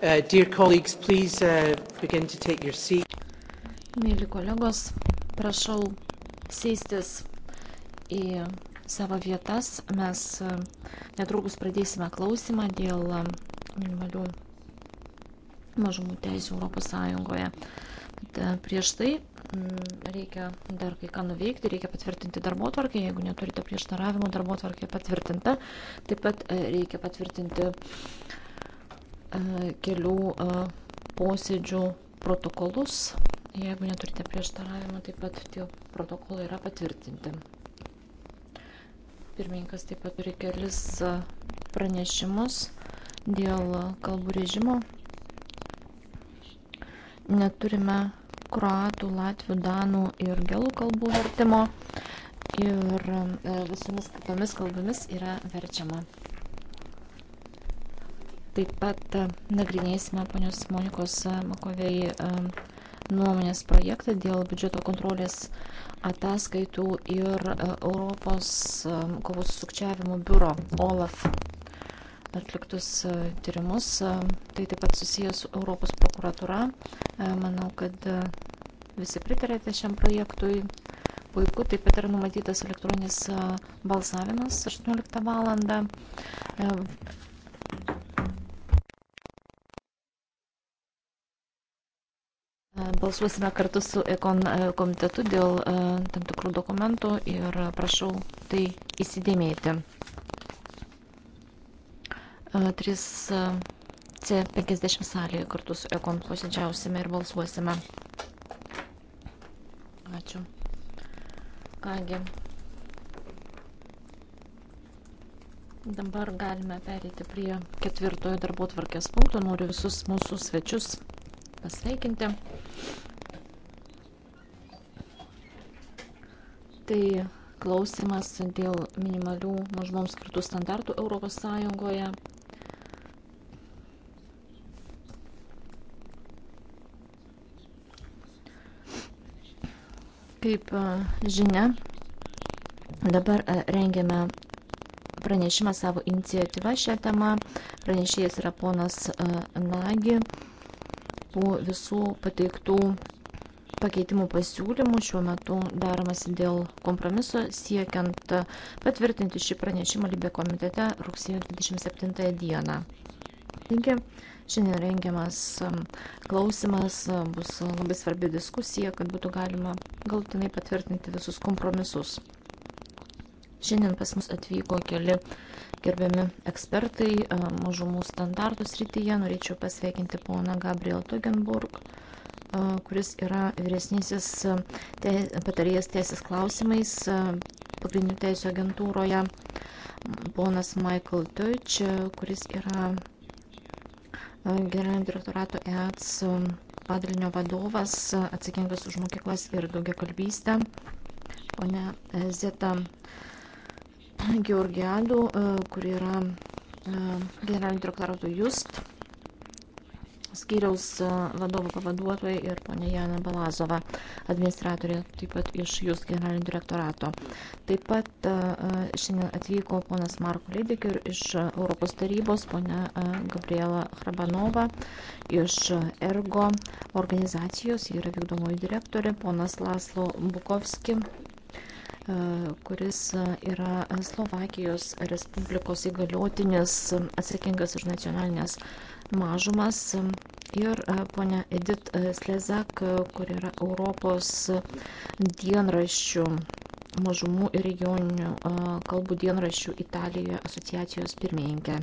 Uh, dear colleagues, please uh, begin to take your seat. Mėly kolegos, prašau sėstis į savo vietas. Mes uh, netrukus pradėsime klausimą dėl um, minimalių mažumų teisų Europos Sąjungoje. Uh, prieš tai mm, reikia dar kai ką nuveikti, reikia patvirtinti darbo tvarkę, jeigu neturite prieštaravimų, darbo tvarkė patvirtinta. Taip pat uh, reikia patvirtinti uh, kelių posėdžių protokolus. Jeigu neturite prieštaravimą, taip pat tie protokolai yra patvirtinti. Pirmininkas taip pat turi kelis pranešimus dėl kalbų režimo. Neturime kroatų, latvių, danų ir gelų kalbų vertimo ir visomis kitomis kalbomis yra verčiama. Taip pat e, nagrinėsime ponios Monikos e, Makovei e, nuomonės projektą dėl biudžeto kontrolės ataskaitų ir Europos kovos su sukčiavimu biuro OLAF atliktus tyrimus. Tai taip pat susijęs su Europos prokuratura. Manau, kad visi pritarėte šiam projektui. Puiku, taip pat yra numatytas elektroninis balsavimas 18 val. Balsuosime kartu su Ekon e, komitetu dėl e, tam tikrų dokumentų ir prašau tai įsidėmėti. 3C50 e, salėje kartu su Ekon posėdžiausime ir balsuosime. Ačiū. Kągi. Dabar galime pereiti prie ketvirtojo darbo tvarkės punkto. Noriu visus mūsų svečius pasveikinti. Tai klausimas dėl minimalių mažmoms skirtų standartų ES. Kaip e, žinia, dabar e, rengiame pranešimą savo iniciatyvą šią temą. Pranešėjas yra ponas e, Nagi tų visų pateiktų pakeitimų pasiūlymų. Šiuo metu daromasi dėl kompromiso siekiant patvirtinti šį pranešimą Libė komitete rugsėjo 27 dieną. Taigi, šiandien rengiamas um, klausimas, um, bus labai svarbi diskusija, kad būtų galima galtinai patvirtinti visus kompromisus. Šiandien pas mus atvyko keli gerbiami ekspertai e, mažumų standartų srityje. Norėčiau pasveikinti poną Gabriel Tugenburg, e, kuris yra vyresnysis e, te, patarėjas teisės klausimais pagrindinių teisų agentūroje. Ponas Michael Deutsch, kuris yra generalinio direktorato EATS padalinio vadovas, atsakingas už mokyklas ir daugiakalbystę. Pone Zeta Georgiadų, e, kuri yra e, generalinio direktorato Just skyriaus e, vadovų pavaduotojai ir ponė Jana Balazova, administratorė taip pat iš Jūs generalinio direktorato. Taip pat šiandien atvyko ponas Marko Leidik ir iš Europos tarybos ponė Gabriela Hrabanova iš Ergo organizacijos, yra vykdomoji direktorė, ponas Laslo Bukovski E, kuris e, yra Slovakijos Respublikos įgaliotinis e, atsakingas už nacionalinės mažumas. Ir ponia Edith Slezak, kur yra Europos dienraščių mažumų ir regioninių kalbų dienraščių Italijoje asociacijos pirmininkė.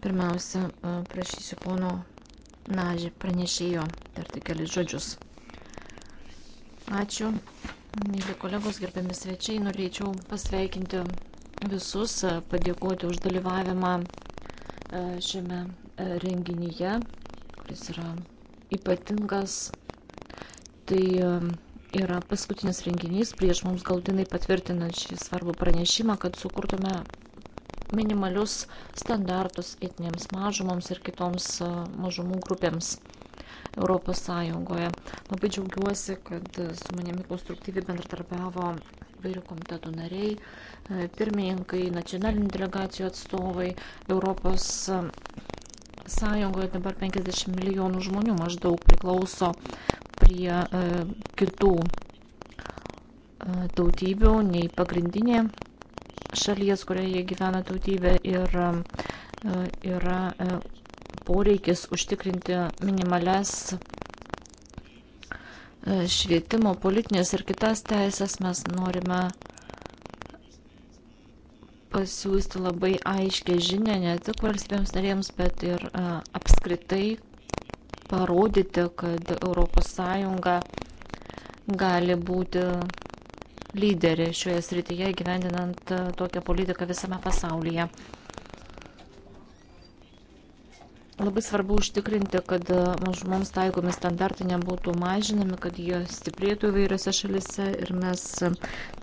Pirmiausia, prašysiu pono Nažį pranešėjo tarti kelias žodžius. Ačiū, mėly kolegos, gerbiami svečiai. Norėčiau pasveikinti visus, padėkoti už dalyvavimą e, šiame e, renginyje, kuris yra ypatingas. Tai e, yra paskutinis renginys prieš mums galtinai patvirtinant šį svarbų pranešimą, kad sukurtume minimalius standartus etinėms mažumoms ir kitoms mažumų grupėms. Europos Sąjungoje. Labai džiaugiuosi, kad su manimi konstruktyviai bendradarbiavo vairių komitetų nariai, e, pirmininkai, nacionalinių delegacijų atstovai, Europos Sąjungoje dabar 50 milijonų žmonių maždaug priklauso prie e, kitų e, tautybių nei pagrindinė šalies, kurioje jie gyvena tautybė ir e, yra e, poreikis užtikrinti minimales e, švietimo, politinės ir kitas teisės mes norime pasiūsti labai aiškę žinę ne tik valstybėms narėms, bet ir a, e, apskritai parodyti, kad ES gali būti lyderė šioje srityje gyvendinant e, tokią politiką visame pasaulyje labai svarbu užtikrinti kad e, mažumoms taikomi standartai nebūtų mažinami kad jie stiprėtų įvairiose šalyse ir mes e,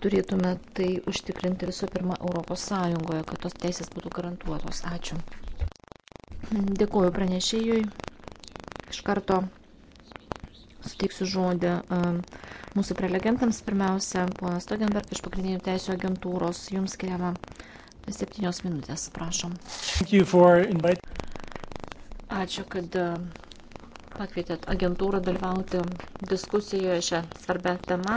turėtume tai užtikrinti visų pirma europos sąjungoje kad tos teisės būtų garantuotos ačiū dėkoju pranešėjui iš karto suteiksiu žodį e, mūsų prelegentams pirmiausia ponas stogenberg iš pagrindinių teisių agentūros jums skiriama septynios minutės prašom Ačiū, kad e, pakvietėt agentūrą dalyvauti diskusijoje šią svarbę temą.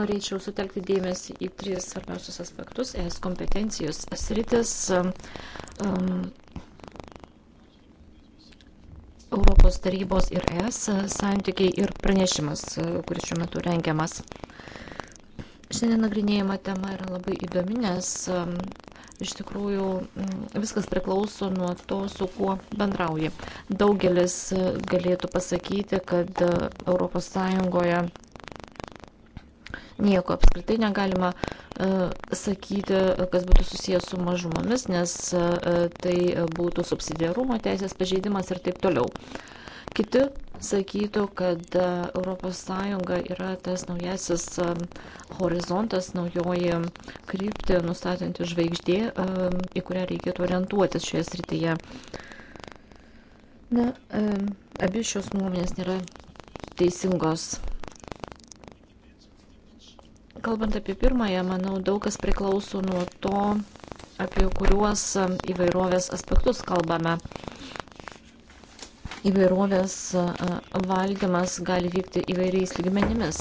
Norėčiau sutelkti dėmesį į tris svarbiausius aspektus - ES kompetencijos sritis, um, Europos tarybos ir ES santykiai ir pranešimas, e, kuris šiuo metu rengiamas. Šiandien nagrinėjama tema yra labai įdomi, nes iš tikrųjų mm, viskas priklauso nuo to, su kuo bendrauji. Daugelis e, galėtų pasakyti, kad ES nieko apskritai negalima e, sakyti, kas būtų susijęs su mažumomis, nes e, tai būtų subsidiarumo teisės pažeidimas ir taip toliau. Kiti sakytų, kad ES yra tas naujasis e, horizontas, naujoji krypti, nustatanti žvaigždė, e, į kurią reikėtų orientuotis šioje srityje. Na, e, abi šios nuomonės nėra teisingos. Kalbant apie pirmąją, manau, daug kas priklauso nuo to, apie kuriuos įvairovės aspektus kalbame įvairovės valdymas gali vykti įvairiais lygmenimis.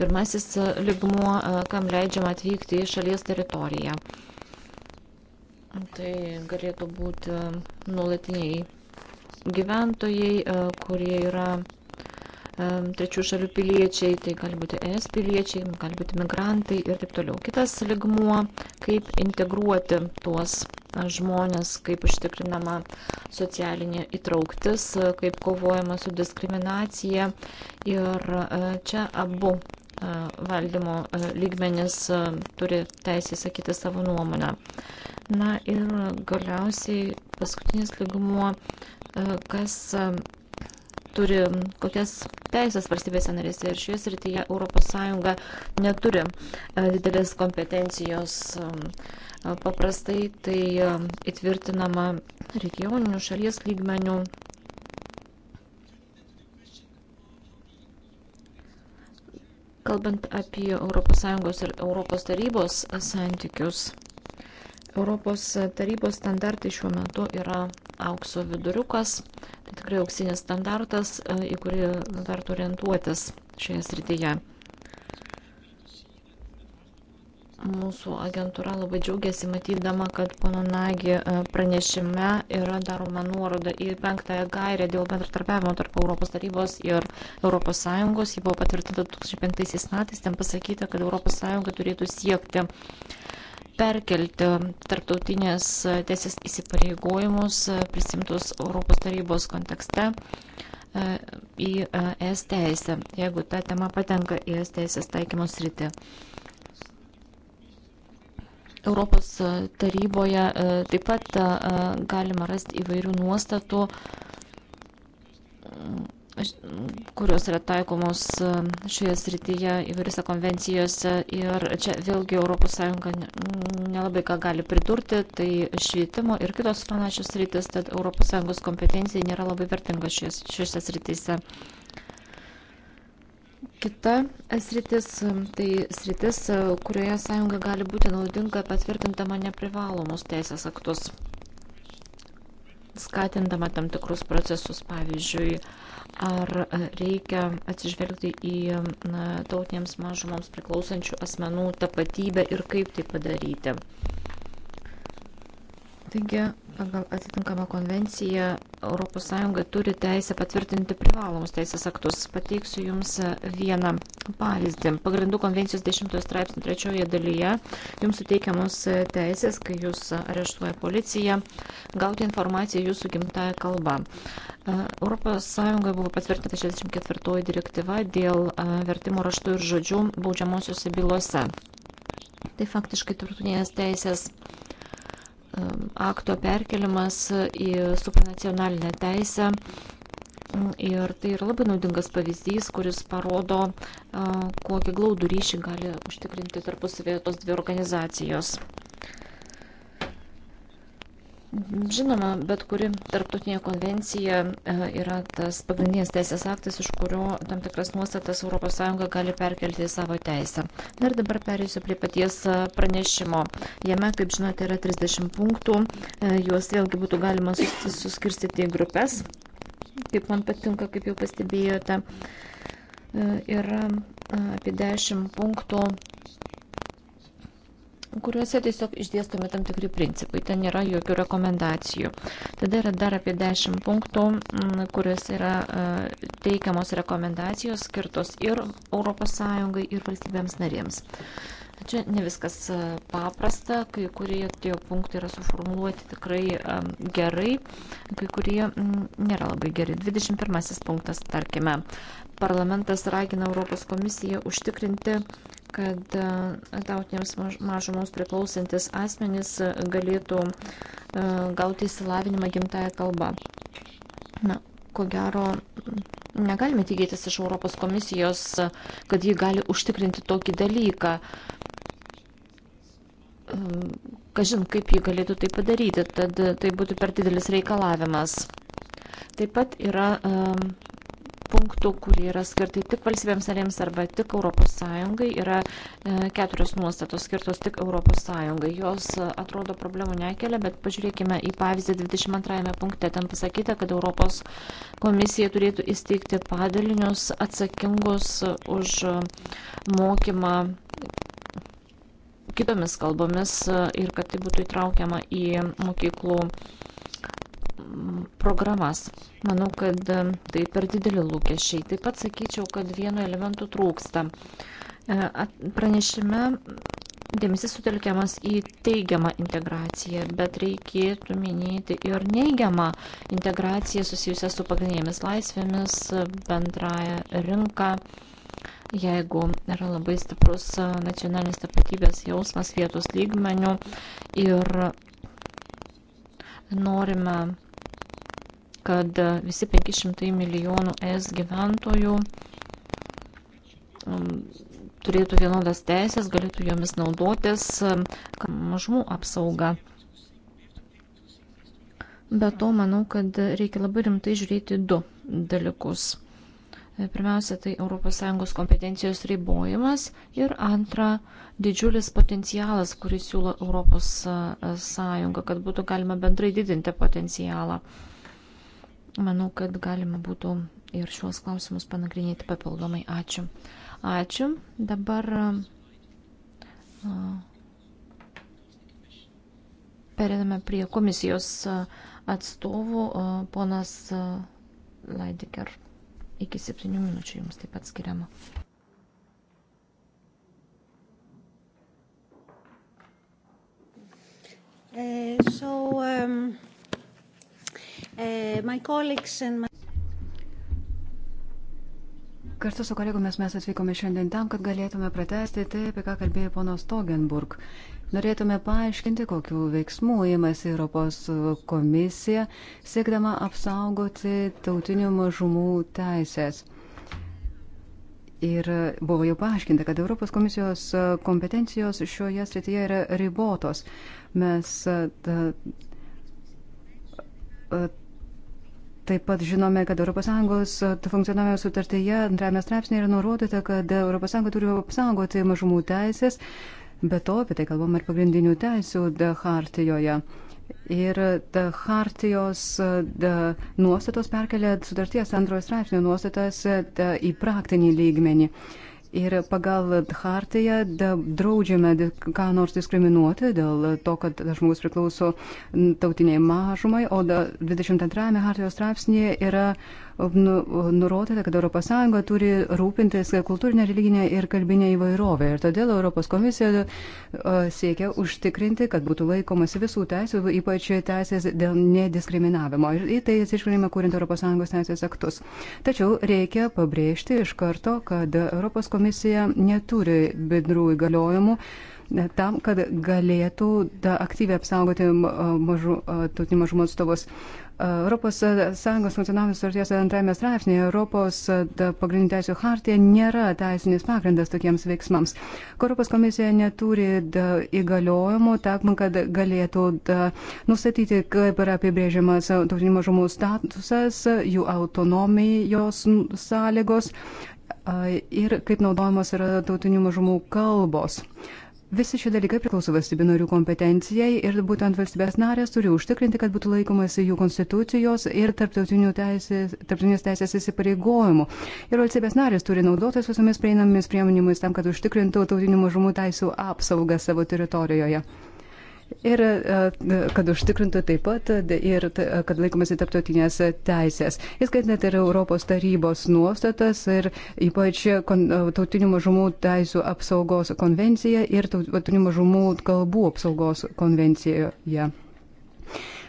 Pirmasis lygmuo, kam leidžiama atvykti į šalies teritoriją. Tai galėtų būti nuolatiniai gyventojai, kurie yra trečių šalių piliečiai, tai gali būti ES piliečiai, gali būti migrantai ir taip toliau. Kitas ligmuo, kaip integruoti tuos žmonės, kaip užtikrinama socialinė įtrauktis, kaip kovojama su diskriminacija. Ir e, čia abu e, valdymo e, lygmenis turi teisę sakyti savo nuomonę. Na ir galiausiai paskutinis ligmuo, kas turi kokias teisės valstybėse narėse ir šioje srityje ES neturi e, didelės kompetencijos. E, paprastai tai e, įtvirtinama regioninių šalies lygmenių. Kalbant apie ES ir ES tarybos santykius, Europos tarybos standartai šiuo metu yra aukso viduriukas, tai tikrai auksinis standartas, e, į kurį verta orientuotis šioje srityje. Mūsų agentūra labai džiaugiasi matydama, kad pono Nagi e, pranešime yra daroma nuoroda į penktąją gairę dėl bendratarpiavimo tarp Europos tarybos ir Europos Sąjungos. Ji buvo patvirtinta 2005 metais, ten pasakyta, kad Europos Sąjunga turėtų siekti perkelti tarptautinės teisės įsipareigojimus prisimtus Europos tarybos kontekste e, į e, ES teisę, jeigu ta tema patenka į ES teisės taikymos rytį. Europos taryboje e, taip pat galima rasti įvairių nuostatų kurios yra taikomos e, šioje srityje įvairiose konvencijose. Ir čia vėlgi ES nelabai ką gali pridurti, tai švietimo ir kitos panašios sritis, tad ES kompetencija nėra labai vertinga šiuose srityse. Kita e, sritis, e, tai sritis, kurioje sąjunga gali būti naudinga patvirtintama neprivalomus teisės aktus, skatindama tam tikrus procesus, pavyzdžiui, ar e, reikia atsižvelgti į tautinėms mažumoms priklausančių asmenų tapatybę ir kaip tai padaryti. Taigi Pagal atitinkamą konvenciją ES turi teisę patvirtinti privalomus teisės aktus. Pateiksiu Jums vieną pavyzdį. Pagrindų konvencijos 10 straipsnių 3 dalyje Jums suteikiamos teisės, kai Jūs areštuoja policija, gauti informaciją Jūsų gimtaja kalba. ES buvo patvirtinta 64 direktyva dėl vertimo raštų ir žodžių baudžiamosiuose bylose. Tai faktiškai turtinės teisės Um, akto perkeliamas į supranacionalinę teisę. Mm, ir tai yra labai naudingas pavyzdys, kuris parodo, uh, kokį glaudų ryšį gali užtikrinti tarpusavėje tos dvi organizacijos. Žinoma, bet kuri tarptautinė konvencija e, yra tas pagrindinis teisės aktas, iš kurio tam tikras nuostatas ES gali perkelti į savo teisę. Na ir dabar perėsiu prie paties e, pranešimo. Jame, kaip žinote, yra 30 punktų, e, juos vėlgi būtų galima suskirstyti į grupės, kaip man patinka, kaip jau pastebėjote. Yra apie 10 punktų kuriuose tiesiog išdėstomi tam tikri principai, ten nėra jokių rekomendacijų. Tada yra dar apie 10 punktų, mm, kuriuose yra e, teikiamos rekomendacijos skirtos ir ES, ir valstybėms narėms. Čia ne viskas e, paprasta, kai kurie tie punktai yra suformuoluoti tikrai e, gerai, kai kurie mm, nėra labai geri. 21 punktas, tarkime, Parlamentas ragina Europos komisiją užtikrinti, kad e, tautinėms mažumoms priklausantis asmenys galėtų e, gauti įsilavinimą gimtają kalbą. Na, ko gero, negalime tikėtis iš Europos komisijos, kad ji gali užtikrinti tokį dalyką. E, kažin, kaip ji galėtų tai padaryti, tad tai būtų per didelis reikalavimas. Taip pat yra punktų, kurie yra skirti tik valstybėms narėms arba tik ES, yra e, keturios nuostatos skirtos tik ES. Jos e, atrodo problemų nekelia, bet pažiūrėkime į pavyzdį 22 punkte. Ten pasakyta, kad Europos komisija turėtų įsteigti padalinius atsakingus už e, mokymą kitomis kalbomis ir kad tai būtų įtraukiama į mokyklų programas. Manau, kad e, tai per dideli lūkesčiai. Taip pat sakyčiau, kad vieno elementų trūksta. E, pranešime dėmesys sutelkiamas į teigiamą integraciją, bet reikėtų minėti ir neigiamą integraciją susijusią su pagrindinėmis laisvėmis, bendraja rinka. Jeigu yra labai stiprus e, nacionalinis tapatybės jausmas vietos lygmenių ir norime kad e, visi 500 milijonų es gyventojų um, turėtų vienodas teisės, galėtų jomis naudotis, e, mažumų apsauga. Be to, manau, kad reikia labai rimtai žiūrėti du dalykus. E, pirmiausia, tai ES kompetencijos ribojimas ir antra, didžiulis potencialas, kurį siūlo ES, kad būtų galima bendrai didinti potencialą. Manau, kad galima būtų ir šios klausimus panagrinėti papildomai. Ačiū. Ačiū. Dabar. Perėdame prie komisijos atstovų. Ponas Laidiker, iki septynių minučių jums taip pat skiriama. Uh, so, um... Eh, my colleagues and my... Kartu su kolegomis mes atvykome šiandien tam, kad galėtume pratesti tai, apie ką kalbėjo ponas Togenburg. Norėtume paaiškinti, kokiu veiksmu įmasi Europos komisija, siekdama apsaugoti tautinių mažumų teisės. Ir buvo jau paaiškinta, kad Europos komisijos kompetencijos šioje srityje yra ribotos. Mes ta, ta, Taip pat žinome, kad ES funkcionavimo sutartyje antrame straipsnėje yra nurodyta, kad ES turi apsaugoti mažumų teisės, bet to apie tai kalbam ir pagrindinių teisų hartijoje. Ir ta hartijos da, nuostatos perkelia sutarties antrojo straipsnio nuostatas da, į praktinį lygmenį. Uh, Ir pagal hartiją draudžiame ką nors diskriminuoti dėl to, kad žmogus priklauso tautiniai mažumai, o 22 hartijos straipsnėje yra Nu, nurodyta, kad ES turi rūpintis kultūrinę, religinę ir kalbinę įvairovę. Ir todėl Europos komisija siekia užtikrinti, kad būtų laikomasi visų teisų, ypač teisės dėl nediskriminavimo. Ir į tai atsižvelgime, kuriant ES teisės aktus. Tačiau reikia pabrėžti iš karto, kad Europos komisija neturi bendrų įgaliojimų tam, kad galėtų aktyviai apsaugoti mažų, tautinių mažumų atstovus. Europos Sąjungos funkcionavimo sutarties antrajame straipsnėje Europos e, pagrindinių teisų hartija nėra teisinis pagrindas tokiems veiksmams. Europos komisija neturi įgaliojimų tam, kad galėtų nustatyti, kaip yra apibrėžiamas tautinių mažumų statusas, jų autonomijos sąlygos ir kaip naudojamos yra tautinių mažumų kalbos. Visi šie dalykai priklauso valstybių narių kompetencijai ir būtent valstybės narės turi užtikrinti, kad būtų laikomasi jų konstitucijos ir teisės, tarptautinės teisės įsipareigojimų. Ir valstybės narės turi naudotis visomis prieinamomis priemonėmis tam, kad užtikrintų tautinių mažumų teisų apsaugą savo teritorijoje. Ir e, kad užtikrintų taip pat ir kad laikomasi tarptautinės teisės, įskaitant ir Europos tarybos nuostatas ir ypač e, tautinių mažumų teisų apsaugos konvencija ir tautinių mažumų kalbų apsaugos konvencijoje.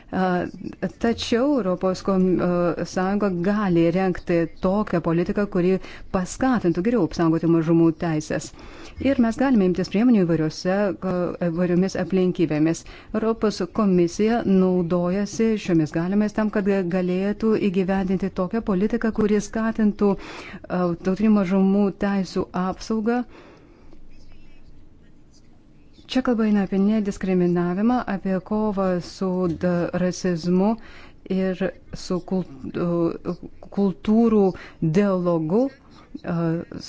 Tačiau Europos Sąjunga gali renkti tokią politiką, kuri paskatintų geriau apsaugoti mažumų teisės. Ir mes galime imtis priemonių įvairiomis aplinkybėmis. Europos komisija naudojasi šiomis galimais tam, kad galėtų įgyvendinti tokią politiką, kuri skatintų tautinių mažumų teisų apsaugą. Čia kalba eina apie nediskriminavimą, apie kovą su rasizmu ir su kultūrų dialogu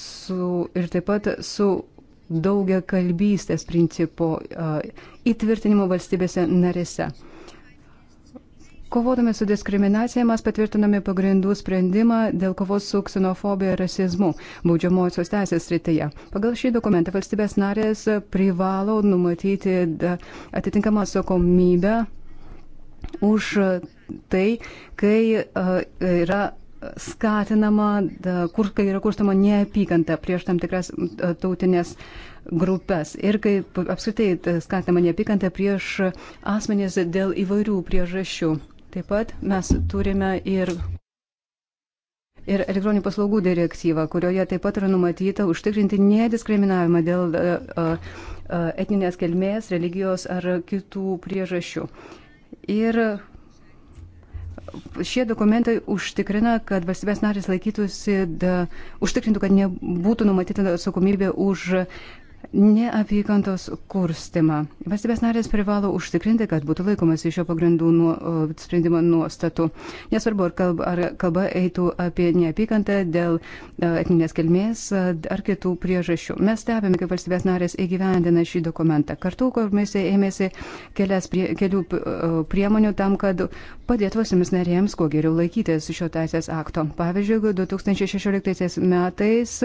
su, ir taip pat su daugia kalbystės principo įtvirtinimu valstybėse narėse. Kovodami su diskriminacija mes patvirtiname pagrindų sprendimą dėl kovos su ksenofobija ir rasizmu baudžiamosios teisės srityje. Pagal šį dokumentą valstybės narės privalo numatyti e, atitinkamą atsakomybę už tai, kai e, yra skatinama, e, kur, kai yra kurstama neapykanta prieš tam tikras tautinės grupės ir kaip apskritai skatinama neapykanta prieš asmenys dėl įvairių priežasčių. Taip pat mes turime ir, ir elektroninių paslaugų direktyvą, kurioje taip pat yra numatyta užtikrinti nediskriminavimą dėl uh, uh, etninės kelmės, religijos ar kitų priežasčių. Ir šie dokumentai užtikrina, kad valstybės narės laikytųsi, da, užtikrintų, kad nebūtų numatyta atsakomybė už neapykantos kurstimą. Valstybės narės privalo užtikrinti, kad būtų laikomasi šio pagrindų nuo, sprendimo nuostatų. Nesvarbu, ar kalba, ar kalba eitų apie neapykantą dėl e, etninės kilmės e, ar kitų priežasčių. Mes stebime, kaip valstybės narės įgyvendina šį dokumentą. Kartu komisija ėmėsi prie, kelių priemonių tam, kad padėtų valstybės narėms kuo geriau laikytis šio teisės akto. Pavyzdžiui, 2016 metais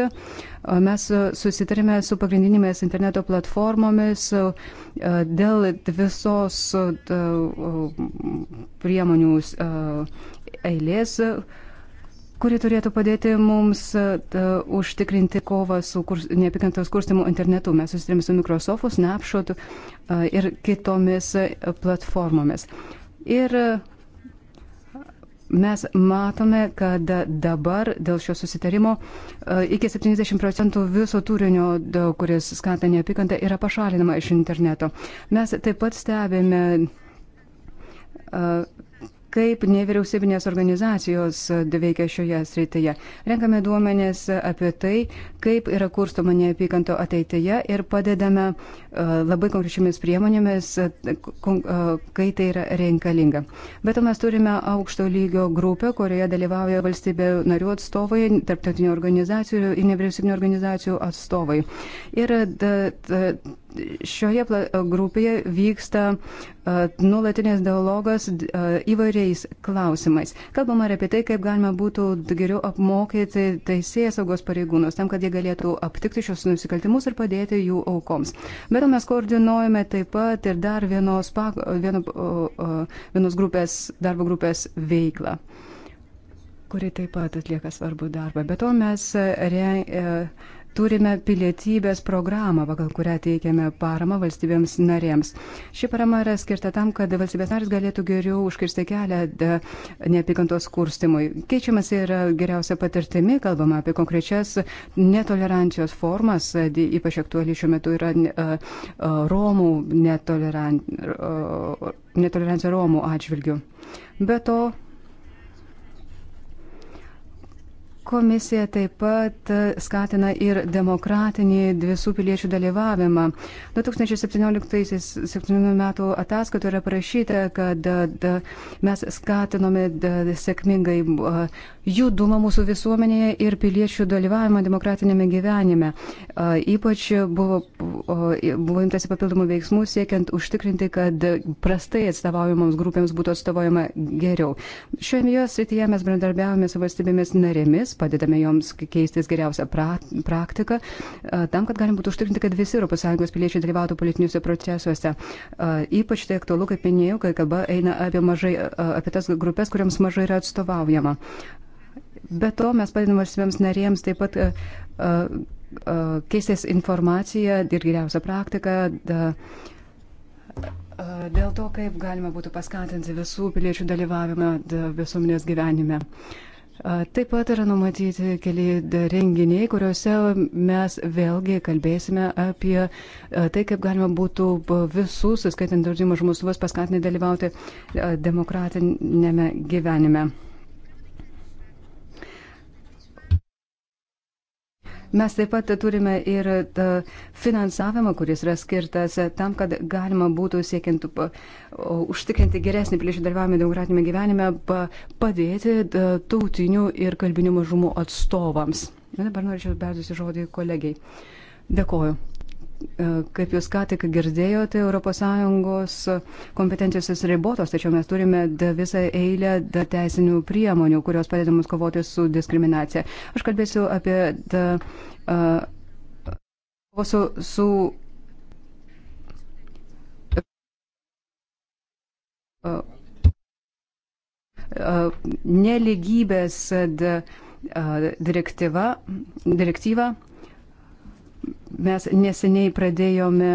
mes susitarėme su pagrindinėmis naudotis interneto platformomis e, dėl visos e, e, priemonių eilės kuri turėtų padėti mums ta, užtikrinti kovą su kurs, neapykantos kurstimu internetu. Mes susitarėm su Microsoft'u, Snapshot'u ir kitomis platformomis. Ir mes matome, kad dabar dėl šio susitarimo e, iki 70 procentų viso turinio, kuris skatina neapykantą, yra pašalinama iš interneto. Mes taip pat stebėme e, kaip nevyriausybinės organizacijos veikia šioje srityje. Renkame duomenės apie tai, kaip yra kurstoma neapykanto ateityje ir padedame e, labai konkrečiomis priemonėmis, e, e, kai tai yra reikalinga. Bet mes turime aukšto lygio grupę, kurioje dalyvauja valstybė narių atstovai, tarptautinių organizacijų ir nevyriausybinio organizacijų atstovai. Ir da, da, šioje grupėje vyksta nuolatinės dialogas įvairiais klausimais. Kalbama ir apie tai, kaip galima būtų geriau apmokyti teisėjas saugos pareigūnus, tam, kad jie galėtų aptikti šios nusikaltimus ir padėti jų aukoms. Bet mes koordinuojame taip pat ir dar vienos, vieno, vienos grupės, darbo grupės veiklą kuri taip pat atlieka svarbų darbą. Be to mes re, turime pilietybės programą, pagal kurią teikiame paramą valstybėms narėms. Ši parama yra skirta tam, kad valstybės narės galėtų geriau užkirsti kelią neapykantos kurstimui. Keičiamas yra geriausia patirtimi, kalbama apie konkrečias netolerancijos formas, ypač aktuali šiuo metu yra Romų netoleran... netolerancija Romų atžvilgių. Be to, Komisija taip pat skatina ir demokratinį visų piliečių dalyvavimą. 2017 m. ataskaitoje yra parašyta, kad mes skatinome sėkmingai judumą mūsų visuomenėje ir piliečių dalyvavimą demokratinėme gyvenime. Ypač buvo, buvo imtasi papildomų veiksmų siekiant užtikrinti, kad prastai atstovaujamoms grupėms būtų atstovaujama geriau. Šioje srityje mes bendradarbiavome su valstybėmis narėmis padedame joms keistis geriausią pra praktiką, tam, kad galim būtų užtikrinti, kad visi ES piliečiai dalyvautų politiniuose procesuose. Ypač tai aktualu, kaip minėjau, kai kalba eina apie, mažai, apie tas grupės, kuriams mažai yra atstovaujama. Be to, mes padedame valstybėms narėms taip pat keistis informaciją ir geriausią praktiką. Da, Dėl to, kaip galima būtų paskatinti visų piliečių dalyvavimą visuomenės gyvenime. Uh, Taip pat yra numatyti keli renginiai, kuriuose mes vėlgi kalbėsime apie tai, kaip galima būtų visus, skaitant draudimą žmogus, paskatinti dalyvauti demokratinėme gyvenime. Mes taip pat turime ir e, finansavimą, kuris yra skirtas e, tam, kad galima būtų siekiant užtikrinti geresnį piliečių dalyvavimą demokratinėme gyvenime, padėti e, tautinių ir kalbinių mažumų atstovams. Na, dabar norėčiau perduoti žodį kolegiai. Dėkoju. E, kaip jūs ką tik girdėjote, ES kompetencijos ribotos, tačiau mes turime visą eilę teisinių priemonių, kurios padeda mums kovoti su diskriminacija. Aš kalbėsiu apie da, uh, e, su, su uh, e, uh, neligybės direktyva. direktyva Mes neseniai pradėjome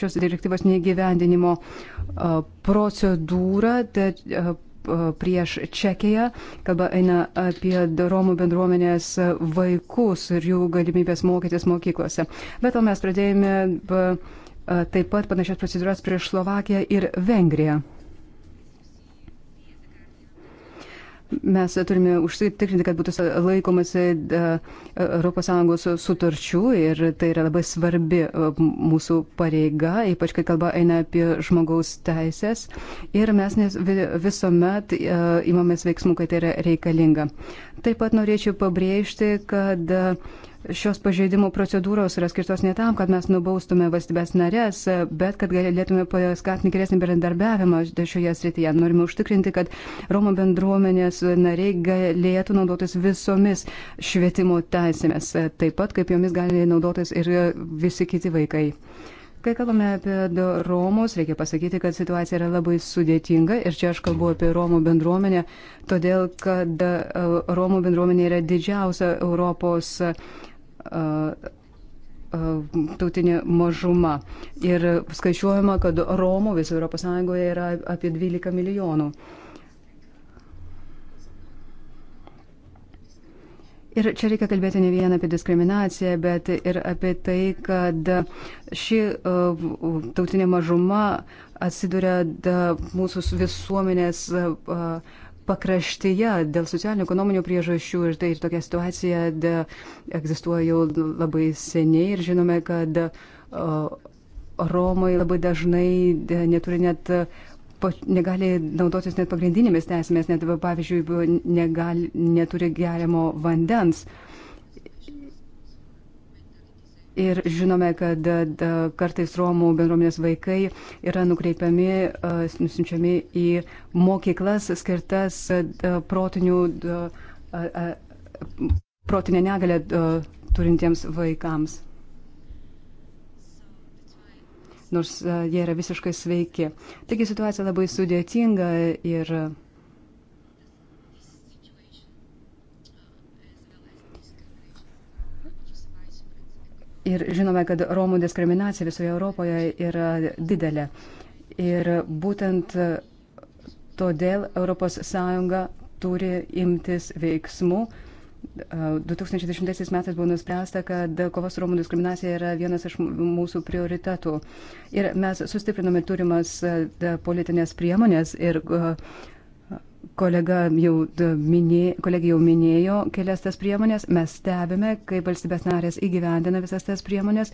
šios direktyvos neįgyvendinimo procedūrą prieš Čekiją. Kalba eina apie Romų bendruomenės vaikus ir jų galimybės mokytis mokyklose. Bet to mes pradėjome taip pat panašias procedūras prieš Slovakiją ir Vengriją. Mes turime užsitikrinti, kad būtų laikomasi ES sutarčių ir tai yra labai svarbi e, mūsų pareiga, ypač kai kalba eina apie žmogaus teisės. Ir mes visuomet e, imamės veiksmų, kai tai yra reikalinga. Taip pat norėčiau pabrėžti, kad uh, Šios pažeidimų procedūros yra skirtos ne tam, kad mes nubaustume valstybės narės, bet kad galėtume paskatinti geresnį bendradarbiavimą šioje srityje. Norime užtikrinti, kad Romų bendruomenės nariai galėtų naudotis visomis švietimo teisėmis, taip pat kaip jomis gali naudotis ir visi kiti vaikai. Kai kalbame apie Romus, reikia pasakyti, kad situacija yra labai sudėtinga ir čia aš kalbu apie Romų bendruomenę, todėl kad e, Romų bendruomenė yra didžiausia Europos tautinė mažuma. Ir skaičiuojama, kad Romų viso ES yra apie 12 milijonų. Ir čia reikia kalbėti ne vien apie diskriminaciją, bet ir apie tai, kad ši tautinė mažuma atsiduria mūsų visuomenės pakraštyje dėl socialinių ekonominių priežasčių ir tai ir tokia situacija de, egzistuoja jau labai seniai ir žinome, kad o, Romai labai dažnai de, neturi net negali naudotis net pagrindinėmis teisėmis, net pavyzdžiui, negali, neturi geriamo vandens. Uh, Ir žinome, kad kartais Romų bendruomenės vaikai yra nukreipiami, nusinčiami į mokyklas skirtas protinių, protinę negalę turintiems vaikams. Nors jie yra visiškai sveiki. Taigi situacija labai sudėtinga ir. Ir žinome, kad Romų diskriminacija visoje Europoje yra didelė. Ir būtent todėl ES turi imtis veiksmų. 2010 metais buvo nuspręsta, kad kovos Romų diskriminacija yra vienas iš mūsų prioritetų. Ir mes sustiprinome turimas politinės priemonės ir Kolega jau e, minė, kolegija jau minėjo kelias tas priemonės, mes stebime, kaip valstybės narės įgyvendina visas tas priemonės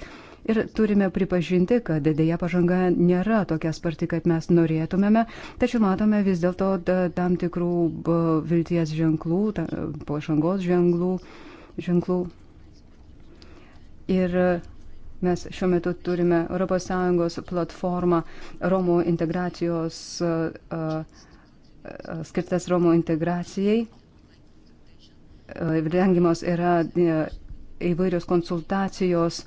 ir turime pripažinti, kad dėja pažanga nėra tokia sparti, kaip mes norėtumėme, tačiau matome vis dėlto tam tikrų vilties ženklų, pažangos ženklų. ženklų. Ir e, Mes šiuo metu turime ES platformą Romų integracijos uh, skirtas Romų integracijai. Rengimos yra e, įvairios konsultacijos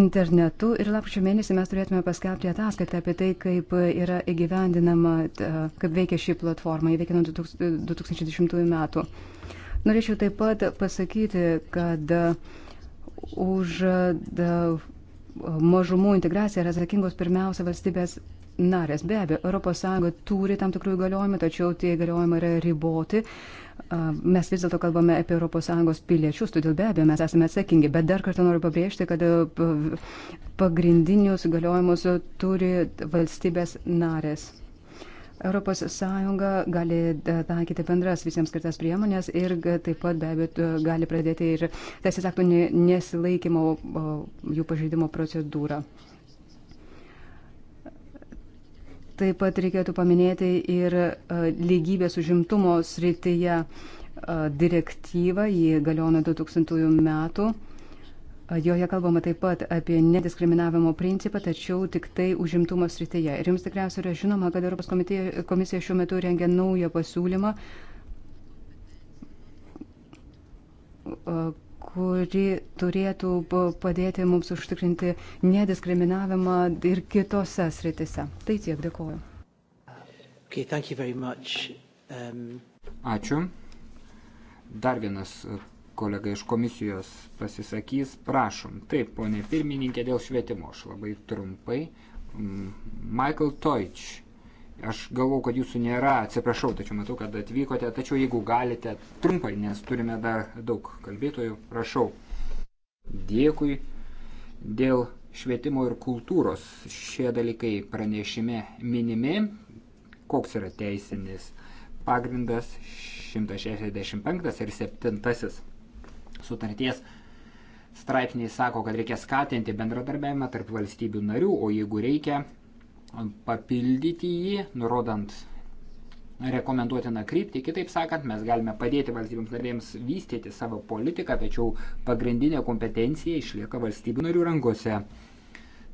internetu ir lapkričio mėnesį mes turėtume paskelbti ataskaitą apie tai, kaip yra įgyvendinama, kaip veikia ši platforma, ji veikia nuo 2010 metų. Norėčiau taip pat pasakyti, kad už mažumų integraciją yra atsakingos pirmiausia valstybės narės. Be abejo, ES turi tam tikrų įgaliojimų, tačiau tie įgaliojimai yra riboti. Mes vis dėlto kalbame apie ES piliečius, todėl be abejo mes esame atsakingi, bet dar kartą noriu pabrėžti, kad e, pagrindinius įgaliojimus turi valstybės narės. ES gali e, taikyti bendras visiems skirtas priemonės ir e, taip pat be abejo gali pradėti ir teisės aktų nesilaikymo jų pažeidimo procedūrą. Taip pat reikėtų paminėti ir e, lygybės užimtumo srityje e, direktyvą, jį galiona 2000 metų. E, joje kalbama taip pat apie nediskriminavimo principą, tačiau tik tai užimtumo srityje. Ir jums tikriausiai yra žinoma, kad Europos komitė, komisija šiuo metu rengia naują pasiūlymą, kuri turėtų padėti mums užtikrinti nediskriminavimą ir kitose sritise. Tai tiek, dėkoju. Okay, um... Ačiū. Dar vienas kolega iš komisijos pasisakys. Prašom. Taip, ponė pirmininkė, dėl švietimo aš labai trumpai. Mm, Michael Deutsch Aš galvau, kad jūsų nėra, atsiprašau, tačiau matau, kad atvykote, tačiau jeigu galite trumpai, nes turime dar daug kalbėtojų, prašau. Dėkui dėl švietimo ir kultūros. Šie dalykai pranešime minimi, koks yra teisinis pagrindas 165 ir 7 sutarties straipsniai sako, kad reikia skatinti bendradarbiavimą tarp valstybių narių, o jeigu reikia, papildyti jį, nurodant rekomenduotiną kryptį. Kitaip sakant, mes galime padėti valstybėms narėms vystyti savo politiką, tačiau pagrindinė kompetencija išlieka valstybių narių rankose.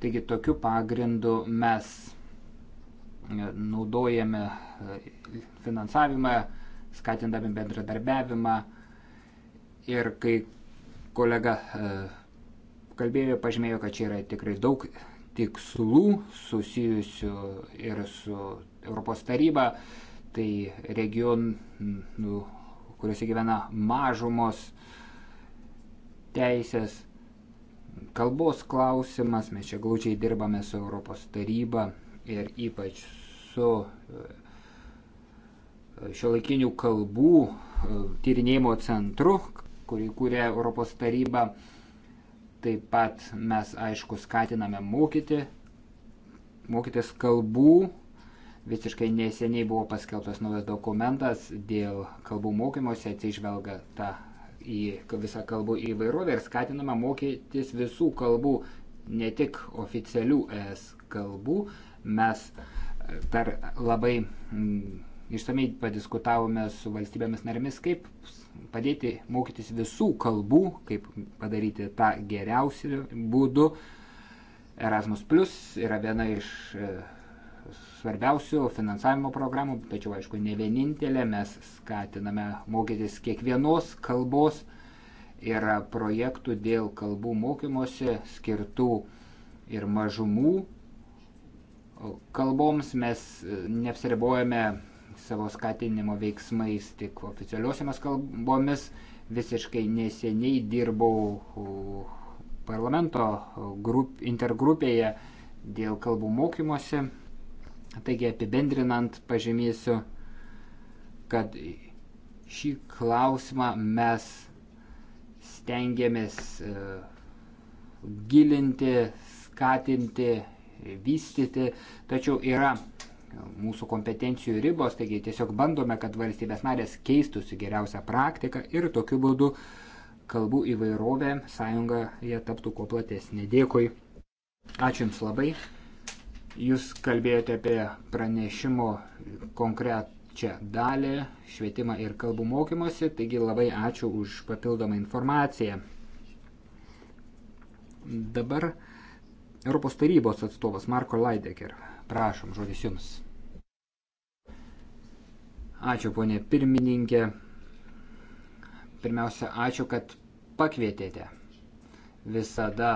Taigi tokiu pagrindu mes e, naudojame e, finansavimą, skatindami bendradarbiavimą ir kai kolega e, kalbėjo, pažymėjo, kad čia yra tikrai daug tikslų susijusių ir su Europos taryba, tai regionų, kuriuose gyvena mažumos teisės, kalbos klausimas, mes čia glaučiai dirbame su Europos taryba ir ypač su e, šiuolaikinių kalbų e, tyrinėjimo centru, kurį kūrė Europos taryba. Taip pat mes, aišku, skatiname mokyti, mokytis kalbų. Visiškai neseniai buvo paskelbtas naujas dokumentas dėl kalbų mokymosi, atsižvelgia tą į visą kalbų įvairovę ir skatinama mokytis visų kalbų, ne tik oficialių ES kalbų. Mes dar e, labai išsamei padiskutavome su valstybėmis narėmis, kaip padėti mokytis visų kalbų, kaip padaryti tą geriausių būdų. Erasmus Plus yra viena iš e, svarbiausių finansavimo programų, tačiau aišku, ne vienintelė, mes skatiname mokytis kiekvienos kalbos, yra projektų dėl kalbų mokymosi skirtų ir mažumų kalboms, mes e, neapsiribojame savo skatinimo veiksmais tik oficialiosiomis kalbomis. Visiškai neseniai dirbau uh, parlamento uh, grup, intergrupėje dėl kalbų mokymosi. Taigi apibendrinant pažymėsiu, kad šį klausimą mes stengiamės uh, gilinti, skatinti, vystyti, tačiau yra mūsų kompetencijų ribos, taigi tiesiog bandome, kad valstybės narės keistųsi geriausią praktiką ir tokiu būdu kalbų įvairovė sąjungoje taptų kuo platesnė. Dėkui. Ačiū Jums labai. Jūs kalbėjote apie pranešimo konkrečią dalį, švietimą ir kalbų mokymosi, taigi labai ačiū už papildomą informaciją. Dabar Europos tarybos atstovas Marko Laideker. Prašom, žodis Jums. Ačiū, ponė pirmininkė. Pirmiausia, ačiū, kad pakvietėte. Visada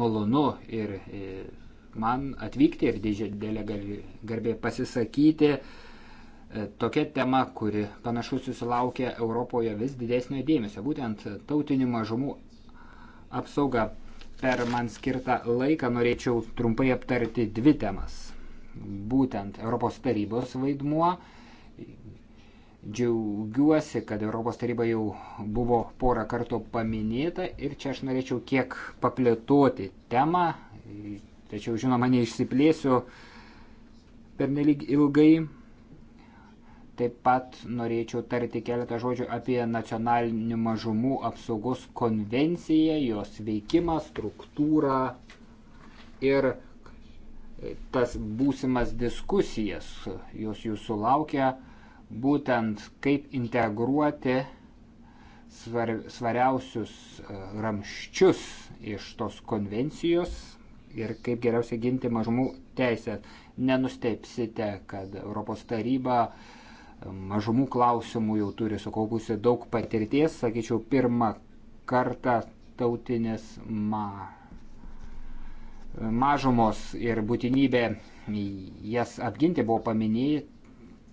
malonu ir e, man atvykti ir didelė garbė pasisakyti. E, tokia tema, kuri panašu susilaukia Europoje vis didesnio dėmesio, būtent tautinių mažumų apsauga. Per man skirtą laiką norėčiau trumpai aptarti dvi temas. Būtent Europos tarybos vaidmuo Džiaugiuosi, kad Europos taryba jau buvo porą kartų paminėta ir čia aš norėčiau kiek paplėtoti temą, tačiau žinoma neišsiplėsiu pernelyg ilgai. Taip pat norėčiau tarti keletą žodžių apie nacionalinių mažumų apsaugos konvenciją, jos veikimą, struktūrą ir tas būsimas diskusijas, jos jūsų laukia būtent kaip integruoti svar, svariausius e, ramščius iš tos konvencijos ir kaip geriausiai ginti mažumų teisės. Nenusteipsite, kad Europos taryba e, mažumų klausimų jau turi sukaupusi daug patirties, sakyčiau, pirmą kartą tautinės ma... E, mažumos ir būtinybė jas apginti buvo paminėta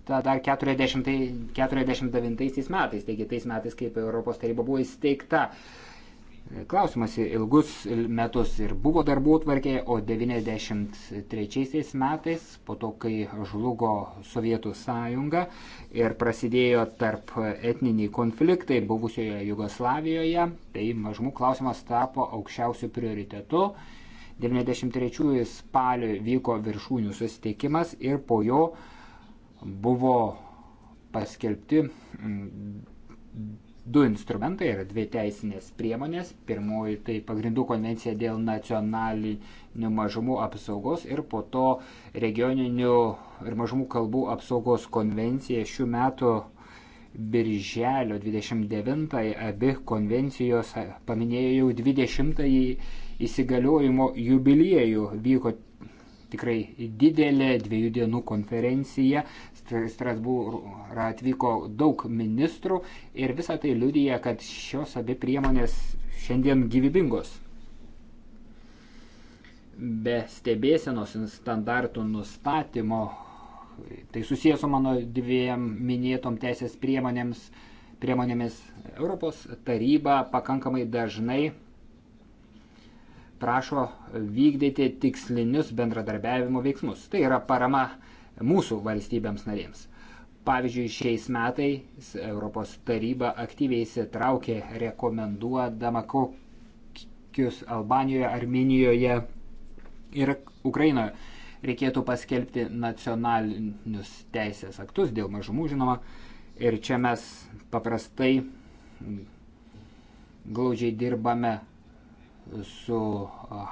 tą dar 40, 49 metais, taigi tais metais, kaip Europos taryba buvo įsteigta. Klausimas ilgus metus ir buvo darbų tvarkėje, o 93 metais, po to, kai žlugo Sovietų sąjunga ir prasidėjo tarp etniniai konfliktai buvusioje Jugoslavijoje, tai mažumų klausimas tapo aukščiausių prioritetų. 93 spalio vyko viršūnių susitikimas ir po jo buvo paskelbti mm, du instrumentai, yra dvi teisinės priemonės. Pirmoji tai pagrindų konvencija dėl nacionalinių mažumų apsaugos ir po to regioninių ir mažumų kalbų apsaugos konvencija šių metų birželio 29-ąją abi konvencijos paminėjo jau 20-ąjį įsigaliojimo jubiliejų. Vyko tikrai didelė dviejų dienų konferencija Strasbūrą atvyko daug ministrų ir visą tai liudyja, kad šios abi priemonės šiandien gyvybingos. Be stebėsenos standartų nustatymo, tai susijęs su mano dviem minėtom teisės priemonėms, priemonėmis Europos taryba pakankamai dažnai prašo vykdyti tikslinius bendradarbiavimo veiksmus. Tai yra parama mūsų valstybėms narėms. Pavyzdžiui, šiais metais Europos taryba aktyviai įsitraukė rekomenduodama kokius Albanijoje, Arminijoje ir Ukrainoje reikėtų paskelbti nacionalinius teisės aktus dėl mažumų žinoma. Ir čia mes paprastai glaudžiai dirbame su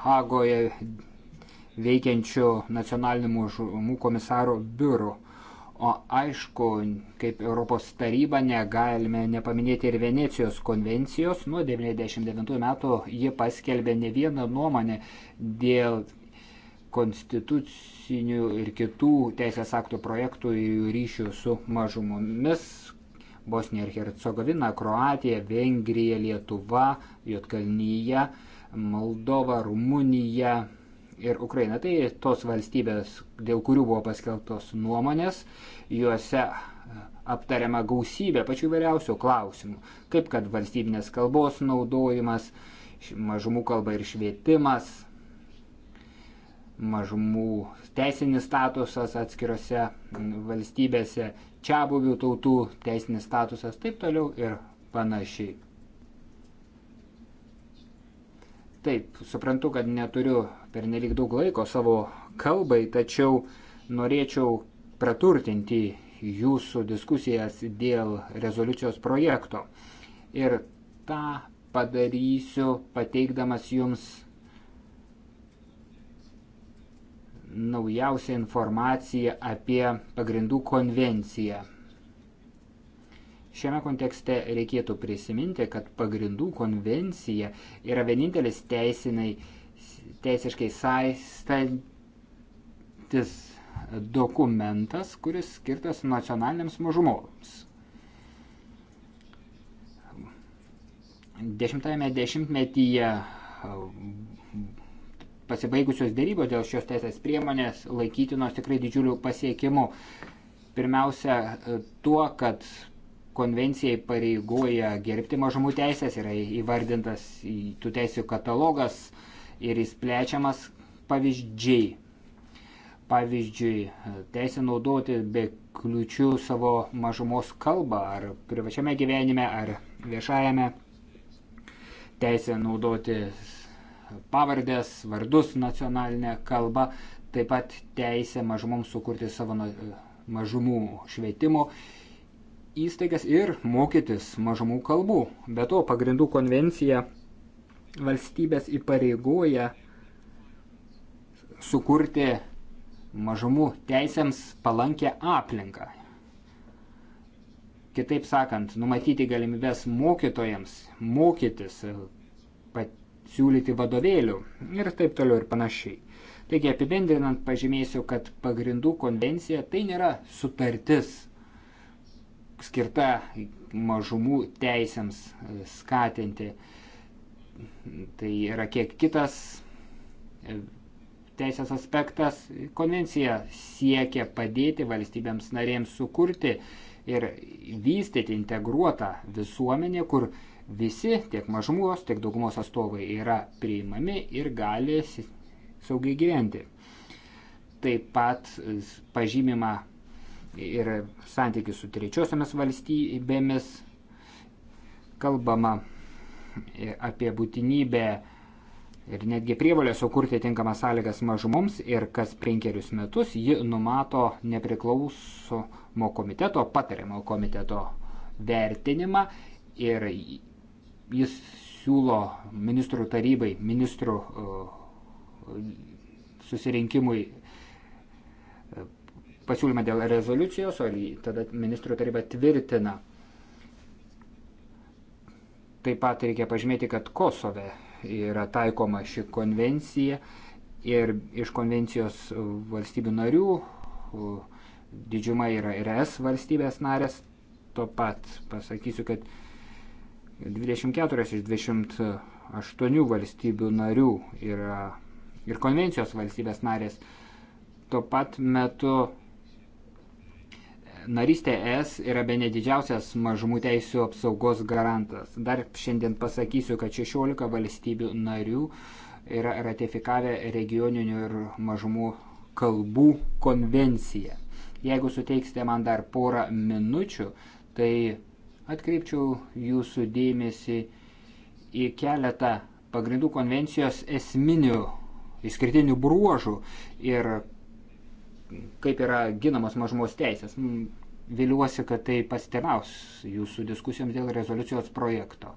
Hagoje veikiančių nacionalinių mažumų komisarų biurų. O aišku, kaip Europos taryba negalime nepaminėti ir Venecijos konvencijos. Nuo 1999 metų ji paskelbė ne vieną nuomonę dėl konstitucinių ir kitų teisės aktų projektų ir jų ryšių su mažumomis. Bosnija ir Hercegovina, Kroatija, Vengrija, Lietuva, Jotkalnyje, Moldova, Rumunija, ir Ukraina. Tai tos valstybės, dėl kurių buvo paskelbtos nuomonės, juose e, aptariama gausybė pačių įvairiausių klausimų, kaip kad valstybinės kalbos naudojimas, mažumų kalba ir švietimas, mažumų teisinis statusas atskirose valstybėse, čia buvių tautų teisinis statusas, taip toliau ir panašiai. Taip, suprantu, kad neturiu per nelik daug laiko savo kalbai, tačiau norėčiau praturtinti jūsų diskusijas dėl rezoliucijos projekto. Ir tą padarysiu pateikdamas jums naujausią informaciją apie pagrindų konvenciją. Šiame kontekste reikėtų prisiminti, kad pagrindų konvencija yra vienintelis teisinai, teisiškai saistantis dokumentas, kuris skirtas nacionaliniams mažumoms. Dešimtajame dešimtmetyje pasibaigusios dėrybos dėl šios teisės priemonės laikytinos tikrai didžiuliu pasiekimu. Pirmiausia, tuo, kad konvencija pareigoja gerbti mažumų teisės, yra įvardintas tų teisių katalogas ir jis plečiamas pavyzdžiai. Pavyzdžiui, teisė naudoti be kliučių savo mažumos kalbą ar privačiame gyvenime, ar viešajame. Teisė naudoti pavardės, vardus nacionalinę kalbą, taip pat teisė mažumoms sukurti savo mažumų švietimo įstaigas ir mokytis mažumų kalbų. Be to, pagrindų konvencija valstybės įpareigoja sukurti mažumų teisėms palankę aplinką. Kitaip sakant, numatyti galimybės mokytojams mokytis, pasiūlyti vadovėlių ir taip toliau ir panašiai. Taigi apibendrinant pažymėsiu, kad pagrindų konvencija tai nėra sutartis skirta mažumų teisėms e, skatinti. Tai yra kiek kitas e, teisės aspektas. Konvencija siekia padėti valstybėms narėms sukurti ir vystyti integruotą visuomenę, kur visi tiek mažumos, tiek daugumos atstovai yra priimami ir gali saugiai gyventi. Taip pat e, pažymima ir santykius su trečiosiamis valstybėmis. Kalbama apie būtinybę ir netgi prievalę sukurti tinkamas sąlygas mažumoms ir kas penkerius metus ji numato nepriklausomo komiteto, patariamo komiteto vertinimą ir jis siūlo ministrų tarybai, ministrų uh, susirinkimui pasiūlymą dėl rezoliucijos, o tada ministrų taryba tvirtina. Taip pat reikia pažymėti, kad Kosove yra taikoma ši konvencija ir iš konvencijos valstybių narių didžiuma yra ir es valstybės narės. Tuo pat pasakysiu, kad 24 iš 28 valstybių narių yra ir konvencijos valstybės narės. Tuo pat metu narystė ES yra be nedidžiausias mažumų teisų apsaugos garantas. Dar šiandien pasakysiu, kad 16 valstybių narių yra ratifikavę regioninių ir mažumų kalbų konvenciją. Jeigu suteiksite man dar porą minučių, tai atkreipčiau jūsų dėmesį į keletą pagrindų konvencijos esminių, išskirtinių bruožų ir kaip yra ginamos mažumos teisės. Viliuosi, kad tai pastemaus jūsų diskusijoms dėl rezoliucijos projekto.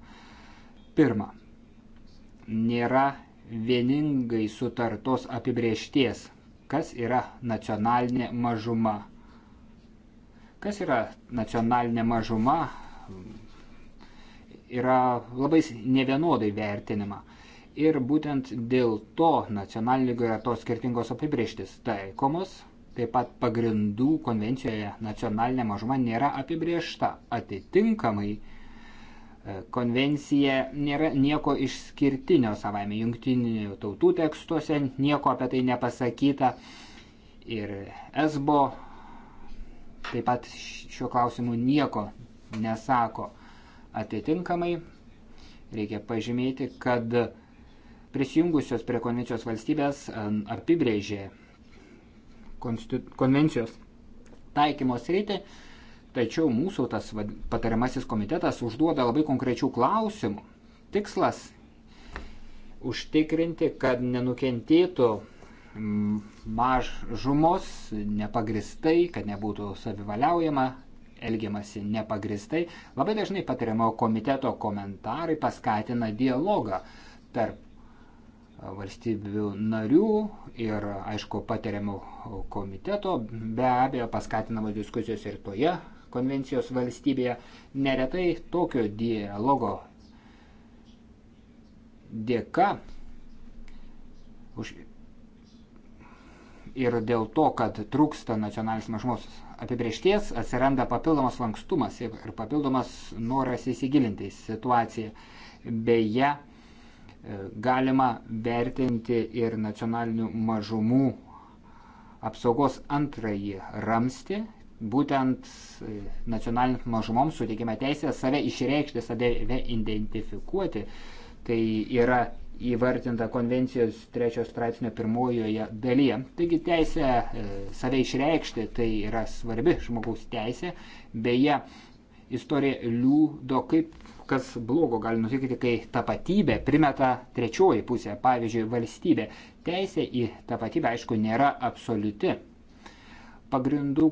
Pirma, nėra vieningai sutartos apibriešties, kas yra nacionalinė mažuma. Kas yra nacionalinė mažuma, yra labai nevienodai vertinima. Ir būtent dėl to nacionalinio lygoje tos skirtingos apibrieštis taikomos, Taip pat pagrindų konvencijoje nacionalinė mažuma nėra apibriešta. Atitinkamai e, konvencija nėra nieko išskirtinio savaime. Jungtinių tautų tekstuose nieko apie tai nepasakyta. Ir esbo taip pat šiuo klausimu nieko nesako. Atitinkamai reikia pažymėti, kad prisijungusios prie konvencijos valstybės e, apibrėžė konvencijos taikymos rytį, tačiau mūsų tas patariamasis komitetas užduoda labai konkrečių klausimų. Tikslas - užtikrinti, kad nenukentėtų mažumos nepagristai, kad nebūtų savivaliaujama, elgiamasi nepagristai. Labai dažnai patariamo komiteto komentarai paskatina dialogą tarp valstybių narių ir, aišku, patariamų komiteto, be abejo, paskatinama diskusijos ir toje konvencijos valstybėje. Neretai tokio dialogo dėka už, ir dėl to, kad trūksta nacionalinės mažumos apibriešties, atsiranda papildomas lankstumas ir papildomas noras įsigilinti į situaciją. Beje, E, galima vertinti ir nacionalinių mažumų apsaugos antrąjį ramstį. Būtent e, nacionalinėms mažumoms suteikime teisę save išreikšti, save identifikuoti. Tai yra įvardinta konvencijos trečios straipsnio pirmojoje dalyje. Taigi teisė e, save išreikšti tai yra svarbi žmogaus teisė. Beje, istorija liūdo, kaip kas blogo gali nutikti, kai tapatybė primeta trečioji pusė, pavyzdžiui, valstybė. Teisė į tapatybę, aišku, nėra absoliuti. Pagrindų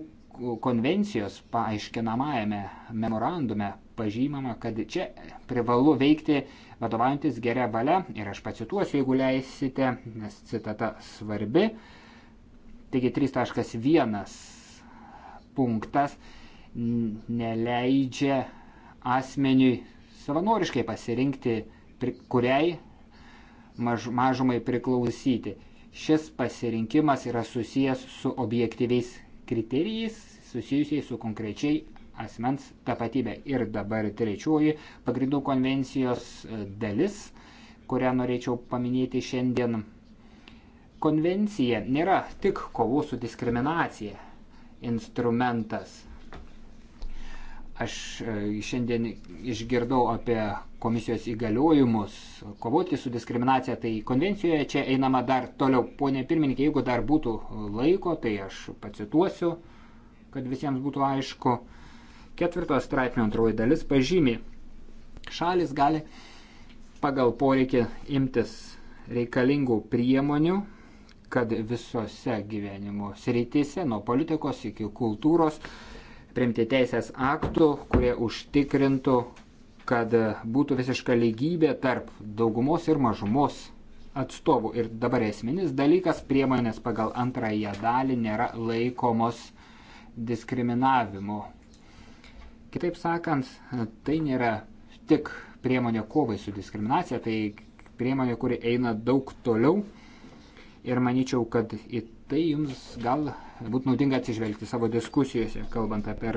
konvencijos paaiškinamajame memorandume pažymama, kad čia privalu veikti vadovantis geria valia ir aš pacituosiu, jeigu leisite, nes citata svarbi. Taigi 3.1 punktas neleidžia asmeniui savanoriškai pasirinkti, kuriai maž, mažumai priklausyti. Šis pasirinkimas yra susijęs su objektyviais kriterijais, susijusiais su konkrečiai asmens tapatybė. Ir dabar trečioji pagrindų konvencijos e, dalis, kurią norėčiau paminėti šiandien. Konvencija nėra tik kovos su diskriminacija instrumentas. Aš e, šiandien išgirdau apie komisijos įgaliojimus kovoti su diskriminacija, tai konvencijoje čia einama dar toliau. Pone pirmininkė, jeigu dar būtų laiko, tai aš pacituosiu, kad visiems būtų aišku. Ketvirtos straipsnio antroji dalis pažymi, šalis gali pagal poreikį imtis reikalingų priemonių, kad visose gyvenimo srityse, nuo politikos iki kultūros, priimti teisės aktų, kurie užtikrintų, kad būtų visiška lygybė tarp daugumos ir mažumos atstovų. Ir dabar esminis dalykas - priemonės pagal antrąją dalį nėra laikomos diskriminavimo. Kitaip sakant, tai nėra tik priemonė kovai su diskriminacija, tai priemonė, kuri eina daug toliau. Ir manyčiau, kad į tai jums gal būtų naudinga atsižvelgti savo diskusijose, kalbant apie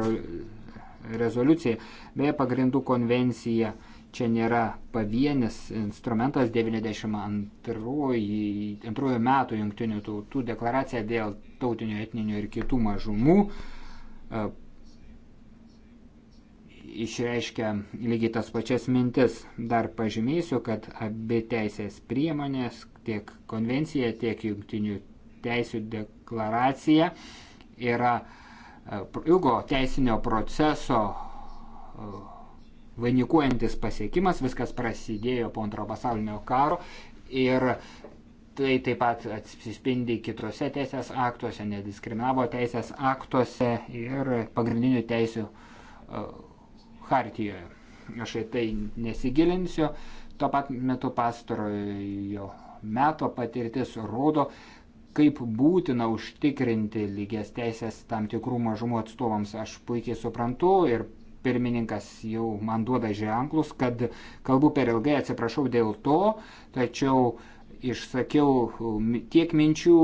rezoliuciją. Beje, pagrindų konvencija čia nėra pavienis instrumentas 92 metų jungtinių tautų deklaracija dėl tautinio, etninio ir kitų mažumų e, išreiškia lygiai tas pačias mintis. Dar pažymėsiu, kad abi teisės priemonės, tiek konvencija, tiek jungtinių teisų deklaracija yra e, ilgo teisinio proceso e, vainikuojantis pasiekimas, viskas prasidėjo po antrojo pasaulinio karo ir tai taip pat atsispindi kitose teisės aktuose, nediskriminavo teisės aktuose ir pagrindinių teisių e, hartijoje. Aš į tai nesigilinsiu, tuo pat metu pastarojo meto patirtis rodo, kaip būtina užtikrinti lygias teisės tam tikrų mažumų atstovams. Aš puikiai suprantu ir pirmininkas jau man duoda ženklus, kad kalbu per ilgai, atsiprašau dėl to, tačiau išsakiau tiek minčių,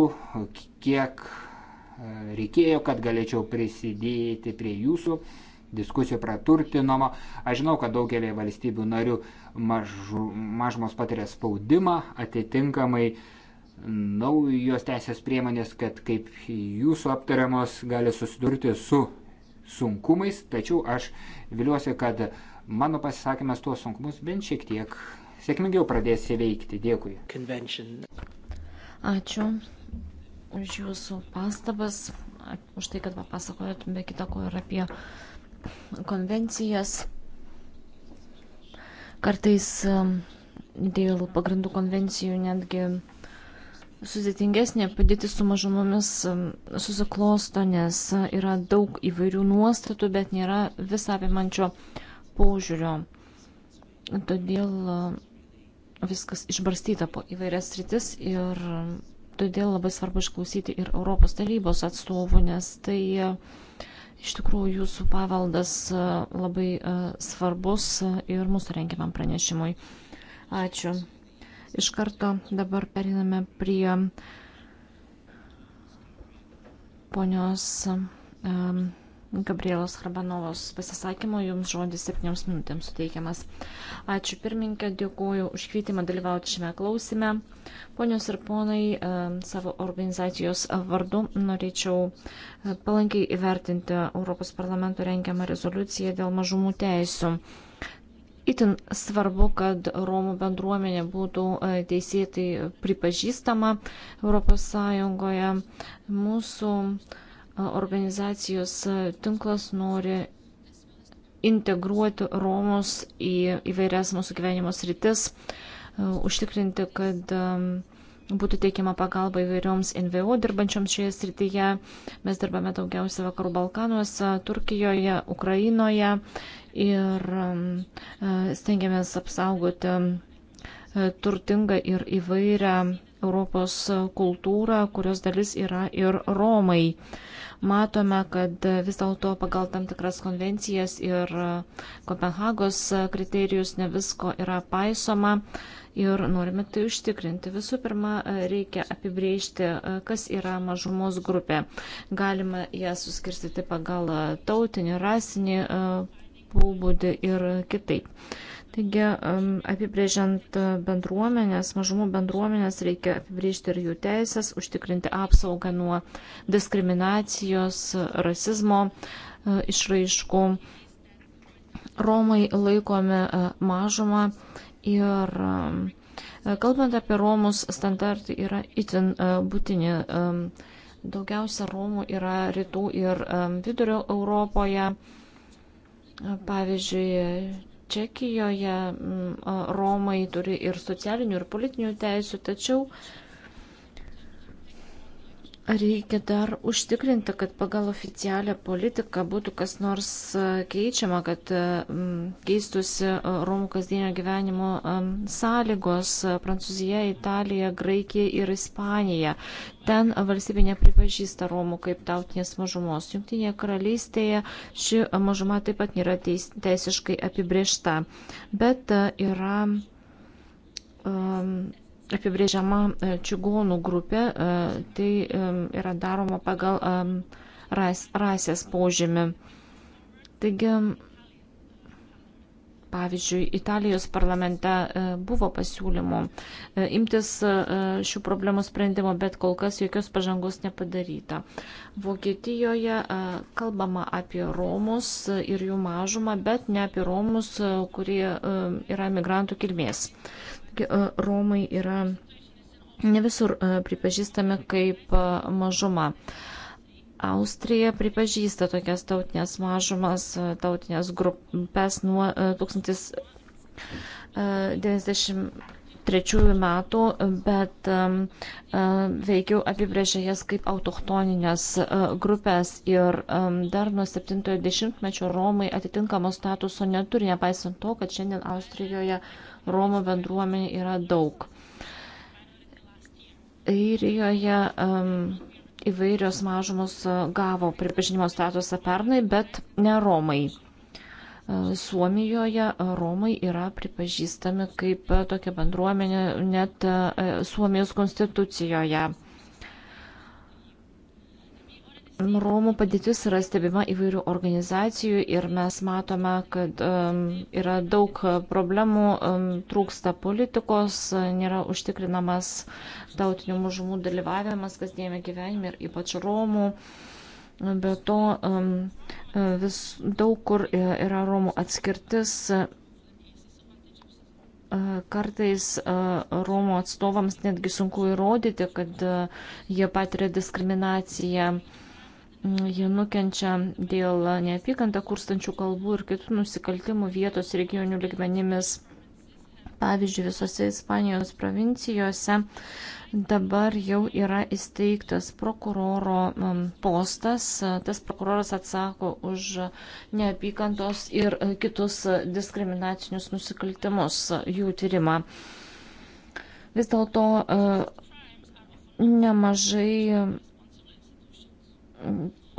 kiek e, reikėjo, kad galėčiau prisidėti prie jūsų diskusijų praturtinama. Aš žinau, kad daugelį valstybių narių mažu, mažumos patiria spaudimą, atitinkamai uh, naujos teisės priemonės, kad kaip jūsų aptariamos gali susidurti su sunkumais, tačiau aš viliuosi, kad mano pasisakymas tuos sunkumus bent šiek tiek sėkmingiau pradės įveikti. Dėkui. Convention. Ačiū už jūsų pastabas, už tai, kad papasakojot be kita ko ir apie konvencijas. Kartais um, dėl pagrindų konvencijų netgi sudėtingesnė padėtis su mažumomis susiklosto, nes yra daug įvairių nuostatų, bet nėra visapimančio požiūrio. Todėl viskas išbarstyta po įvairias rytis ir todėl labai svarbu išklausyti ir Europos tarybos atstovų, nes tai iš tikrųjų jūsų paveldas labai svarbus ir mūsų rengiamam pranešimui. Ačiū. Iš karto dabar periname prie ponios um, Gabrielos Harbanovos pasisakymo. Jums žodis septynioms minutėms suteikiamas. Ačiū pirmininkė, dėkuoju už kvietimą dalyvauti šiame klausime. Ponios ir ponai, savo organizacijos vardu norėčiau e, palankiai įvertinti Europos parlamento rengiamą rezoliuciją dėl mažumų teisų. Itin svarbu, kad Romų bendruomenė būtų e, teisėtai pripažįstama ES. Mūsų e, organizacijos e, tinklas nori integruoti Romus į įvairias mūsų gyvenimo sritis, užtikrinti, kad būtų teikiama pagalba įvairioms NVO dirbančioms šioje srityje. Mes dirbame daugiausia Vakarų Balkanuose, Turkijoje, Ukrainoje ir um, e, stengiamės apsaugoti e, turtingą ir įvairią Europos kultūrą, kurios dalis yra ir Romai. Matome, kad vis dėlto pagal tam tikras konvencijas ir e, Kopenhagos kriterijus ne visko yra paisoma ir norime tai užtikrinti. Visų pirma, reikia apibrėžti, kas yra mažumos grupė. Galima ją suskirstyti pagal tautinį, rasinį pobūdį ir kitaip. Taigi, apibrėžiant bendruomenės, mažumų bendruomenės, reikia apibrėžti ir jų teisės, užtikrinti apsaugą nuo diskriminacijos, rasizmo e, išraiškų. Romai laikomi e, mažumą ir e, kalbant apie Romus, standartai yra itin būtini. Daugiausia Romų yra rytų ir vidurio Europoje Pavyzdžiui, Čekijoje Romai turi ir socialinių, ir politinių teisų, tačiau Reikia dar užtikrinti, kad pagal oficialią politiką būtų kas nors e, keičiama, kad e, keistusi e, Romų kasdienio gyvenimo sąlygos Prancūzija, Italija, Graikija ir Ispanija. Ten valstybė nepripažįsta Romų kaip tautinės mažumos. Junktinėje karalystėje ši mažuma taip pat nėra teis, teisiškai apibriešta, bet yra um, apibrėžiama e, čigonų grupė, e, tai e, yra daroma pagal ras, rasės požymį. Taigi, pavyzdžiui, Italijos parlamente buvo pasiūlymų imtis šių problemų sprendimo, bet kol kas jokios pažangos nepadaryta. Vokietijoje kalbama apie Romus ir jų mažumą, bet ne apie Romus, kurie yra migrantų kilmės. E, Romai yra ne visur e, pripažįstami kaip e, mažuma. Austrija pripažįsta tokias tautinės mažumas, tautinės grupės nuo 1993 metų, bet veikiau apibrėžė jas kaip autochtoninės grupės ir dar nuo 70-ojo dešimtmečio Romai atitinkamo statuso neturi, nepaisant to, kad šiandien Austrijoje Romų bendruomenė yra daug. Airijoje um, įvairios mažumos e, gavo pripažinimo statusą pernai, bet ne Romai. E, Suomijoje e, Romai yra pripažįstami kaip tokia bendruomenė net Suomijos konstitucijoje. Romų padėtis yra stebima įvairių organizacijų ir mes matome, kad um, yra daug problemų, um, trūksta politikos, nėra užtikrinamas tautinių mažumų dalyvavimas kasdienėme gyvenime ir ypač Romų. Be to um, vis daug kur yra Romų atskirtis. Kartais Romų atstovams netgi sunku įrodyti, kad jie patiria diskriminaciją Jie nukenčia dėl neapykantą kurstančių kalbų ir kitų nusikaltimų vietos regionių ligmenimis. Pavyzdžiui, visose Ispanijos provincijose dabar jau yra įsteigtas prokuroro mm, postas. Tas prokuroras atsako už neapykantos ir kitus diskriminacinius nusikaltimus, jų tyrimą. Vis dėlto e, nemažai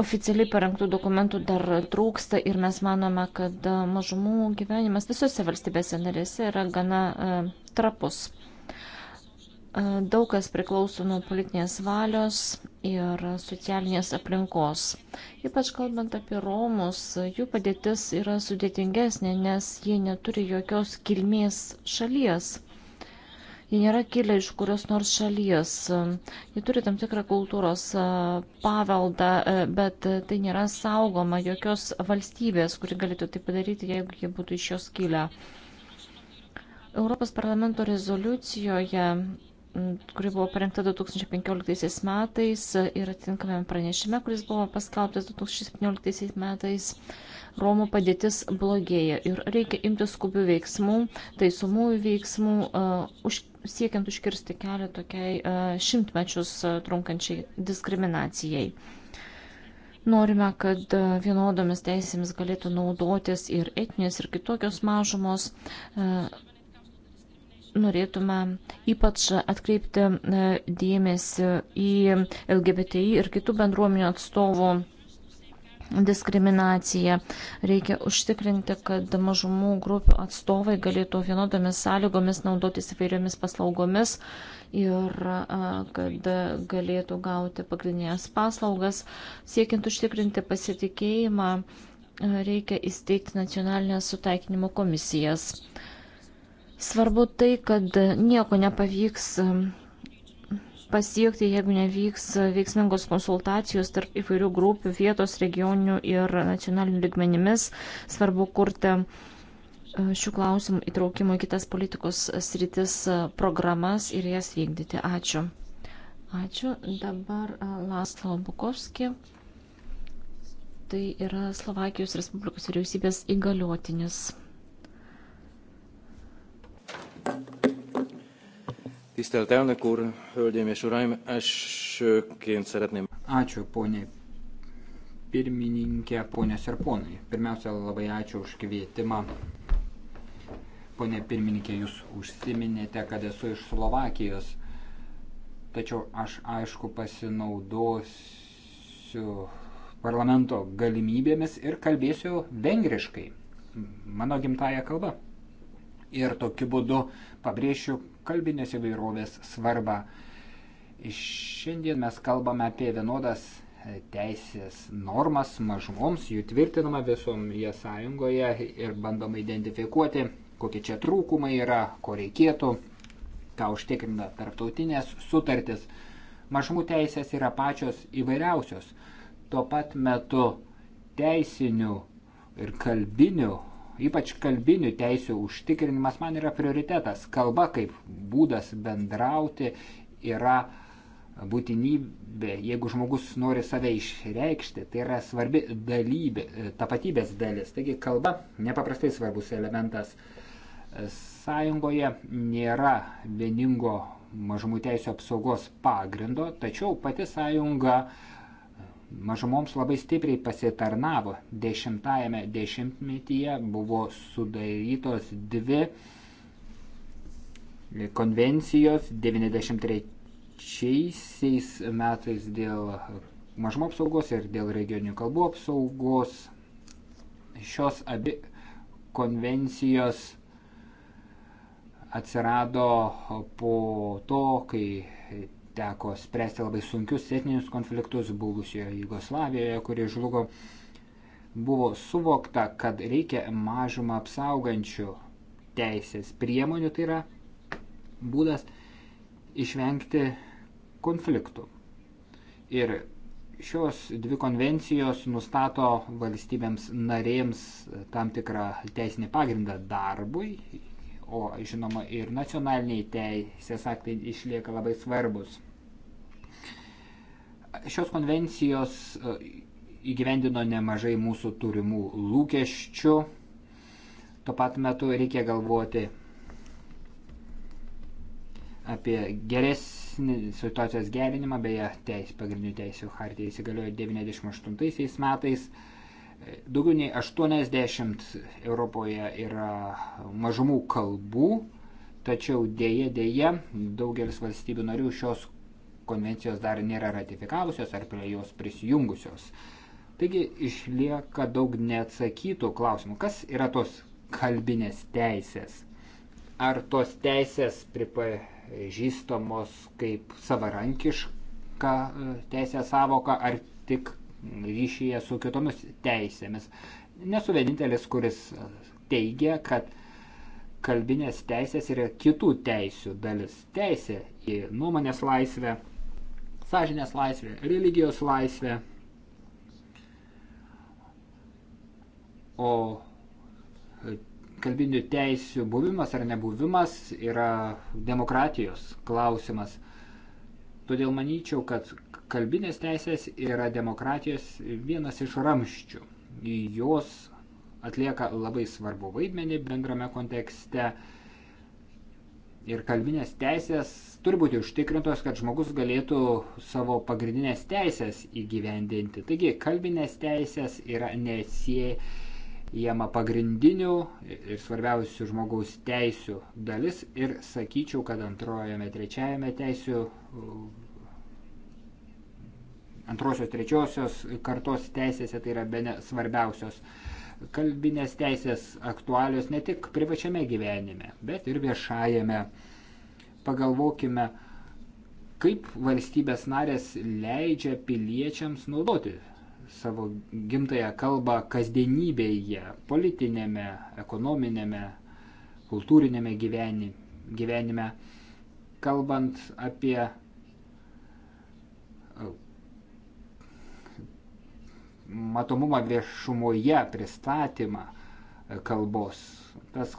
oficialiai parengtų dokumentų dar trūksta ir mes manome, kad e, mažumų gyvenimas visose valstybėse narėse yra gana e, trapus. E, daug kas priklauso nuo politinės valios ir socialinės aplinkos. Ypač kalbant apie Romus, jų padėtis yra sudėtingesnė, nes jie neturi jokios kilmės šalies. Ji nėra kilę iš kurios nors šalies. Ji turi tam tikrą kultūros paveldą, bet tai nėra saugoma jokios valstybės, kuri galėtų tai padaryti, jeigu jie būtų iš jos kilę. Europos parlamento rezoliucijoje kuri buvo parengta 2015 metais ir atitinkamame pranešime, kuris buvo paskelbtas 2017 metais, Romų padėtis blogėja ir reikia imtis skubių veiksmų, taisomųjų veiksmų, uh, už siekiant užkirsti kelią tokiai e, šimtmečius e, trunkančiai diskriminacijai. Norime, kad e, vienodomis teisėmis galėtų naudotis ir etinės, ir kitokios mažumos. Norėtume ypač atkreipti dėmesį į LGBTI ir kitų bendruomenių atstovų diskriminacija. Reikia užtikrinti, kad mažumų grupių atstovai galėtų vienodomis sąlygomis naudotis įvairiomis paslaugomis ir kad galėtų gauti pagrindinės paslaugas. Siekiant užtikrinti pasitikėjimą, reikia įsteigti nacionalinės sutaikinimo komisijas. Svarbu tai, kad nieko nepavyks pasiekti, jeigu nevyks veiksmingos konsultacijos tarp įvairių grupių vietos, regioninių ir nacionalinių lygmenimis. Svarbu kurti e, šių klausimų įtraukimo į kitas politikos sritis e, programas ir jas vykdyti. Ačiū. Ačiū. Dabar e, Laslo Bukovski. Tai yra Slovakijos Respublikos vyriausybės įgaliotinis. Thank you. Tisztelt elnök úr, hölgyeim és uraim, elsőként szeretném. Ačiū, poniai pirmininkė, ponios ir ponai. Pirmiausia, labai ačiū už kvietimą. Pone pirmininkė, jūs užsiminėte, kad esu iš Slovakijos, tačiau aš aišku pasinaudosiu parlamento galimybėmis ir kalbėsiu vengriškai, mano gimtają kalbą. Ir tokiu būdu pabrėšiu, kalbinės įvairovės svarbą. Šiandien mes kalbame apie vienodas e, teisės normas mažumoms, jų tvirtinama visoje sąjungoje ir bandoma identifikuoti, kokie čia trūkumai yra, ko reikėtų, ką užtikrina tarptautinės sutartis. Mažumų teisės yra pačios įvairiausios. Tuo pat metu teisinių ir kalbinių ypač kalbinių teisių užtikrinimas man yra prioritetas. Kalba kaip būdas bendrauti yra būtinybė, jeigu žmogus nori save išreikšti, tai yra svarbi dalybė, tapatybės dalis. Taigi kalba nepaprastai svarbus elementas. Sąjungoje nėra vieningo mažumų teisų apsaugos pagrindo, tačiau pati sąjunga uh, mažumoms labai stipriai pasitarnavo. Dešimtajame dešimtmetyje buvo sudarytos dvi konvencijos 93 metais dėl mažumo apsaugos ir dėl regioninių kalbų apsaugos. Šios abi konvencijos atsirado po to, kai teko spręsti labai sunkius etninius konfliktus buvusioje Jugoslavijoje, kuri žlugo. Buvo suvokta, kad reikia mažumą apsaugančių teisės priemonių, tai yra būdas išvengti konfliktų. Ir šios dvi konvencijos nustato valstybėms narėms tam tikrą teisinį pagrindą darbui, o žinoma ir nacionaliniai teisės aktai išlieka labai svarbus. Šios konvencijos e, įgyvendino nemažai mūsų turimų lūkesčių. Tuo pat metu reikia galvoti apie geresnį situacijos gerinimą, beje, teis, pagrindinių teisų hartija įsigaliojo 98 metais. E, daugiau nei 80 Europoje yra mažumų kalbų, tačiau dėje dėje daugelis valstybių narių šios konvencijos dar nėra ratifikavusios ar prie jos prisijungusios. Taigi išlieka daug neatsakytų klausimų. Kas yra tos kalbinės teisės? Ar tos teisės pripažįstamos kaip savarankiška e, teisė savoka, ar tik ryšyje su kitomis teisėmis? Nesu vienintelis, kuris e, teigia, kad kalbinės teisės yra kitų teisių dalis. Teisė į nuomonės laisvę, sąžinės laisvė, religijos laisvė. O kalbinių teisių buvimas ar nebuvimas yra demokratijos klausimas. Todėl manyčiau, kad kalbinės teisės yra demokratijos vienas iš ramščių. Jos atlieka labai svarbu vaidmenį bendrame kontekste ir kalbinės teisės turi būti užtikrintos, kad žmogus galėtų savo pagrindinės teisės įgyvendinti. Taigi kalbinės teisės yra neatsiejama pagrindinių ir svarbiausių žmogaus teisių dalis ir sakyčiau, kad antrojame, trečiajame teisių, antrosios, trečiosios kartos teisėse tai yra bene svarbiausios kalbinės teisės aktualios ne tik privačiame gyvenime, bet ir viešajame. Pagalvokime, kaip valstybės narės leidžia piliečiams naudoti savo gimtają kalbą kasdienybėje, politinėme, ekonominėme, kultūrinėme gyvenime. gyvenime. Kalbant apie matomumą viešumoje, pristatymą e, kalbos. Tas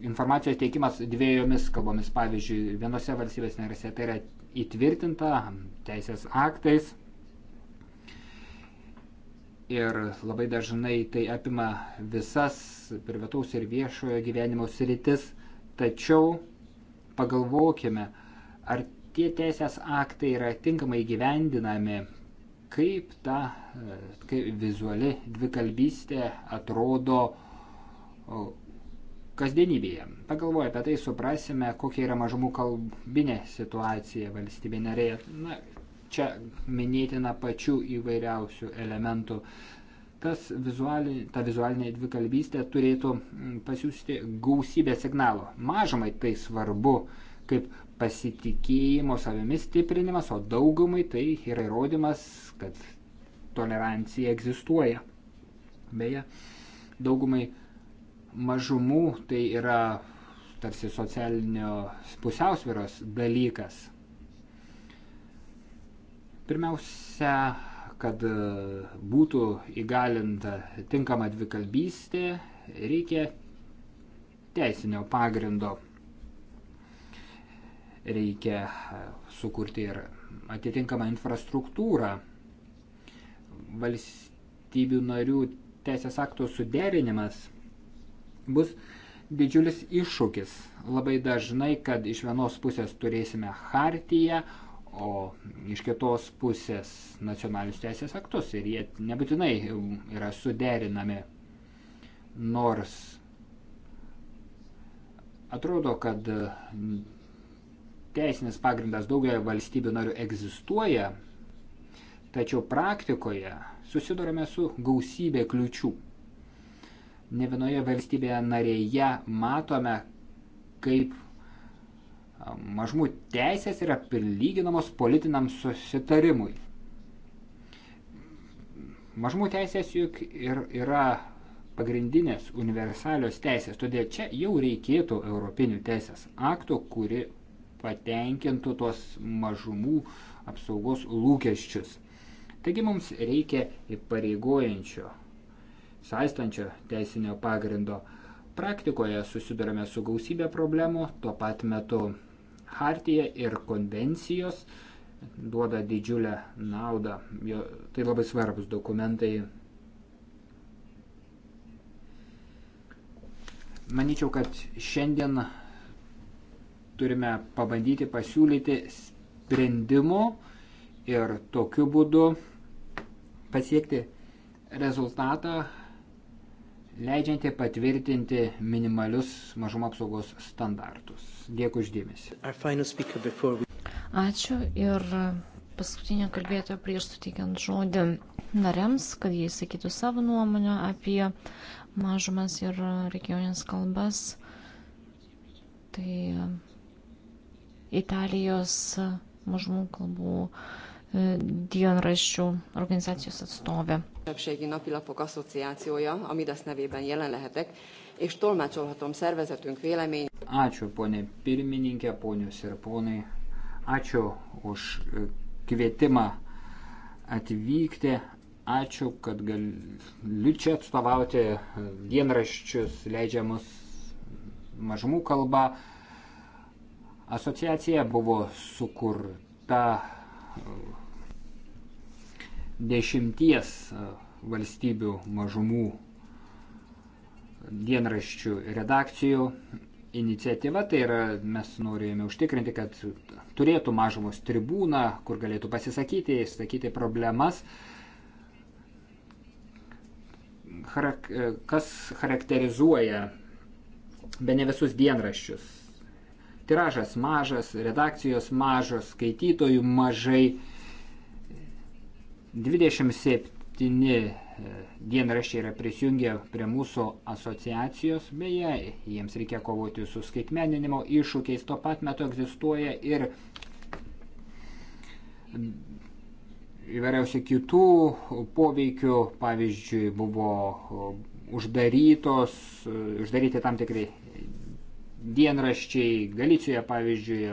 informacijos teikimas dviejomis kalbomis, pavyzdžiui, vienose valstybės narėse tai yra įtvirtinta teisės aktais. Ir labai dažnai tai apima visas privataus ir viešojo gyvenimo sritis. Tačiau pagalvokime, ar tie teisės aktai yra tinkamai gyvendinami kaip ta kaip vizuali dvikalbystė atrodo kasdienybėje. Pagalvoję apie tai, suprasime, kokia yra mažumų kalbinė situacija valstybė narėje. Na, čia minėtina pačių įvairiausių elementų. Tas vizuali, ta vizualinė dvikalbystė turėtų mm, pasiūsti gausybę signalų. Mažumai tai svarbu, kaip pasitikėjimo savimi stiprinimas, o daugumai tai yra įrodymas, kad tolerancija egzistuoja. Beje, daugumai mažumų tai yra tarsi socialinio pusiausviros dalykas. Pirmiausia, kad būtų įgalinta tinkama dvikalbystė, reikia teisinio pagrindo reikia sukurti ir atitinkamą infrastruktūrą. Valstybių narių teisės aktų suderinimas bus didžiulis iššūkis. Labai dažnai, kad iš vienos pusės turėsime hartiją, o iš kitos pusės nacionalinius teisės aktus ir jie nebūtinai yra suderinami. Nors atrodo, kad teisinis pagrindas daugelio valstybių narių egzistuoja, tačiau praktikoje susidurime su gausybė kliučių. Ne vienoje valstybėje narėje matome, kaip um, mažmų teisės yra prilyginamos politiniam susitarimui. Mažmų teisės juk ir yra pagrindinės universalios teisės, todėl čia jau reikėtų europinių teisės aktų, kuri patenkintų tuos mažumų apsaugos lūkesčius. Taigi mums reikia įpareigojančio, saistančio teisinio pagrindo. Praktikoje susidurime su gausybė problemų, tuo pat metu Hartija ir konvencijos duoda didžiulę naudą. Jo, tai labai svarbus dokumentai. Manyčiau, kad šiandien turime pabandyti pasiūlyti sprendimų ir tokiu būdu pasiekti rezultatą, leidžiantį patvirtinti minimalius mažumo apsaugos standartus. Dėkui uždėmesi. Ačiū ir paskutinė kalbėtoja prieš suteikiant žodį nariams, kad jie įsakytų savo nuomonę apie mažumas ir regioninės kalbas. Tai Italijos mažumų kalbų e, dienraščių organizacijos atstovė. Többségi napilapok asszociációja, Amidas nevében jelen lehetek, és tolmácsolhatom szervezetünk vélemény. Ačiū, ponė pirmininkė, ponios ir ponai. Ačiū už e, kvietimą atvykti. Ačiū, kad galiu čia atstovauti e, dienraščius leidžiamus mažumų kalbą. Asociacija buvo sukurta e, dešimties e, valstybių mažumų dienraščių redakcijų iniciatyva, tai yra mes norėjome užtikrinti, kad turėtų mažumos tribūną, kur galėtų pasisakyti, išsakyti problemas, e, kas charakterizuoja be ne visus dienraščius. Tiražas mažas, redakcijos mažos, skaitytojų mažai. 27 e, dienraščiai yra prisijungę prie mūsų asociacijos, beje, jiems reikia kovoti su skaitmeninimo iššūkiais, tuo pat metu egzistuoja ir įvairiausių kitų poveikių, pavyzdžiui, buvo uždarytos, uždaryti tam tikrai dienraščiai Galicijoje, pavyzdžiui, e,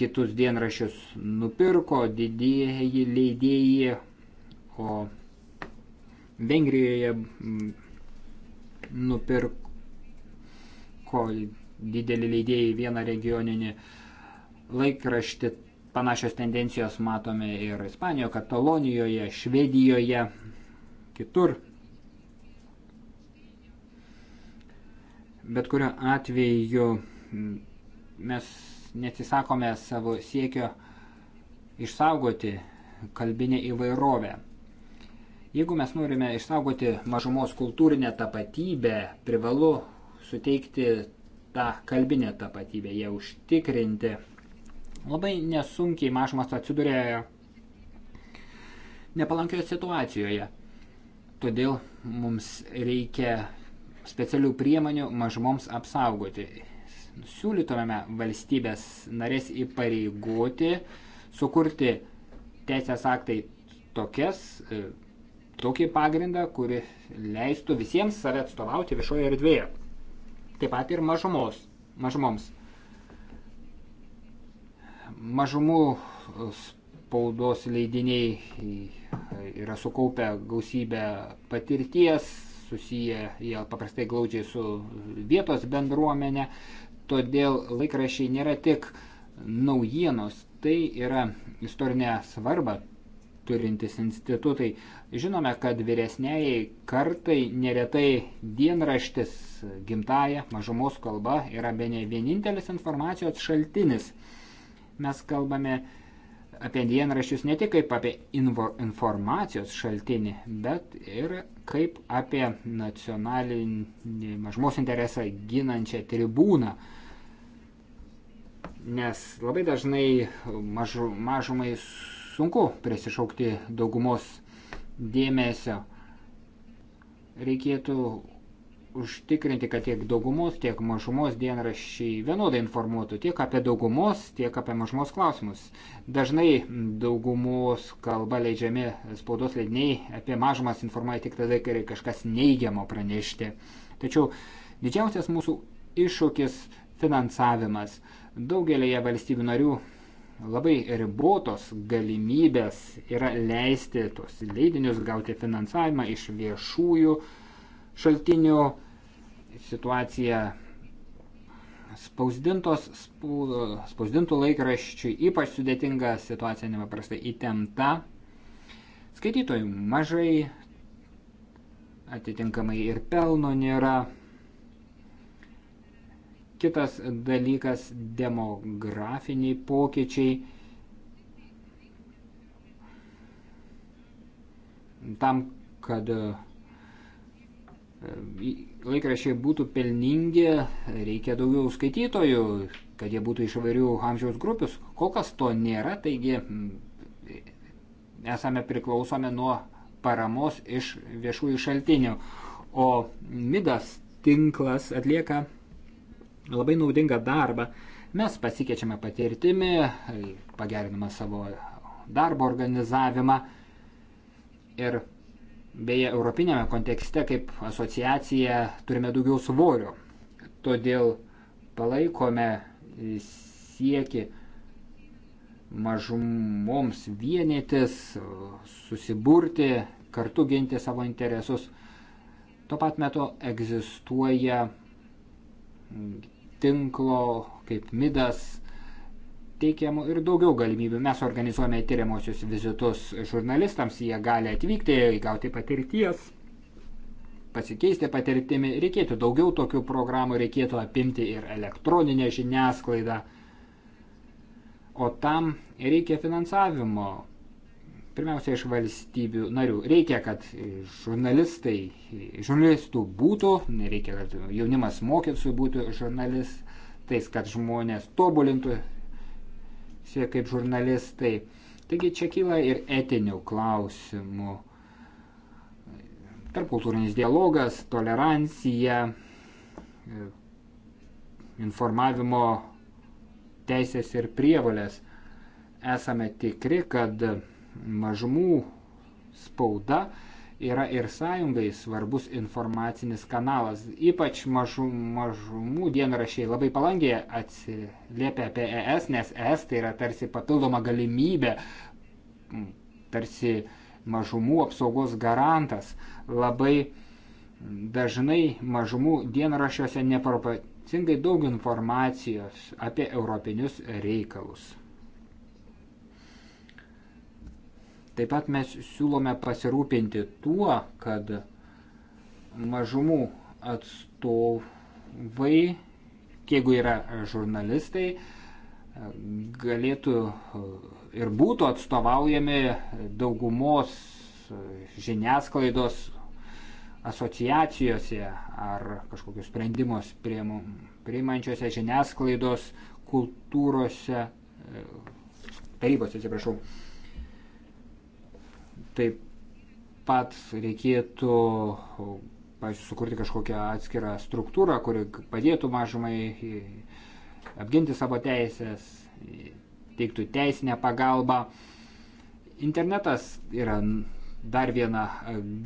kitus dienraščius nupirko didieji leidėjai, o Vengrijoje nupirko didelį leidėjai vieną regioninį laikraštį. Panašios tendencijos matome ir Ispanijoje, Katalonijoje, Švedijoje, kitur Bet kuriuo atveju mes nesisakome savo siekio išsaugoti kalbinę įvairovę. Jeigu mes norime išsaugoti mažumos kultūrinę tapatybę, privalu suteikti tą kalbinę tapatybę, ją užtikrinti. Labai nesunkiai mažumas atsiduria nepalankioje situacijoje. Todėl mums reikia specialių priemonių mažumoms apsaugoti. Siūlytumėme valstybės narės įpareigoti, sukurti teisės aktai tokias, e, tokį pagrindą, kuri leistų visiems save atstovauti viešoje erdvėje. Taip pat ir mažumos, mažumoms. Mažumų spaudos leidiniai yra sukaupę gausybę patirties, susiję jie paprastai glaudžiai su vietos bendruomenė, todėl laikrašiai nėra tik naujienos, tai yra istorinė svarba turintys institutai. Žinome, kad vyresniai kartai neretai dienraštis gimtaja mažumos kalba yra bene vienintelis informacijos šaltinis. Mes kalbame apie dienraščius ne tik kaip apie invo, informacijos šaltinį, bet ir kaip apie nacionalinį mažmos interesą ginančią tribūną. Nes labai dažnai mažu, mažumai sunku prisišaukti daugumos dėmesio. Reikėtų užtikrinti, kad tiek daugumos, tiek mažumos dienraščiai vienodai informuotų tiek apie daugumos, tiek apie mažumos klausimus. Dažnai daugumos kalba leidžiami spaudos leidiniai apie mažumas informuoja tik tada, kai kažkas neigiamo pranešti. Tačiau didžiausias mūsų iššūkis - finansavimas. Daugelėje valstybių narių labai ribotos galimybės yra leisti tuos leidinius gauti finansavimą iš viešųjų šaltinių. Situacija spausdintos spausdintų laikraščių ypač sudėtinga situacija nepaprastai įtempta. Skaitytojų mažai, atitinkamai ir pelno nėra. Kitas dalykas - demografiniai pokyčiai. Tam, kad laikrašiai būtų pelningi, reikia daugiau skaitytojų, kad jie būtų iš įvairių amžiaus grupius. Kol kas to nėra, taigi mm, esame priklausomi nuo paramos iš viešųjų šaltinių. O Midas tinklas atlieka labai naudingą darbą. Mes pasikeičiame patirtimi, pageriname savo darbo organizavimą ir Beje, europinėme kontekste kaip asociacija turime daugiau svorio, todėl palaikome sieki mažumoms vienytis, susiburti, kartu ginti savo interesus. Tuo pat metu egzistuoja tinklo kaip midas teikiamų ir daugiau galimybių. Mes organizuojame tyriamosius vizitus žurnalistams, jie gali atvykti, įgauti patirties, pasikeisti patirtimi. Reikėtų daugiau tokių programų, reikėtų apimti ir elektroninę žiniasklaidą. O tam reikia finansavimo. Pirmiausia, iš valstybių narių. Reikia, kad žurnalistai, žurnalistų būtų, reikia, kad jaunimas mokytųsi būti žurnalistais, kad žmonės tobulintų šie kaip žurnalistai. Taigi čia kyla ir etinių klausimų. Tarpkultūrinis dialogas, tolerancija, informavimo teisės ir prievalės. Esame tikri, kad mažumų spauda yra ir sąjungai svarbus informacinis kanalas. Ypač mažų, mažumų dienrašiai labai palangiai atsiliepia apie ES, nes ES tai yra tarsi papildoma galimybė, tarsi mažumų apsaugos garantas. Labai dažnai mažumų dienrašiuose neproporcingai daug informacijos apie europinius reikalus. Taip pat mes siūlome pasirūpinti tuo, kad mažumų atstovai, jeigu yra žurnalistai, galėtų ir būtų atstovaujami daugumos žiniasklaidos asociacijose ar kažkokius sprendimus priimančiose žiniasklaidos kultūrose, tarybose, atsiprašau. Taip pat reikėtų, pažiūrėjau, sukurti kažkokią atskirą struktūrą, kuri padėtų mažumai apginti savo teisės, teiktų teisinę pagalbą. Internetas yra dar viena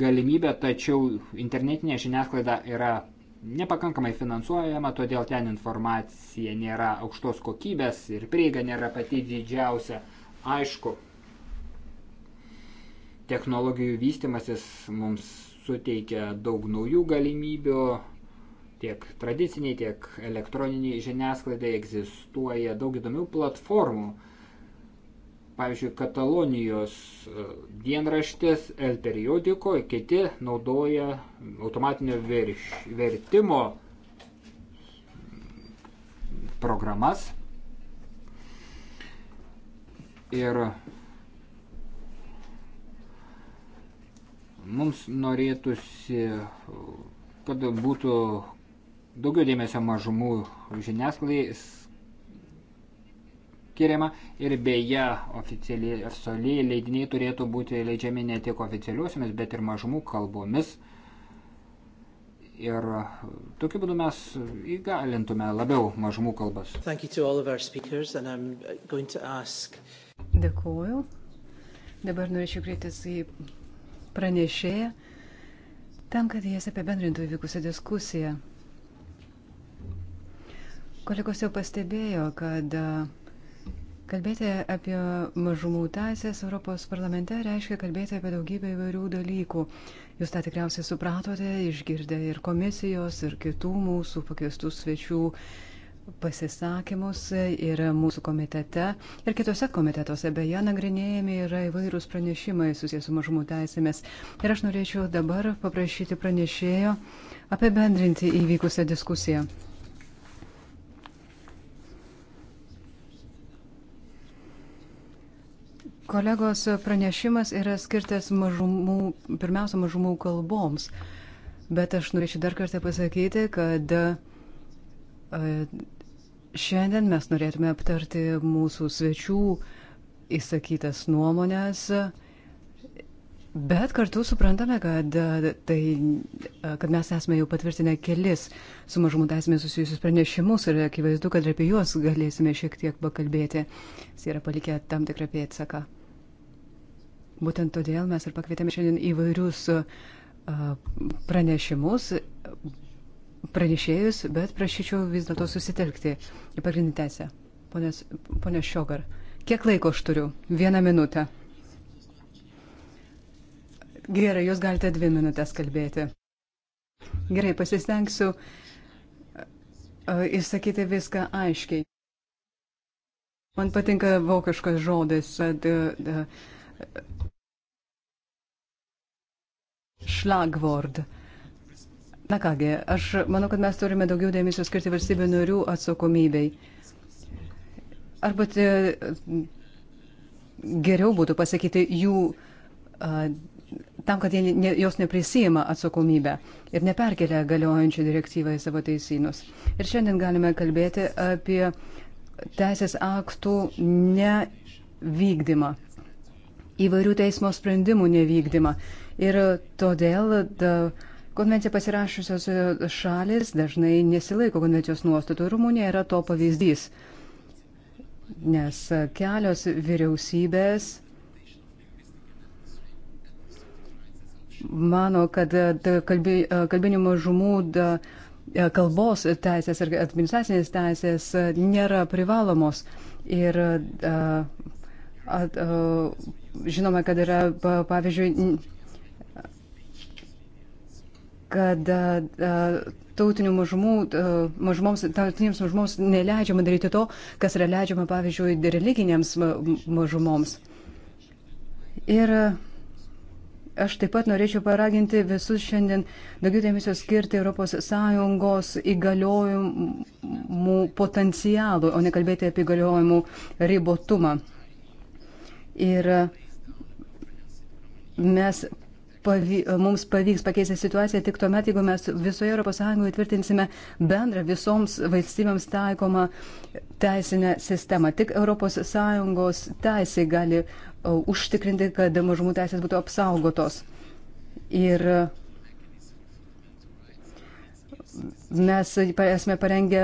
galimybė, tačiau internetinė žiniasklaida yra nepakankamai finansuojama, todėl ten informacija nėra aukštos kokybės ir prieiga nėra pati didžiausia. Aišku, technologijų vystimasis mums suteikia daug naujų galimybių, tiek tradiciniai, tiek elektroniniai žiniasklaidai egzistuoja daug įdomių platformų. Pavyzdžiui, Katalonijos e, dienraštis El Periodico, kiti naudoja automatinio virš, vertimo programas. Ir Mums norėtųsi, kad būtų daugiau dėmesio mažumų žiniasklaidai skiriama ir beje oficialiai leidiniai turėtų būti leidžiami ne tik oficialiuosiamis, bet ir mažumų kalbomis. Ir tokiu būdu mes įgalintume labiau mažumų kalbas. Ask... Dėkuoju. Dabar norėčiau kreiptis į pranešėją tam, kad jas apibendrintų įvykusią diskusiją. Kolegos jau pastebėjo, kad kalbėti apie mažumų teisės Europos parlamente reiškia kalbėti apie daugybę įvairių dalykų. Jūs tą tikriausiai supratote, išgirdę ir komisijos, ir kitų mūsų pakviestų svečių pasisakymus ir mūsų komitete ir kitose komitetuose. Beje, nagrinėjami yra įvairūs pranešimai susijęs su mažumų teisėmis. Ir aš norėčiau dabar paprašyti pranešėjo apibendrinti įvykusią diskusiją. Kolegos pranešimas yra skirtas mažumų, pirmiausia, mažumų kalboms. Bet aš norėčiau dar kartą pasakyti, kad uh, Šiandien mes norėtume aptarti mūsų svečių įsakytas nuomonės, bet kartu suprantame, kad, tai, kad mes esame jau patvirtinę kelis su mažumų teisėmis susijusius pranešimus ir akivaizdu, kad ir apie juos galėsime šiek tiek pakalbėti. Jis yra palikę tam tikrą pėtsaką. Būtent todėl mes ir pakvietėme šiandien įvairius pranešimus, pranešėjus, bet prašyčiau vis dėlto susitelkti į pagrindinę teisę. Pone Šiogar, kiek laiko aš turiu? Vieną minutę. Gerai, jūs galite dvi minutės kalbėti. Gerai, pasistengsiu e, išsakyti viską aiškiai. Man patinka vokiškas žodis. Ad, e, ad, e, šlagvord. Na kągi, aš manau, kad mes turime daugiau dėmesio skirti valstybių narių atsakomybei. Arba tė, geriau būtų pasakyti jų, a, tam, kad jie ne, jos neprisijama atsakomybę ir neperkelia galiojančią direktyvą į savo teisynus. Ir šiandien galime kalbėti apie teisės aktų nevykdymą, įvairių teismo sprendimų nevykdymą. Ir todėl da, uh, Konvenciją pasirašusios šalis dažnai nesilaiko konvencijos nuostatų. Rumunija yra to pavyzdys, nes kelios vyriausybės mano, kad kalbi, kalbinių mažumų da, kalbos teisės ir administracinės teisės nėra privalomos. Ir a, a, a, žinome, kad yra, pavyzdžiui, kad tautinių mažumų, mažumoms, tautinėms mažumoms neleidžiama daryti to, kas yra leidžiama, pavyzdžiui, religinėms mažumoms. Ir aš taip pat norėčiau paraginti visus šiandien daugiau dėmesio skirti ES įgaliojimų potencialui, o ne kalbėti apie įgaliojimų ribotumą. Ir mes pavy, mums pavyks pakeisti situaciją tik tuomet, jeigu mes visoje ES tvirtinsime bendrą visoms valstybėms taikomą teisinę sistemą. Tik ES teisė gali uh, užtikrinti, kad mažumų teisės būtų apsaugotos. Ir Mes esame parengę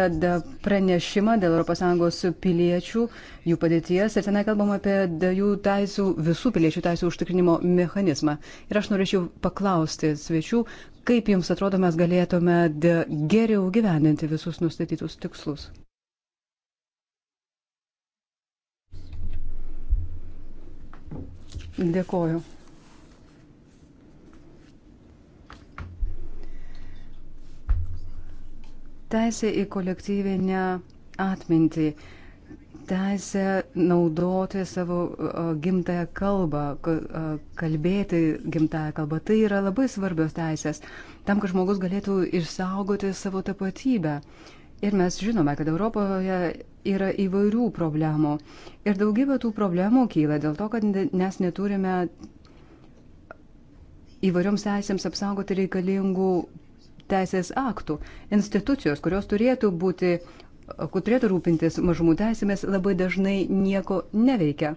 pranešimą dėl ES piliečių, jų padėties ir tenai kalbam apie jų taisų, visų piliečių taisų užtikrinimo mechanizmą. Ir aš norėčiau paklausti svečių, kaip jums atrodo mes galėtume geriau gyveninti visus nustatytus tikslus. Dėkoju. Teisė į kolektyvinę atmintį, teisė naudoti savo gimtają kalbą, kalbėti gimtają kalbą, tai yra labai svarbios teisės tam, kad žmogus galėtų išsaugoti savo tapatybę. Ir mes žinome, kad Europoje yra įvairių problemų. Ir daugybė tų problemų kyla dėl to, kad mes neturime įvairioms teisėms apsaugoti reikalingų teisės aktų. Institucijos, kurios turėtų būti, kur turėtų rūpintis mažumų teisėmis, labai dažnai nieko neveikia.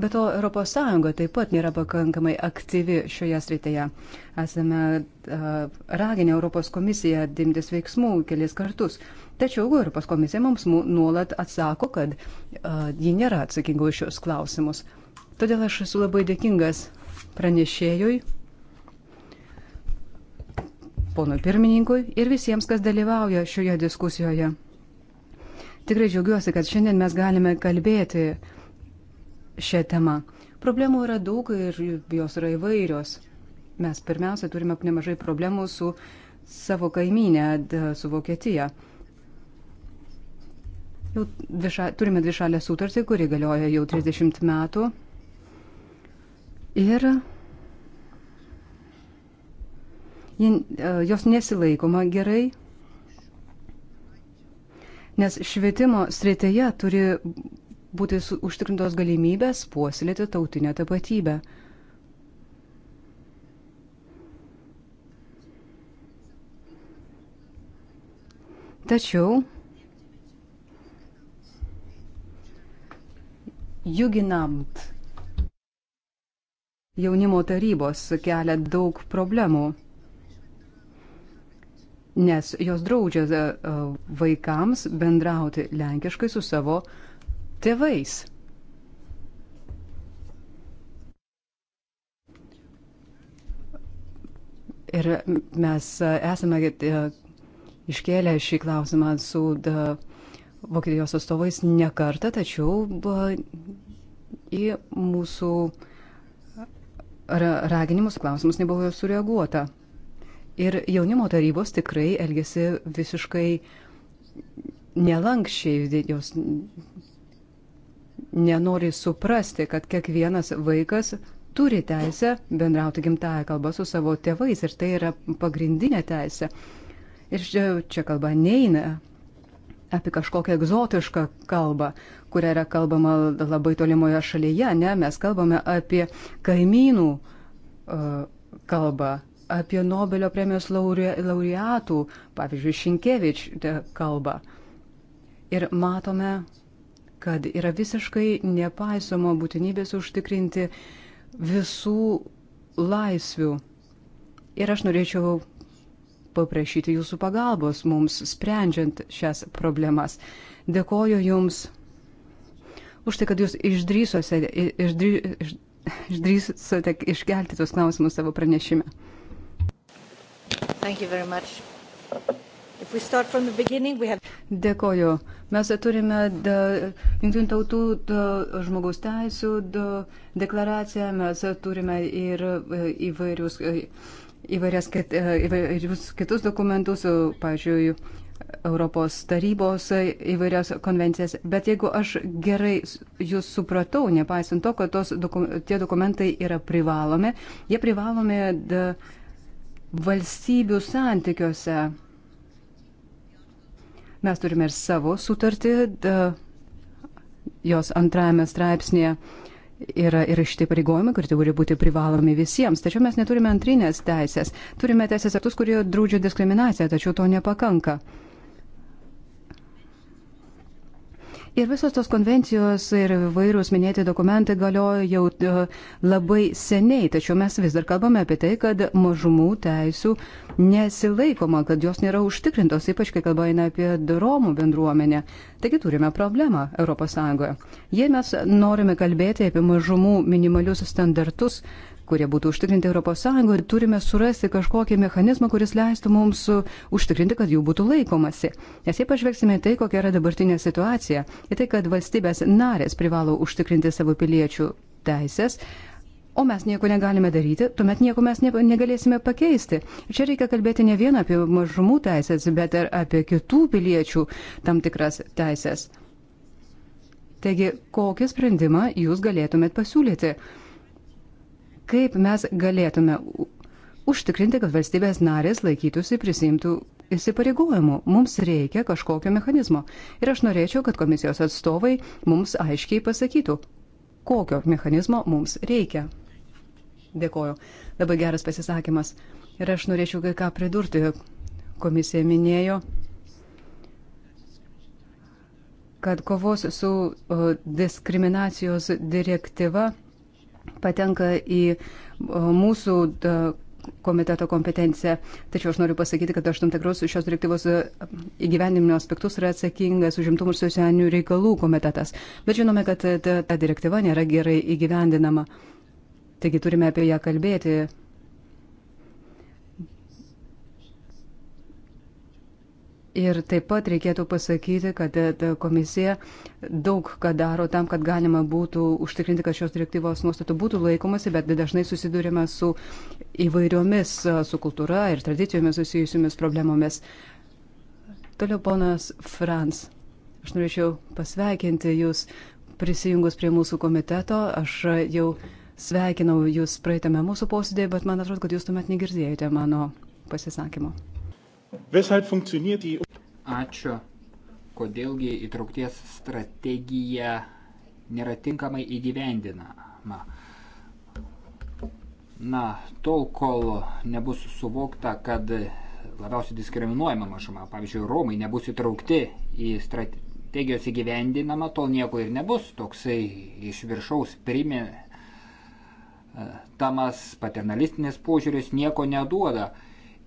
Be to, ES taip pat nėra pakankamai aktyvi šioje srityje. Esame uh, raginę Europos komisiją dimtis veiksmų kelis kartus. Tačiau Europos komisija mums nuolat atsako, kad uh, ji nėra atsakinga už šios klausimus. Todėl aš esu labai dėkingas pranešėjui ponui pirmininkui ir visiems, kas dalyvauja šioje diskusijoje. Tikrai džiaugiuosi, kad šiandien mes galime kalbėti šią temą. Problemų yra daug ir jos yra įvairios. Mes pirmiausia turime nemažai problemų su savo kaiminė, su Vokietija. Jau dviša, turime dvišalę sutartį, kuri galioja jau 30 metų. Ir E, jos nesilaikoma gerai, nes švietimo srityje turi būti užtikrintos galimybės puoselėti tautinę tapatybę. Tačiau Juginamt jaunimo tarybos kelia daug problemų nes jos draudžia e, e, vaikams bendrauti lenkiškai su savo tėvais. Ir mes e, esame iškėlę šį klausimą su Vokietijos atstovais ne kartą, tačiau į mūsų raginimus klausimus nebuvo sureaguota. Ir jaunimo tarybos tikrai elgesi visiškai nelankščiai, jos nenori suprasti, kad kiekvienas vaikas turi teisę bendrauti gimtają kalbą su savo tėvais ir tai yra pagrindinė teisė. Ir čia, čia kalba neina apie kažkokią egzotišką kalbą, kuria yra kalbama labai tolimoje šalyje, ne, mes kalbame apie kaimynų uh, kalbą, apie Nobelio premijos laureatų, pavyzdžiui, Šinkevič kalbą. Ir matome, kad yra visiškai nepaisoma būtinybės užtikrinti visų laisvių. Ir aš norėčiau paprašyti jūsų pagalbos mums sprendžiant šias problemas. Dėkoju Jums už tai, kad Jūs išdrysote, išdry, išdrysote iškelti tos klausimus savo pranešime. Thank you very much. If we start from the beginning, we have... Dėkoju. Mes turime Junktinių tautų da, žmogaus teisų da, deklaraciją, mes turime ir e, įvairius, e, įvairias, kit, e, įvairius kitus dokumentus, pavyzdžiui, Europos tarybos įvairias konvencijas. Bet jeigu aš gerai jūs supratau, nepaisant to, kad tos, dokum, tie dokumentai yra privalomi, jie privalomi. Da, valstybių santykiuose. Mes turime ir savo sutartį, da, jos antrajame straipsnėje yra ir šitie pareigojimai, kurie turi būti privalomi visiems. Tačiau mes neturime antrinės teisės. Turime teisės aktus, kurie draudžia diskriminaciją, tačiau to nepakanka. Uh, Ir visos tos konvencijos ir vairūs minėti dokumentai galioja jau e, labai seniai, tačiau mes vis dar kalbame apie tai, kad mažumų teisų nesilaikoma, kad jos nėra užtikrintos, ypač kai kalba eina apie Romų bendruomenę. Taigi turime problemą ES. Jei mes norime kalbėti apie mažumų minimalius standartus, kurie būtų užtikrinti ES ir turime surasti kažkokį mechanizmą, kuris leistų mums uh, užtikrinti, kad jų būtų laikomasi. Nes jei pažvelgsime į tai, kokia yra dabartinė situacija, į tai, kad valstybės narės privalo užtikrinti savo piliečių teisės, o mes nieko negalime daryti, tuomet nieko mes ne, negalėsime pakeisti. Čia reikia kalbėti ne vien apie mažumų teisės, bet ir apie kitų piliečių tam tikras teisės. Taigi, kokį sprendimą jūs galėtumėt pasiūlyti? kaip mes galėtume užtikrinti, kad valstybės narės laikytųsi prisimtų įsipareigojimų. Mums reikia kažkokio mechanizmo. Ir aš norėčiau, kad komisijos atstovai mums aiškiai pasakytų, kokio mechanizmo mums reikia. Dėkoju. Labai geras pasisakymas. Ir aš norėčiau kai ką pridurti. Komisija minėjo, kad kovos su diskriminacijos direktyva patenka į e, mūsų e, komiteto kompetenciją. Tačiau aš noriu pasakyti, kad aš tam tikrus šios direktyvos e, įgyvendinimo aspektus yra atsakingas užimtumų ir socialinių reikalų komitetas. Bet žinome, kad ta, ta direktyva nėra gerai įgyvendinama. Taigi turime apie ją kalbėti Ir taip pat reikėtų pasakyti, kad e, komisija daug ką daro tam, kad galima būtų užtikrinti, kad šios direktyvos nuostatų būtų laikomasi, bet dažnai susidurime su įvairiomis, e, su kultūra ir tradicijomis susijusiomis problemomis. Toliau ponas Frans. Aš norėčiau pasveikinti Jūs prisijungus prie mūsų komiteto. Aš jau sveikinau Jūs praeitame mūsų posėdėje, bet man atrodo, kad Jūs tuomet negirdėjote mano pasisakymo. Weshalb funktioniert die Ačiū. Kodėlgi įtraukties strategija nėra tinkamai įgyvendinama? Na, tol, kol nebus suvokta, kad labiausiai diskriminuojama mažuma, pavyzdžiui, Romai nebus įtraukti į strategijos įgyvendinamą, tol nieko ir nebus toksai iš viršaus primė e, tamas paternalistinis požiūris nieko neduoda.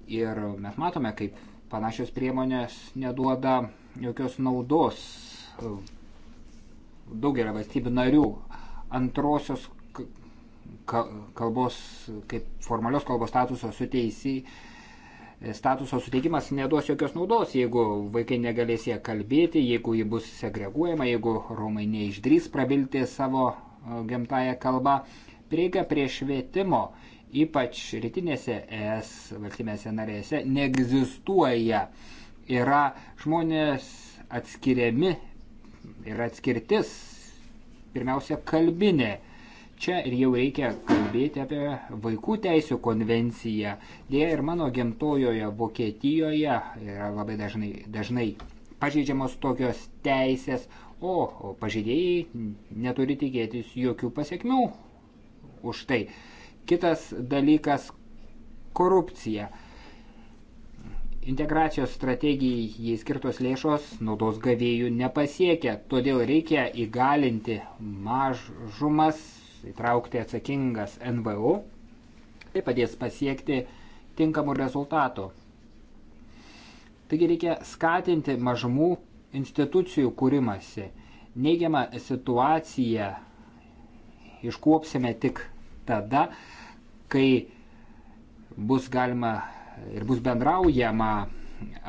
Ir mes matome, kaip panašios priemonės neduoda jokios naudos e, daugelio valstybių narių. Antrosios kalbos, kaip formalios kalbos statuso suteisi, e, statuso suteikimas neduos jokios naudos, jeigu vaikai negalės ją kalbėti, jeigu ji bus segreguojama, jeigu romai neišdrys prabilti savo e, gimtają kalbą. Prieiga prie švietimo ypač rytinėse ES valstybėse narėse, neegzistuoja. Yra žmonės atskiriami ir atskirtis, pirmiausia, kalbinė. Čia ir jau reikia kalbėti apie vaikų teisų konvenciją. Dėja ir mano gimtojoje Vokietijoje yra labai dažnai, dažnai pažeidžiamos tokios teisės, o pažeidėjai neturi tikėtis jokių pasiekmių už tai. Kitas dalykas - korupcija. Integracijos strategijai skirtos lėšos naudos gavėjų nepasiekia, todėl reikia įgalinti mažumas, įtraukti atsakingas NVO. Tai padės pasiekti tinkamų rezultatų. Taigi reikia skatinti mažumų institucijų kūrimasi. Neigiamą situaciją iškuopsime tik tada, kai bus galima ir bus bendraujama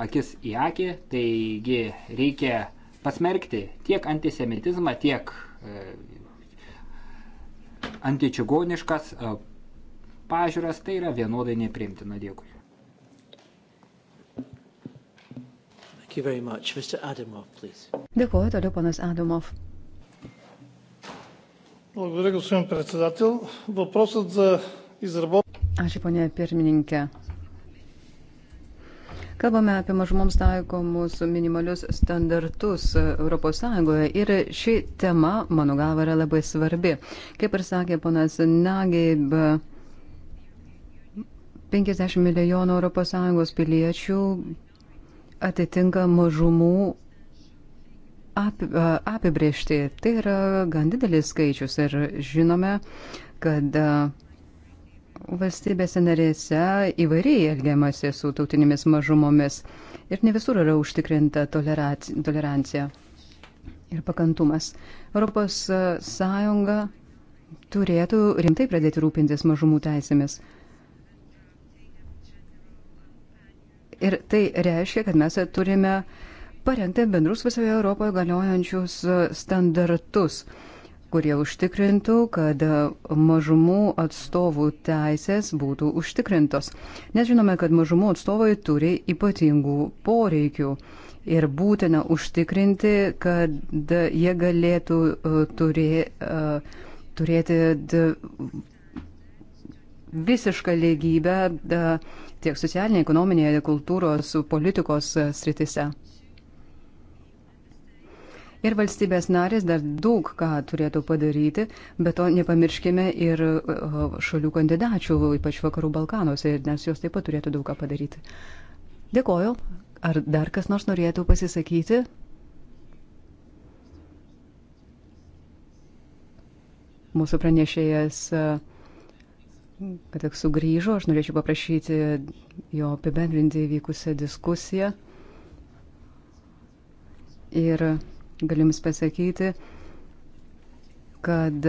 akis į akį, taigi reikia pasmerkti tiek antisemitizmą, tiek e, antičigoniškas e, pažiūras, tai yra vienodai nepriimtina. Dėkui. Much, Adamov, Dėkuoju toliau, panas Adamov. Благодаря, господин председател. Въпросът за изработване. Ačiū, ponė pirmininkė. Kalbame apie mažumoms taikomus minimalius standartus ES ir ši tema, mano galva, yra labai svarbi. Kaip ir sakė ponas Nageib, 50 milijonų ES piliečių atitinka mažumų apibriežti. Tai yra gan didelis skaičius ir žinome, kad valstybėse narėse įvairiai elgiamasi su tautinėmis mažumomis ir ne visur yra užtikrinta tolerancija ir pakantumas. Europos Sąjunga turėtų rimtai pradėti rūpintis mažumų teisėmis. Ir tai reiškia, kad mes turime uh, parengti bendrus visoje Europoje galiojančius e, standartus, kurie užtikrintų, kad e, mažumų atstovų teisės būtų užtikrintos. Nes žinome, kad mažumų atstovai turi ypatingų poreikių ir būtina užtikrinti, kad jie galėtų e, turė, turėti visišką lygybę tiek socialinėje, ekonominėje, kultūros, politikos sritise. Ir valstybės narės dar daug ką turėtų padaryti, bet to nepamirškime ir šalių kandidačių, ypač vakarų Balkanuose, nes jos taip pat turėtų daug ką padaryti. Dėkoju. Ar dar kas nors norėtų pasisakyti? Mūsų pranešėjas, kad tik sugrįžo, aš norėčiau paprašyti jo apibendrinti įvykusią diskusiją. Ir Galiu Jums pasakyti, kad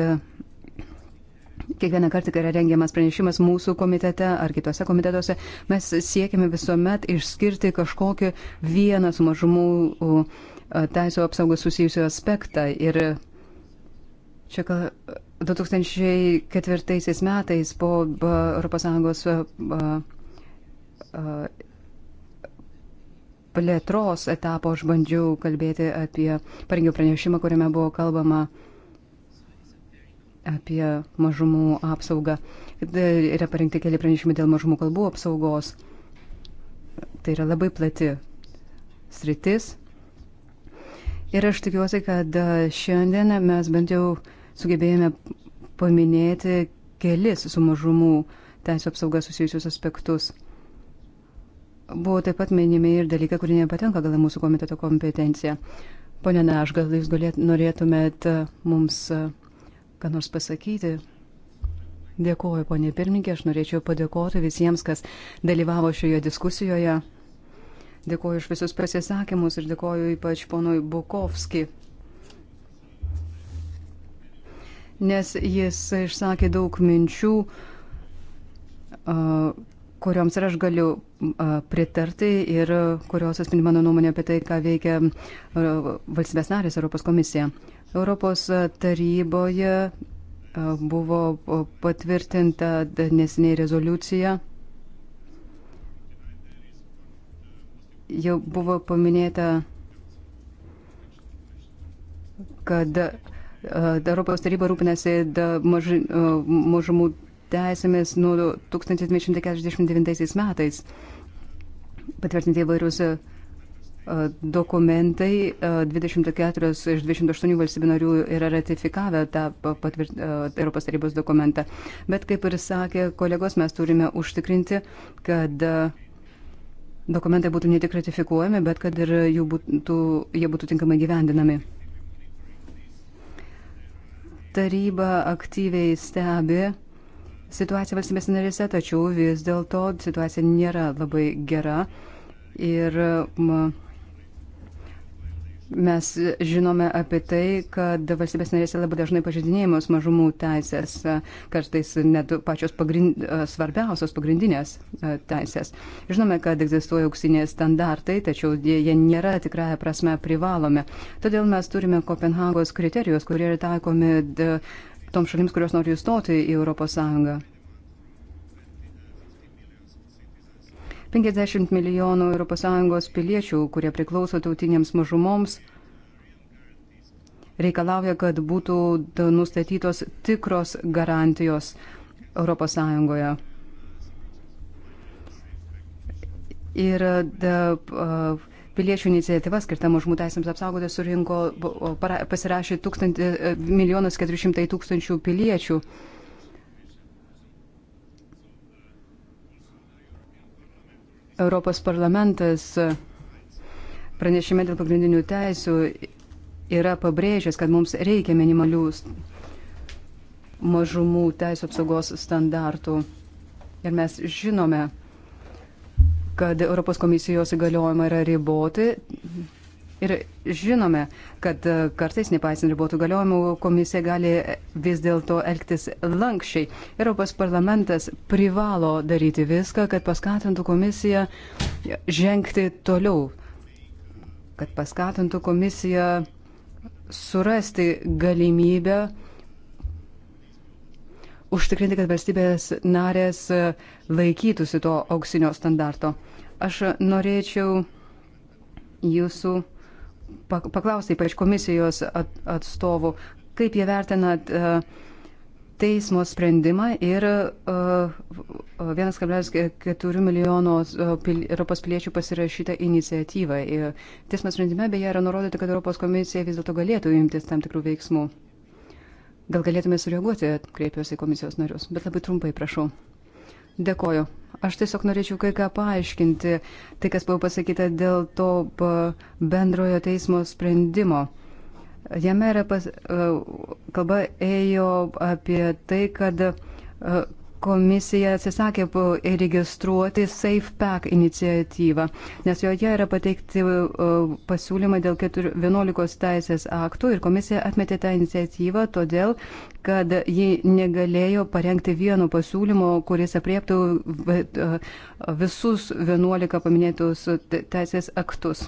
kiekvieną kartą, kai yra rengiamas pranešimas mūsų komitete ar kitose komitetuose, mes siekiame visuomet išskirti kažkokį vieną su mažumų teisų apsaugos susijusių aspektą. Ir čia 2004 metais po ES plėtros etapo aš bandžiau kalbėti apie, parengiau pranešimą, kuriame buvo kalbama apie mažumų apsaugą. E, yra parengti keli pranešimai dėl mažumų kalbų apsaugos. Tai yra labai plati sritis. Ir aš tikiuosi, kad šiandien mes bent jau sugebėjome paminėti kelis su mažumų teisų apsauga susijusius aspektus. Buvo taip pat minimi ir dalykai, kurie nepatenka gal mūsų komiteto kompetencija. Pone Naš, gal jūs galėt, norėtumėt e, mums e, ką nors pasakyti? Dėkuoju, ponė pirmininkė, aš norėčiau padėkoti visiems, kas dalyvavo šioje diskusijoje. Dėkuoju už visus pasisakymus ir dėkuoju ypač ponui Bukovski, nes jis išsakė daug minčių, e, kurioms ir aš galiu pritarti ir kurios atspindi mano nuomonę apie tai, ką veikia valstybės narės Europos komisija. Europos taryboje buvo patvirtinta nesiniai rezoliucija. Jau buvo paminėta, kad Europos taryba rūpinasi mažumų teisėmis nuo 1949 metais patvirtinti įvairius e, dokumentai, 24 e, iš 28 valstybių narių yra ratifikavę tą patvirt, e, Europos tarybos dokumentą. Bet kaip ir sakė kolegos, mes turime užtikrinti, kad dokumentai būtų ne tik ratifikuojami, bet kad ir būtų, jie būtų tinkamai gyvendinami. Taryba aktyviai stebi situaciją valstybės narėse, tačiau vis dėlto situacija nėra labai gera. Ir mes žinome apie tai, kad valstybės narėse labai dažnai pažydinėjamos mažumų teisės, kartais net pačios pagrind, svarbiausios pagrindinės e, teisės. Žinome, kad egzistuoja auksiniai standartai, tačiau jie nėra tikrąją prasme privalomi. Todėl mes turime Kopenhagos kriterijus, kurie yra taikomi. De, tom šalims, kurios nori įstoti į Europos Sąjungą. 50 milijonų ES piliečių, kurie priklauso tautinėms mažumoms, reikalauja, kad būtų nustatytos tikros garantijos ES. Ir da, uh, Piliečių iniciatyva skirta mažumų teisėms apsaugoti surinko, pasirašė 1 400 e, tūkstančių piliečių. Europos parlamentas pranešime dėl pagrindinių teisų yra pabrėžęs, kad mums reikia minimalių mažumų teisų apsaugos standartų. Ir mes žinome, kad Europos komisijos įgaliojimai yra riboti. Ir žinome, kad e, kartais, nepaisant ribotų galiojimų, komisija gali vis dėlto elgtis lankščiai. Europos parlamentas privalo daryti viską, kad paskatintų komisiją žengti toliau, kad paskatintų komisiją surasti galimybę užtikrinti, kad valstybės narės e, laikytųsi to auksinio standarto. Aš norėčiau jūsų paklausti, ypač komisijos atstovų, kaip jie vertina e, teismo sprendimą ir 1,4 e, milijono e, Europos piliečių pasirašytą iniciatyvą. Teismo sprendime beje yra nurodyta, kad Europos komisija vis dėlto galėtų imtis tam tikrų veiksmų. Gal galėtume sureaguoti, kreipiuosi į komisijos narius, bet labai trumpai prašau. Dėkoju. Aš tiesiog norėčiau kai ką paaiškinti, tai kas buvo pasakyta dėl to bendrojo teismo sprendimo. Jame yra pas, e, kalba ėjo apie tai, kad e, komisija atsisakė registruoti SafePack iniciatyvą, nes joje yra pateikti e, pasiūlymai dėl 11 teisės aktų ir komisija atmetė tą iniciatyvą todėl, kad ji negalėjo parengti vieno pasiūlymo, kuris apriektų e, visus 11 paminėtus teisės aktus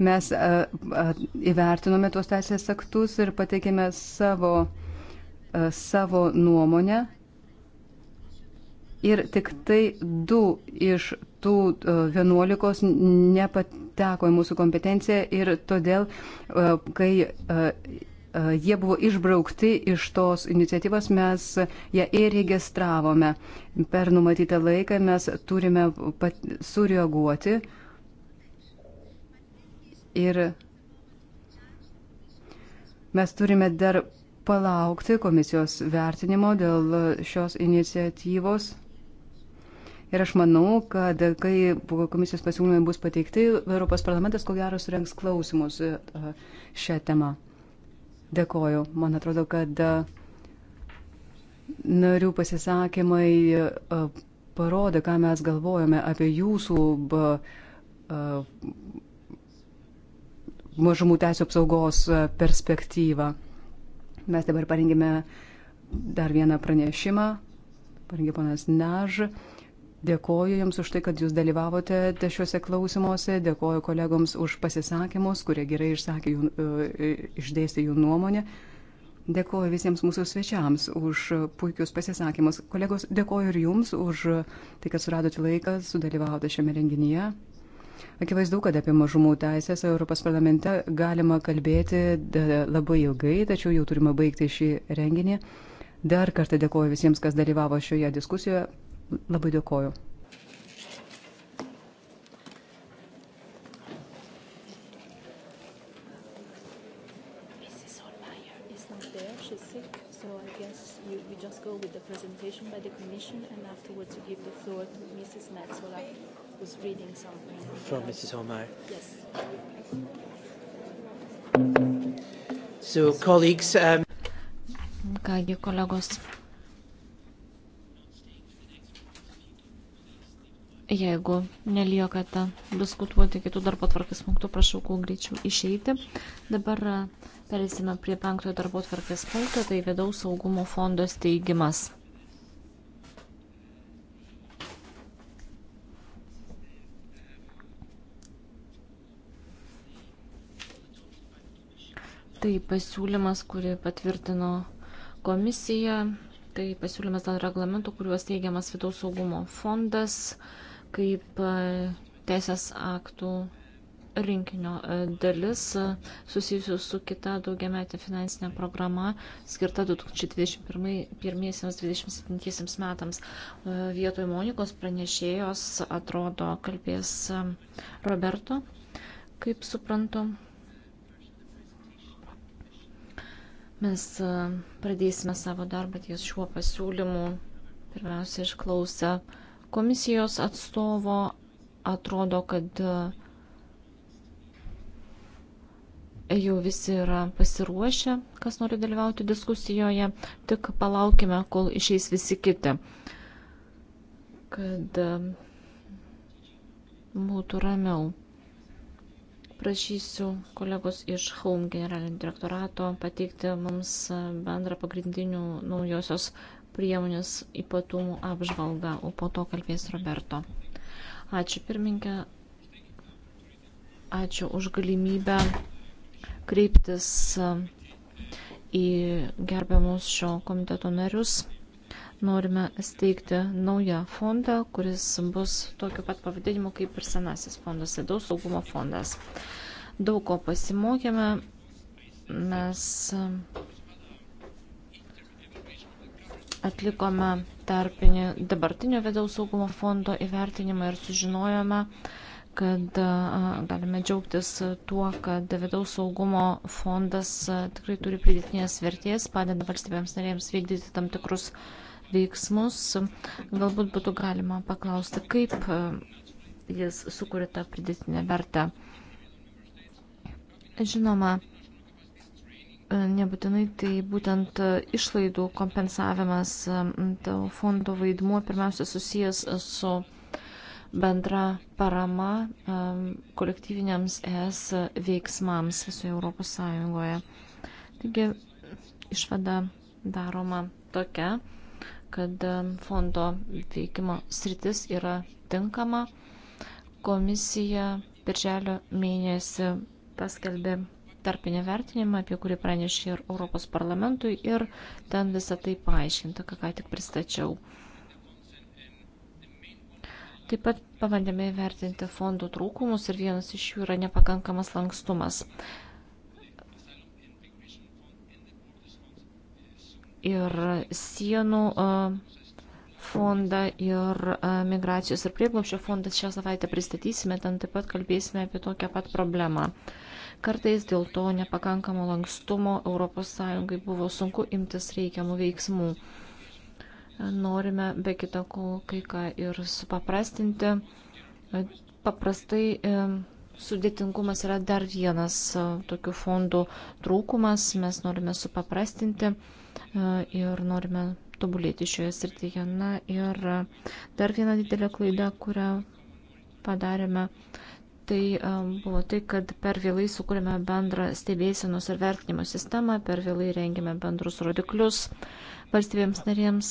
mes e, įvertinome tuos teisės aktus ir pateikėme savo E, savo nuomonę ir tik tai du iš tų e, vienuolikos nepateko į mūsų kompetenciją ir todėl, e, kai jie buvo išbraukti iš tos iniciatyvos, mes ją įregistravome. Per numatytą laiką mes turime sureaguoti ir mes turime dar palaukti komisijos vertinimo dėl šios iniciatyvos. Ir aš manau, kad kai komisijos pasiūlymai bus pateikti, Europos parlamentas ko gero surenks klausimus e, šią temą. Dėkoju. Man atrodo, kad e, narių pasisakymai e, parodė, ką mes galvojame apie jūsų mažumų teisų apsaugos perspektyvą. Mes dabar parengėme dar vieną pranešimą, parengė ponas Naž. Dėkoju Jums už tai, kad Jūs dalyvavote šiuose klausimuose, dėkoju kolegoms už pasisakymus, kurie gerai išsakė jų, e, išdėstė jų nuomonę. Dėkoju visiems mūsų svečiams už puikius pasisakymus. Kolegos, dėkoju ir Jums už tai, kad suradote laiką, sudalyvavote šiame renginyje. Akivaizdu, kad apie mažumų teisės Europos parlamente galima kalbėti labai ilgai, tačiau jau turime baigti šį renginį. Dar kartą dėkoju visiems, kas dalyvavo šioje diskusijoje. Labai dėkoju. presentation by the Commission and afterwards you give the floor to Mrs. Metzola was reading something. From Mrs. Holmeyer. Yes. So, colleagues. Um... Kągi kolegos. Jeigu neliekate diskutuoti kitų darbo tvarkės punktų, prašau kuo greičiau išeiti. Dabar uh, perėsime prie penktojo darbo tvarkės punkto, tai vidaus saugumo fondo steigimas. Tai pasiūlymas, kurį patvirtino komisija, tai pasiūlymas dėl reglamentų, kuriuos teigiamas vidaus saugumo fondas kaip e, teisės aktų rinkinio e, dalis e, susijusių su kita daugiametė finansinė programa skirta 2021-2027 metams. Vietoj Monikos pranešėjos atrodo kalbės Roberto, kaip suprantu. Mes e, pradėsime savo darbą ties šiuo pasiūlymu. Pirmiausia, išklausę komisijos atstovo, atrodo, kad e, jau visi yra pasiruošę, kas nori dalyvauti diskusijoje, tik palaukime, kol išeis visi kiti, kad e, būtų ramiau. Prašysiu kolegos iš Home generalinio direktorato pateikti mums bendrą pagrindinių naujosios priemonės ypatumų apžvalgą, o po to kalbės Roberto. Ačiū pirmininkė, ačiū už galimybę kreiptis į gerbiamus šio komiteto narius. Norime steigti naują fondą, kuris bus tokiu pat pavadinimu kaip ir senasis fondas, vidaus saugumo fondas. Daug ko pasimokėme. Mes e, atlikome tarpinį dabartinio vidaus saugumo fondo įvertinimą ir sužinojome, kad e, galime džiaugtis tuo, kad vidaus saugumo fondas e, tikrai turi pridėtinės vertės, padeda valstybėms narėms vykdyti tam tikrus veiksmus, galbūt būtų galima paklausti, kaip e, jis sukuria tą pridėtinę vertę. Žinoma, e, nebūtinai tai būtent e, išlaidų kompensavimas, to fondo vaidmuo pirmiausia susijęs su bendra parama kolektyviniams ES veiksmams visoje Europos Sąjungoje. Taigi išvada daroma tokia, kad fondo veikimo sritis yra tinkama. Komisija birželio mėnesį paskelbė tarpinį vertinimą, apie kurį pranešė ir Europos parlamentui ir ten visą tai paaiškinta, ką, ką tik pristačiau. Taip pat pabandėme įvertinti fondų trūkumus ir vienas iš jų yra nepakankamas lankstumas. ir sienų fondą ir migracijos ir prieglopščio fondas šią savaitę pristatysime, ten taip pat kalbėsime apie tokią pat problemą. Kartais dėl to nepakankamo lankstumo ES buvo sunku imtis reikiamų veiksmų. Norime be kita ko kai ką ir supaprastinti. Paprastai e, sudėtingumas yra dar vienas e, tokių fondų trūkumas, mes norime supaprastinti E, ir norime tobulėti šioje srityje. Na ir e, dar viena didelė klaida, kurią padarėme, tai e, buvo tai, kad per vėlai sukūrėme bendrą stebėsienos ir vertinimo sistemą, per vėlai rengėme bendrus rodiklius valstybėms narėms,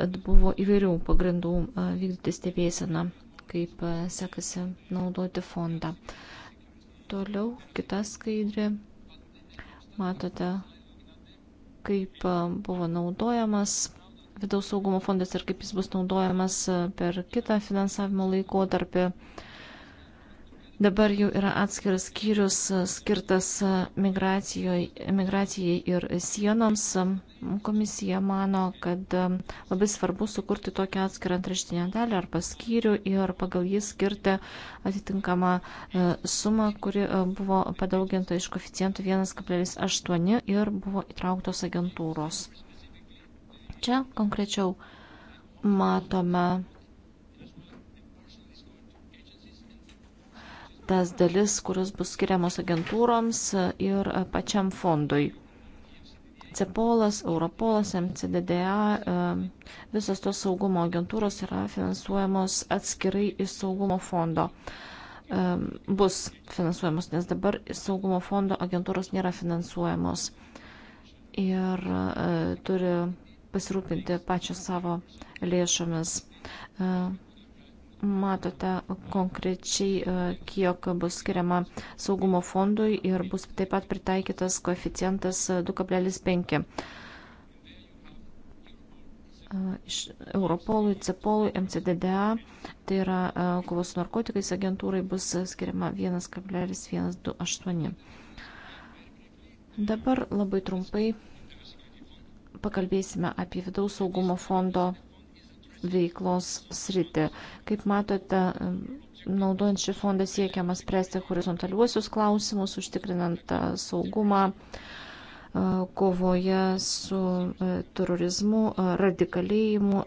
tad buvo įvairių pagrindų vykdyti stebėsieną, kaip sekasi naudoti fondą. Toliau kita skaidrė. Matote, kaip e, buvo naudojamas vidaus saugumo fondas ir kaip jis bus naudojamas e, per kitą finansavimo laikotarpį. Dabar jau yra atskiras skyrius e, skirtas e, migracijai ir sienoms. E, komisija mano, kad labai svarbu sukurti tokią atskirą antraštinę dalį arba skyrių ir pagal jį skirti atitinkamą sumą, kuri buvo padauginta iš koficijantų 1,8 ir buvo įtrauktos agentūros. Čia konkrečiau matome tas dalis, kurios bus skiriamos agentūroms ir pačiam fondui. CEPOLAS, Europolas, MCDDA, e, visos tos saugumo agentūros yra finansuojamos atskirai iš saugumo fondo. E, bus finansuojamos, nes dabar saugumo fondo agentūros nėra finansuojamos ir e, turi pasirūpinti pačią savo lėšomis matote konkrečiai, e, kiek bus skiriama saugumo fondui ir bus taip pat pritaikytas koeficientas 2,5. E, iš Europolui, Cepolui, MCDDA, tai yra e, kovos su narkotikais agentūrai bus skiriama 1,128. Dabar labai trumpai pakalbėsime apie vidaus saugumo fondo veiklos sritį. Kaip matote, naudojant šį fondą siekiama spręsti horizontaliuosius klausimus, užtikrinant e, saugumą e, kovoje su e, terorizmu, radikalėjimu,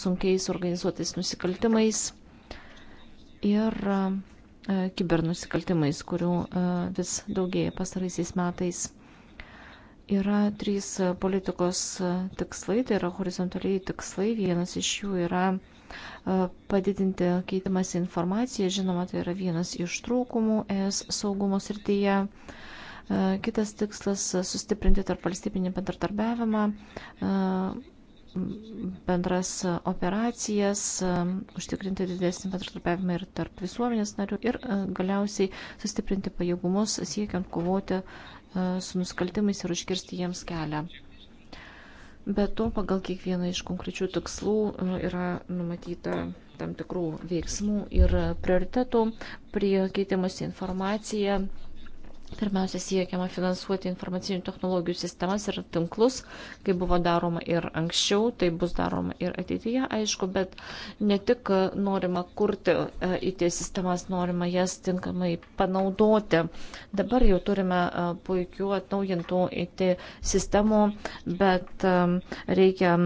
sunkiais organizuotais nusikaltimais ir kibernusikaltimais, kurių vis daugėja pastaraisiais metais. Yra trys politikos tikslai, tai yra horizontaliai tikslai. Vienas iš jų yra e, padidinti keitimas informaciją. Žinoma, tai yra vienas iš trūkumų ES saugumo srityje. E, kitas tikslas - sustiprinti tarp valstybinį bendradarbiavimą, e, bendras operacijas, užtikrinti didesnį bendradarbiavimą ir tarp visuomenės narių ir galiausiai sustiprinti pajėgumus siekiant kovoti E, su nusikaltimais ir užkirsti jiems kelią. Be to, pagal kiekvieną iš konkrečių tikslų e, yra numatyta tam tikrų veiksmų ir prioritetų prie keitimus informaciją Pirmiausia, siekiama finansuoti informacinių technologijų sistemas ir tinklus, kaip buvo daroma ir anksčiau, tai bus daroma ir ateityje, aišku, bet ne tik norima kurti e, IT sistemas, norima jas tinkamai panaudoti. Dabar jau turime e, puikių atnaujintų IT sistemų, bet e, reikia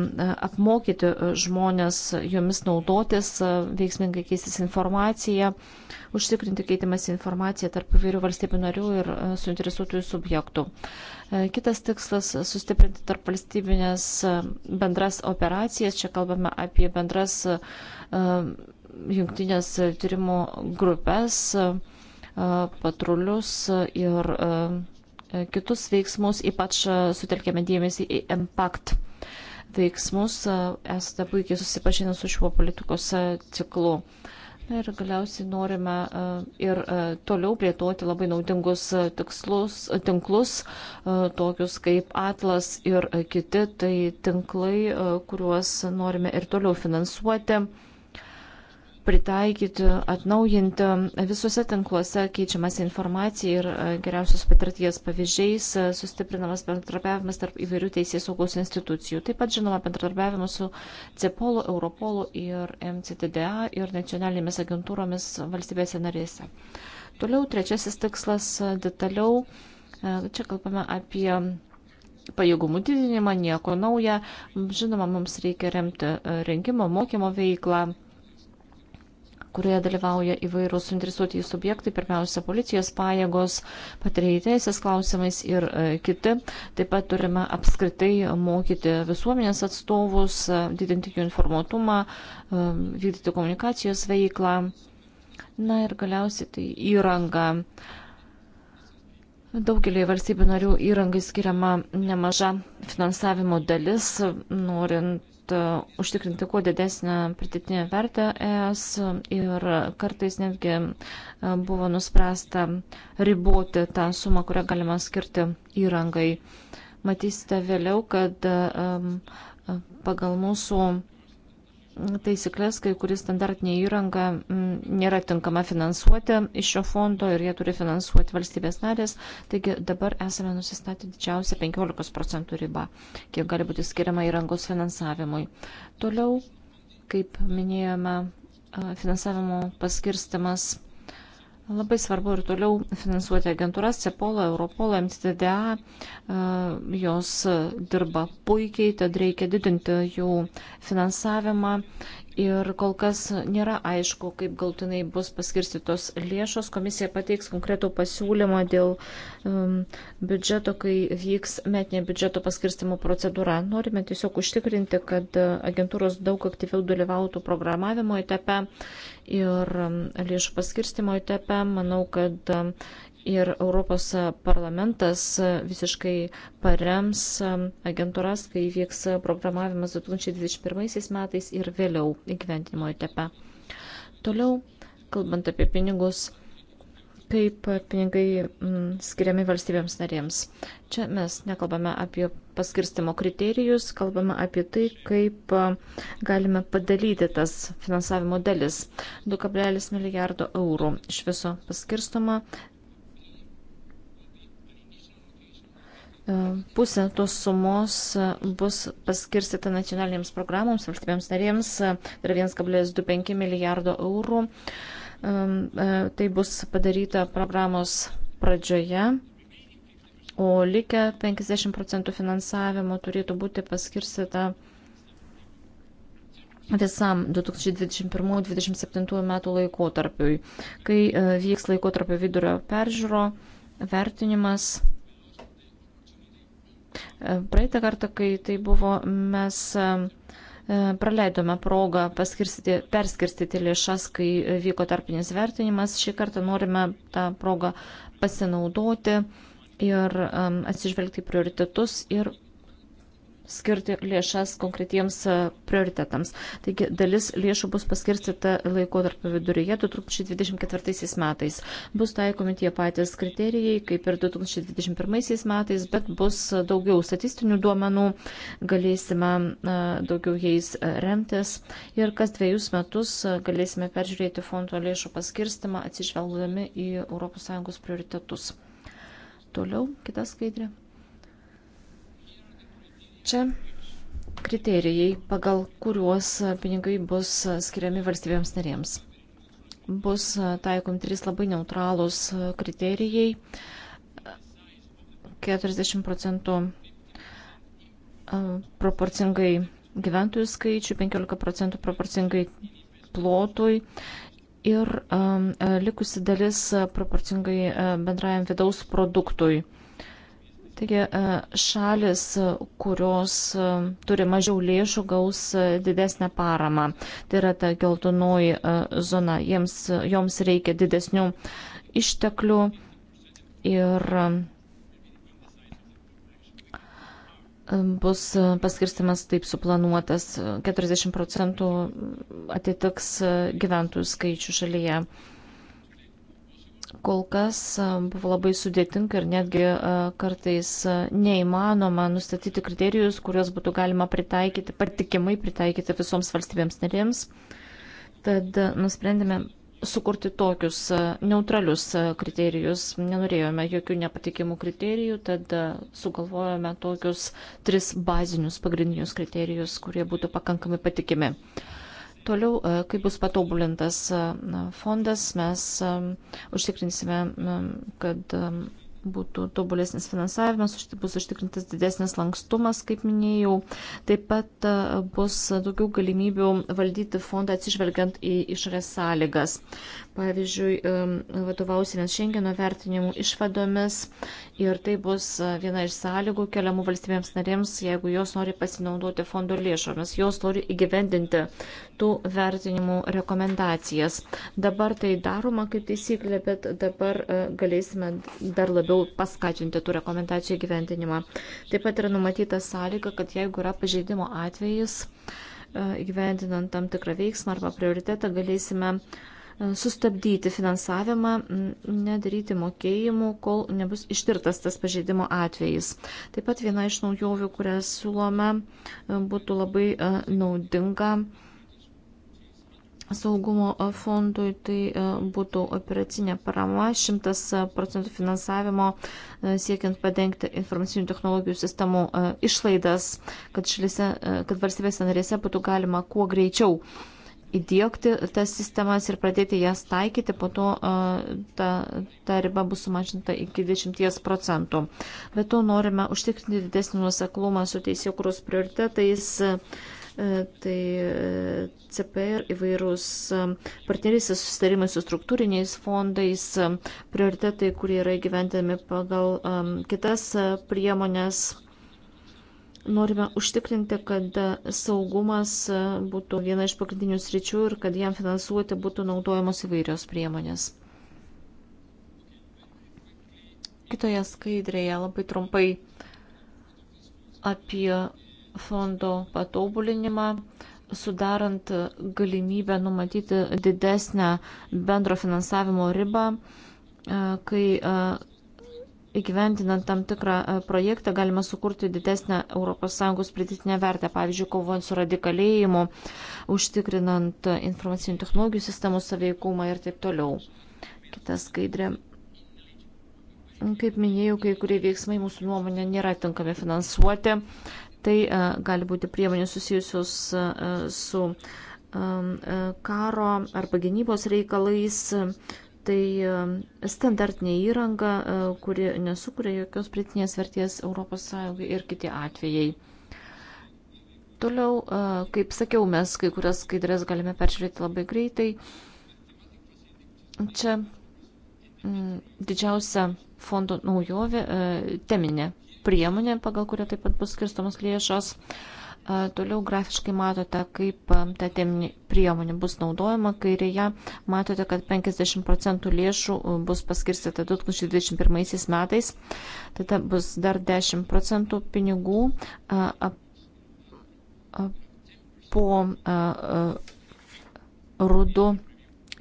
apmokyti žmonės jomis naudotis, veiksmingai keistis informaciją užtikrinti keitimas informaciją tarp įvairių valstybių narių ir e, suinteresuotųjų subjektų. E, kitas tikslas - sustiprinti tarp valstybinės e, bendras operacijas. Čia kalbame apie bendras jungtinės tyrimų grupės, patrulius ir kitus veiksmus, ypač sutelkėme dėmesį į impact veiksmus. Esate puikiai susipažinę su šiuo politikos ciklu. Ir galiausiai norime e, ir e, toliau plėtoti labai naudingus e, tikslus, tinklus, tokius kaip Atlas ir kiti, tai tinklai, kuriuos norime ir toliau finansuoti pritaikyti, atnaujinti visose tinkluose keičiamas informacija ir e, geriausios patirties pavyzdžiais, e, sustiprinamas bendradarbiavimas tarp įvairių teisės saugos institucijų. Taip pat žinoma bendradarbiavimas su CEPOLu, Europolu ir MCTDA ir nacionalinėmis agentūromis valstybėse narėse. Toliau trečiasis tikslas e, detaliau. Čia kalbame apie pajėgumų didinimą, nieko nauja. Žinoma, mums reikia remti rengimo, mokymo veiklą kurioje dalyvauja įvairūs suinteresuoti subjektai, pirmiausia, policijos pajėgos, patarėjai teisės klausimais ir e, kiti. Taip pat turime apskritai mokyti visuomenės atstovus, e, didinti jų informuotumą, e, vykdyti komunikacijos veiklą. Na ir galiausiai tai įranga. Daugelį valstybių narių įrangai skiriama nemaža finansavimo dalis, norint siekiant užtikrinti kuo didesnę pridėtinę vertę ES ir kartais netgi e, buvo nuspręsta riboti tą sumą, kurią galima skirti įrangai. Matysite vėliau, kad e, e, pagal mūsų taisyklės, kai kuri standartinė įranga mm, nėra tinkama finansuoti iš šio fondo ir jie turi finansuoti valstybės narės. Taigi dabar esame nusistatę didžiausią 15 procentų ribą, kiek gali būti skiriama įrangos finansavimui. Toliau, kaip minėjome, finansavimo paskirstimas Labai svarbu ir toliau finansuoti agentūras Cepolą, Europolą, MCDA. E, jos dirba puikiai, tad reikia didinti jų finansavimą Ir kol kas nėra aišku, kaip galtinai bus paskirstytos lėšos. Komisija pateiks konkretų pasiūlymą dėl um, biudžeto, kai vyks metinė biudžeto paskirstimo procedūra. Norime tiesiog užtikrinti, kad agentūros daug aktyviau dalyvautų programavimo etape ir um, lėšų paskirstimo etape. Manau, kad um, ir Europos parlamentas visiškai parems agentūras, kai vyks programavimas 2021 metais ir vėliau įgyventinimo etape. Toliau, kalbant apie pinigus, kaip pinigai mm, skiriami valstybėms narėms. Čia mes nekalbame apie paskirstimo kriterijus, kalbame apie tai, kaip galime padalyti tas finansavimo dalis. 2,1 milijardo eurų iš viso paskirstoma E, pusė tos sumos e, bus paskirstyta nacionalinėms programoms, valstybėms narėms, e, tai yra 1,25 milijardo eurų. Tai bus padaryta programos pradžioje, o likę 50 procentų finansavimo turėtų būti paskirstyta visam 2021-2027 metų laikotarpiui, kai vyks laikotarpio vidurio peržiūro vertinimas Praeitą kartą, kai tai buvo, mes e, praleidome progą perskirstyti lėšas, kai vyko tarpinis vertinimas. Šį kartą norime tą progą pasinaudoti ir e, atsižvelgti prioritetus ir skirti lėšas konkretiems e, prioritetams. Taigi dalis lėšų bus paskirstyta laiko tarp viduryje 2024 metais. Bus taikomi tie patys kriterijai kaip ir 2021 metais, bet bus daugiau statistinių duomenų, galėsime e, daugiau jais e, remtis ir kas dviejus metus galėsime peržiūrėti fondo lėšų paskirstimą atsižvelgdami į ES prioritetus. Toliau kita skaidrė. Čia kriterijai, pagal kuriuos pinigai bus skiriami valstybėms narėms. Bus taikom trys labai neutralūs kriterijai. 40 procentų proporcingai gyventojų skaičių, 15 procentų proporcingai plotui ir um, likusi dalis proporcingai bendrajam vidaus produktui. Um, Taigi e, šalis, kurios e, turi mažiau lėšų, gaus e, didesnę paramą. Tai yra ta geltonoji zona. Jiems, joms reikia didesnių išteklių ir bus paskirstimas taip suplanuotas. 40 procentų atitiks gyventojų skaičių šalyje kol kas buvo labai sudėtinga ir netgi kartais neįmanoma nustatyti kriterijus, kuriuos būtų galima pritaikyti, patikimai pritaikyti visoms valstybėms narėms. Tad nusprendėme sukurti tokius neutralius kriterijus. Nenorėjome jokių nepatikimų kriterijų, tad sugalvojome tokius tris bazinius pagrindinius kriterijus, kurie būtų pakankamai patikimi. Uh, Toliau, e, kai bus patobulintas e, fondas, mes e, užtikrinsime, kad būtų tobulesnis finansavimas, bus užtikrintas didesnis lankstumas, kaip minėjau. Taip pat bus daugiau galimybių valdyti fondą atsižvelgiant į išorės sąlygas pavyzdžiui, vadovausimės Šengeno vertinimų išvadomis ir tai bus e, viena iš sąlygų keliamų valstybėms narėms, jeigu jos nori pasinaudoti fondo lėšomis, jos nori įgyvendinti tų vertinimų rekomendacijas. Dabar tai daroma kaip taisyklė, bet dabar e, galėsime dar labiau paskatinti tų rekomendacijų įgyvendinimą. Taip pat yra numatyta sąlyga, kad jeigu yra pažeidimo atvejis, e, įgyvendinant tam tikrą veiksmą arba prioritetą, galėsime uh, sustabdyti finansavimą, nedaryti mokėjimų, kol nebus ištirtas tas pažeidimo atvejis. Taip pat viena iš naujovių, kurią siūlome, e, būtų labai e, naudinga saugumo e, fondui tai būtų operacinė parama, 100 procentų finansavimo siekiant padengti informacinių technologijų sistemų išlaidas, kad, šalise, kad valstybėse narėse būtų galima kuo greičiau uh, įdėkti tas sistemas ir pradėti jas taikyti, po to ta, ta riba bus sumažinta iki 10 procentų. Bet to norime užtikrinti didesnį nuoseklumą su teisėkuros prioritetais. Tai CPR įvairūs partnerystės sustarimai su struktūriniais fondais, prioritetai, kurie yra įgyventami pagal kitas priemonės Norime užtikrinti, kad saugumas būtų viena iš pagrindinių sričių ir kad jam finansuoti būtų naudojamos įvairios priemonės. Kitoje skaidrėje labai trumpai apie fondo patobulinimą, sudarant galimybę numatyti didesnę bendro finansavimo ribą, kai įgyventinant tam tikrą e, projektą galima sukurti didesnę ES pridėtinę vertę, pavyzdžiui, kovojant su radikalėjimu, užtikrinant informacinių technologijų sistemų saveikumą ir taip toliau. Kita skaidrė. Kaip minėjau, kai kurie veiksmai mūsų nuomonė nėra tinkami finansuoti. Tai e, gali būti priemonių susijusios e, su karo arba gynybos reikalais, tai e, standartinė įranga, e, kuri nesukuria jokios pritinės vertės ES ir kiti atvejai. Toliau, e, kaip sakiau, mes kai kurias skaidrės galime peržiūrėti labai greitai. Čia mm, didžiausia fondo naujovė - teminė priemonė, pagal kurią taip pat bus skirstamos lėšos. Uh, Toliau grafiškai matote, kaip ta teminė priemonė bus naudojama. Kairėje matote, kad 50 procentų lėšų bus paskirstyta 2021 metais. Tada bus dar 10 procentų pinigų po rudu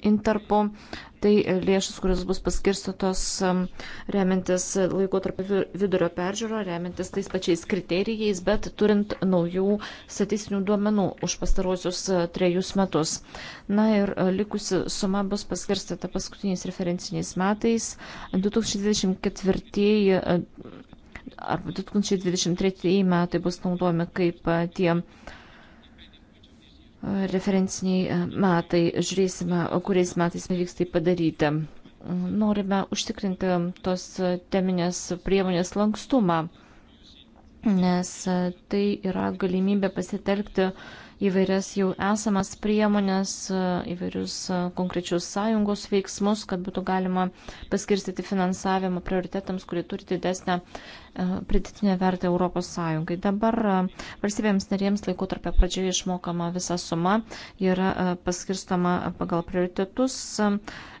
Interpo Tai lėšas, kuris bus paskirstotos remintis laiko tarp vidurio peržiūro, remintis tais pačiais kriterijais, bet turint naujų statistinių duomenų už pastarosius e, trejus metus. Na ir e, likusi suma bus paskirstata paskutiniais referenciniais metais. 2024 e, arba 2023 metai bus naudojami kaip tie referenciniai e, metai, žiūrėsime, kuriais metais pavyks tai padaryti. Norime užtikrinti tos teminės priemonės lankstumą, nes e, tai yra galimybė pasitelkti įvairias jau esamas priemonės, e, įvairius konkrečius sąjungos veiksmus, kad būtų galima paskirstyti finansavimą prioritetams, kurie turi didesnę E, pridėtinę vertę Europos Sąjungai. Dabar e, valstybėms narėms laikų tarp pradžioje išmokama visa suma yra e, paskirstama pagal prioritetus.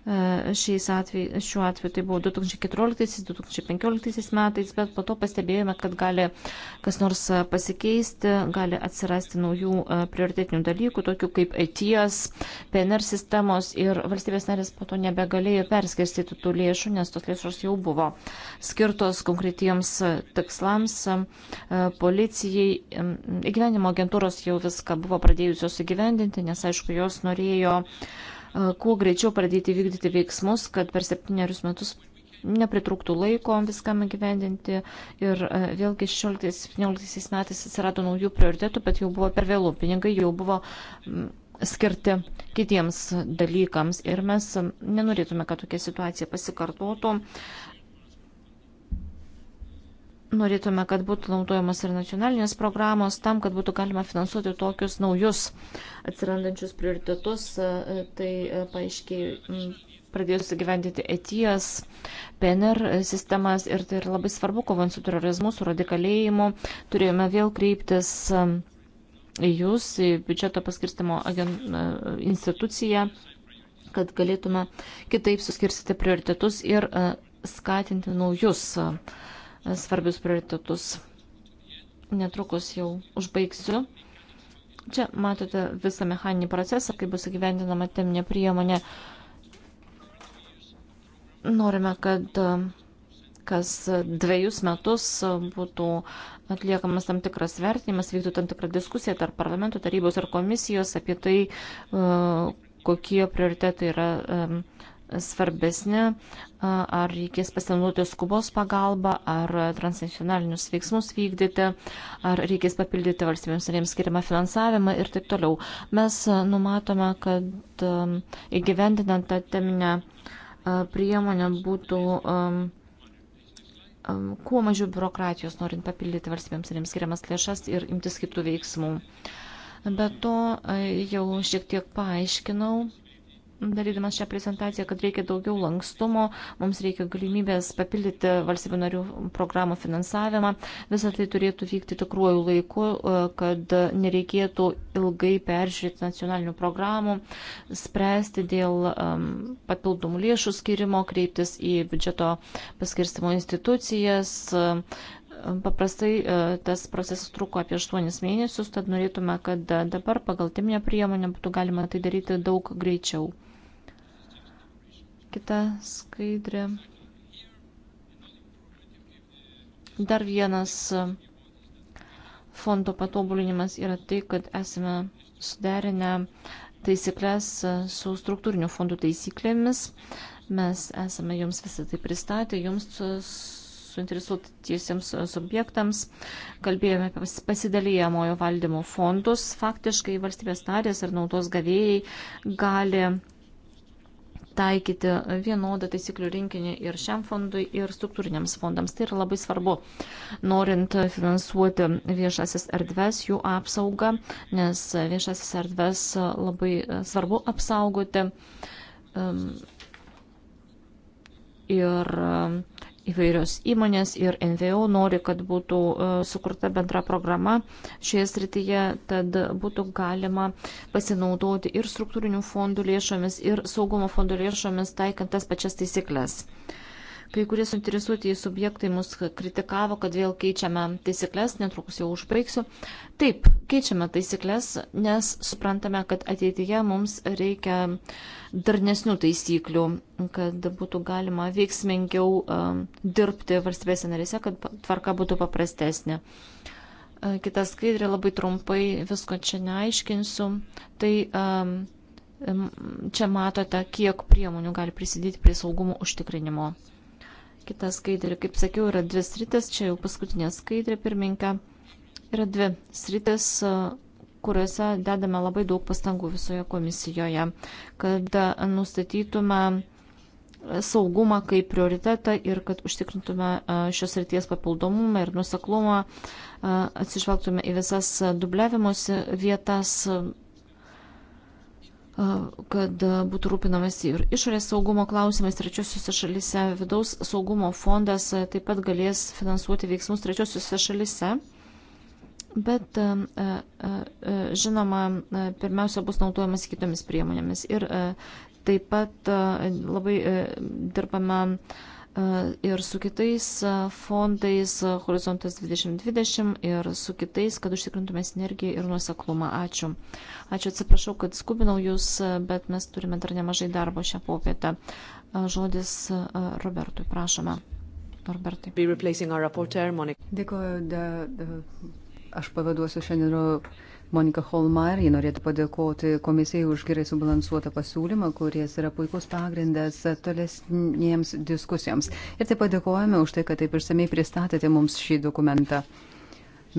Atveju, šiuo atveju tai buvo 2014-2015 metais, bet po to pastebėjome, kad gali kas nors pasikeisti, gali atsirasti naujų prioritetinių dalykų, tokių kaip ETIAS, PNR sistemos ir valstybės narės po to nebegalėjo perskirstyti tų lėšų, nes tos lėšos jau buvo skirtos konkretiems tikslams e, policijai. Įgyvenimo e, agentūros jau viską buvo pradėjusios įgyvendinti, nes aišku, jos norėjo e, kuo greičiau pradėti vykdyti veiksmus, kad per septynerius metus nepritrūktų laiko viskam įgyvendinti. Ir vėlgi 16-17 metais atsirado naujų prioritetų, bet jau buvo per vėlų. Pinigai jau buvo skirti kitiems dalykams ir mes nenorėtume, kad tokia situacija pasikartotų. Norėtume, kad būtų naudojamas ir nacionalinės programos tam, kad būtų galima finansuoti tokius naujus atsirandančius prioritetus. E, tai e, paaiškiai pradėjus gyventi ETIAS, PNR sistemas ir tai yra labai svarbu, kovant su terorizmu, su radikalėjimu. Turėjome vėl kreiptis e, į Jūs, į biudžeto paskirstimo instituciją, kad galėtume kitaip suskirstyti prioritetus ir skatinti naujus uh, svarbius prioritetus. Netrukus jau užbaigsiu. Čia matote visą mechaninį procesą, kaip bus įgyvendinama teminė priemonė. Norime, kad e, kas dviejus metus būtų atliekamas tam tikras vertinimas, vyktų tam tikra diskusija tarp parlamento tarybos ir komisijos apie tai, e, kokie prioritetai yra e, svarbesni, ar reikės pasinaudoti skubos pagalbą, ar transnacionalinius veiksmus vykdyti, ar reikės papildyti valstybėms narėms skiriamą finansavimą ir taip toliau. Mes numatome, kad įgyvendinant tą teminę priemonę būtų kuo mažiau biurokratijos, norint papildyti valstybėms narėms skiriamas lėšas ir imtis kitų veiksmų. Be to jau šiek tiek paaiškinau darydamas šią prezentaciją, kad reikia daugiau lankstumo, mums reikia galimybės papildyti valstybių narių programų finansavimą. Visą tai turėtų vykti tikruoju laiku, e, kad nereikėtų ilgai peržiūrėti nacionalinių programų, spręsti dėl papildomų lėšų skirimo, kreiptis į biudžeto paskirstimo institucijas. E, paprastai e, tas procesas truko apie 8 mėnesius, tad norėtume, kad dabar pagal timinę priemonę būtų galima tai daryti daug greičiau. Kita skaidrė. Dar vienas fondo patobulinimas yra tai, kad esame suderinę taisyklės su struktūrinių fondų taisyklėmis. Mes esame jums visą tai pristatę, jums suinteresuotiesiems subjektams. Kalbėjome apie pasidalyjamojo valdymo fondus. Faktiškai valstybės narės ir naudos gavėjai gali taikyti vienodą taisyklių rinkinį ir šiam fondui, ir struktūriniams fondams. Tai yra labai svarbu, norint finansuoti viešasis erdves, jų apsaugą, nes viešasis erdves labai svarbu apsaugoti. Ehm, ir Įvairios įmonės ir NVO nori, kad būtų e, sukurta bendra programa šioje srityje, tad būtų galima pasinaudoti ir struktūrinių fondų lėšomis, ir saugumo fondų lėšomis, taikant tas pačias taisyklės. Kai kurie suinteresuoti į subjektai mus kritikavo, kad vėl keičiame taisyklės, netrukus jau užbaigsiu. Taip, keičiame taisyklės, nes suprantame, kad ateityje mums reikia darnesnių taisyklių, kad būtų galima veiksmingiau um, dirbti valstybėse narėse, kad tvarka būtų paprastesnė. E, kita skaidrė labai trumpai, visko čia neaiškinsiu. Tai um, čia matote, kiek priemonių gali prisidėti prie saugumo užtikrinimo. Kita skaidrė, kaip sakiau, yra dvi sritis, čia jau paskutinė skaidrė pirminkė. Yra dvi sritis, kuriuose dedame labai daug pastangų visoje komisijoje, kad nustatytume saugumą kaip prioritetą ir kad užtikrintume šios ryties papildomumą ir nusaklumą, atsižvelgtume į visas dubliavimus vietas, kad būtų rūpinamas ir išorės saugumo klausimais trečiosiuose šalise. Vidaus saugumo fondas taip pat galės finansuoti veiksmus trečiosiuose šalise. Bet žinoma, pirmiausia bus naudojamas kitomis priemonėmis. Ir taip pat labai dirbame E, ir su kitais e, fondais e, Horizontas 2020 ir su kitais, kad užtikrintume sinergiją ir nuoseklumą. Ačiū. Ačiū atsiprašau, kad skubinau Jūs, bet mes turime dar nemažai darbo šią popietę. Žodis Robertui, prašome. Robertai. Dėkuoju, aš pavaduosiu šiandien Monika Holmar, ji norėtų padėkoti komisijai už gerai subalansuotą pasiūlymą, kuris yra puikus pagrindas tolesniems diskusijoms. Ir taip padėkojame už tai, kad taip išsamei pristatėte mums šį dokumentą.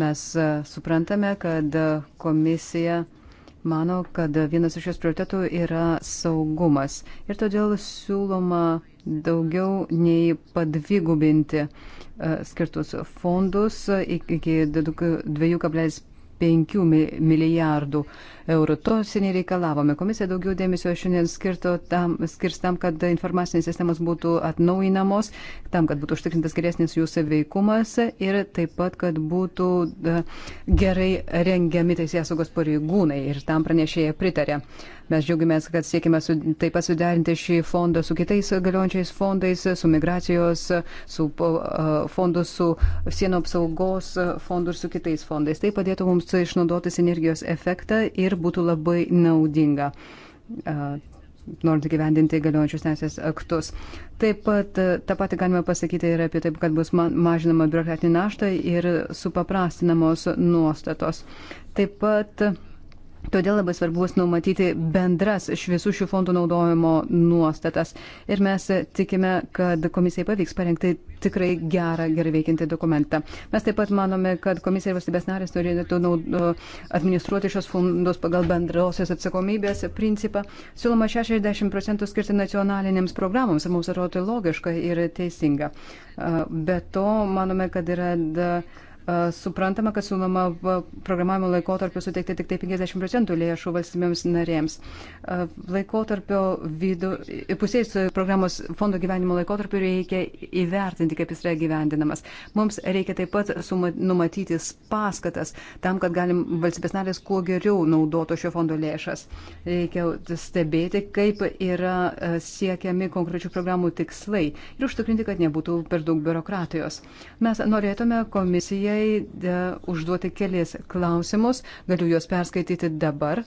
Mes e, suprantame, kad komisija mano, kad vienas iš jos prioritetų yra saugumas. Ir todėl siūloma daugiau nei padvigubinti e, skirtus fondus iki 2,5 5 milijardų eurų. To seniai reikalavome. Komisija daugiau dėmesio šiandien tam, skirs tam, kad informacinės sistemos būtų atnaujinamos, tam, kad būtų užtikrintas geresnis jų saveikumas ir taip pat, kad būtų e, gerai rengiami teisėsaugos pareigūnai ir tam pranešėja pritarė. Uh, Mes džiaugiamės, kad siekime su, taip pat suderinti šį fondą su kitais galiojančiais fondais, su migracijos, su uh, fondu, su sienų apsaugos fondu ir su kitais fondais. Tai padėtų mums išnaudoti sinergijos efektą ir būtų labai naudinga. Uh, norint gyvendinti galiojančius teisės aktus. Taip pat tą patį galime pasakyti ir apie taip, kad bus mažinama biurokratinė našta ir supaprastinamos nuostatos. Taip pat Todėl labai svarbu bus numatyti bendras visų šių fondų naudojimo nuostatas. Ir mes tikime, kad komisijai pavyks parengti tikrai gerą, gerai veikiantį dokumentą. Mes taip pat manome, kad komisija ir valstybės narės turėtų nu, administruoti šios fondus pagal bendrosios atsakomybės principą. Siūloma 60 procentų skirti nacionalinėms programoms ir mums atrodo tai logiška ir teisinga. Be to, manome, kad yra. Da, suprantama, kad siūloma programavimo laikotarpiu suteikti tik tai 50 procentų lėšų valstybėms narėms. Laikotarpio vidu, pusės programos fondo gyvenimo laikotarpiu reikia įvertinti, kaip jis yra gyvendinamas. Mums reikia taip pat suma, numatyti paskatas tam, kad galim valstybės narės kuo geriau naudotų šio fondo lėšas. Reikia stebėti, kaip yra siekiami konkrečių programų tikslai ir užtikrinti, kad nebūtų per daug biurokratijos. Mes norėtume komisiją trumpai da, e, užduoti kelis klausimus. Galiu juos perskaityti dabar.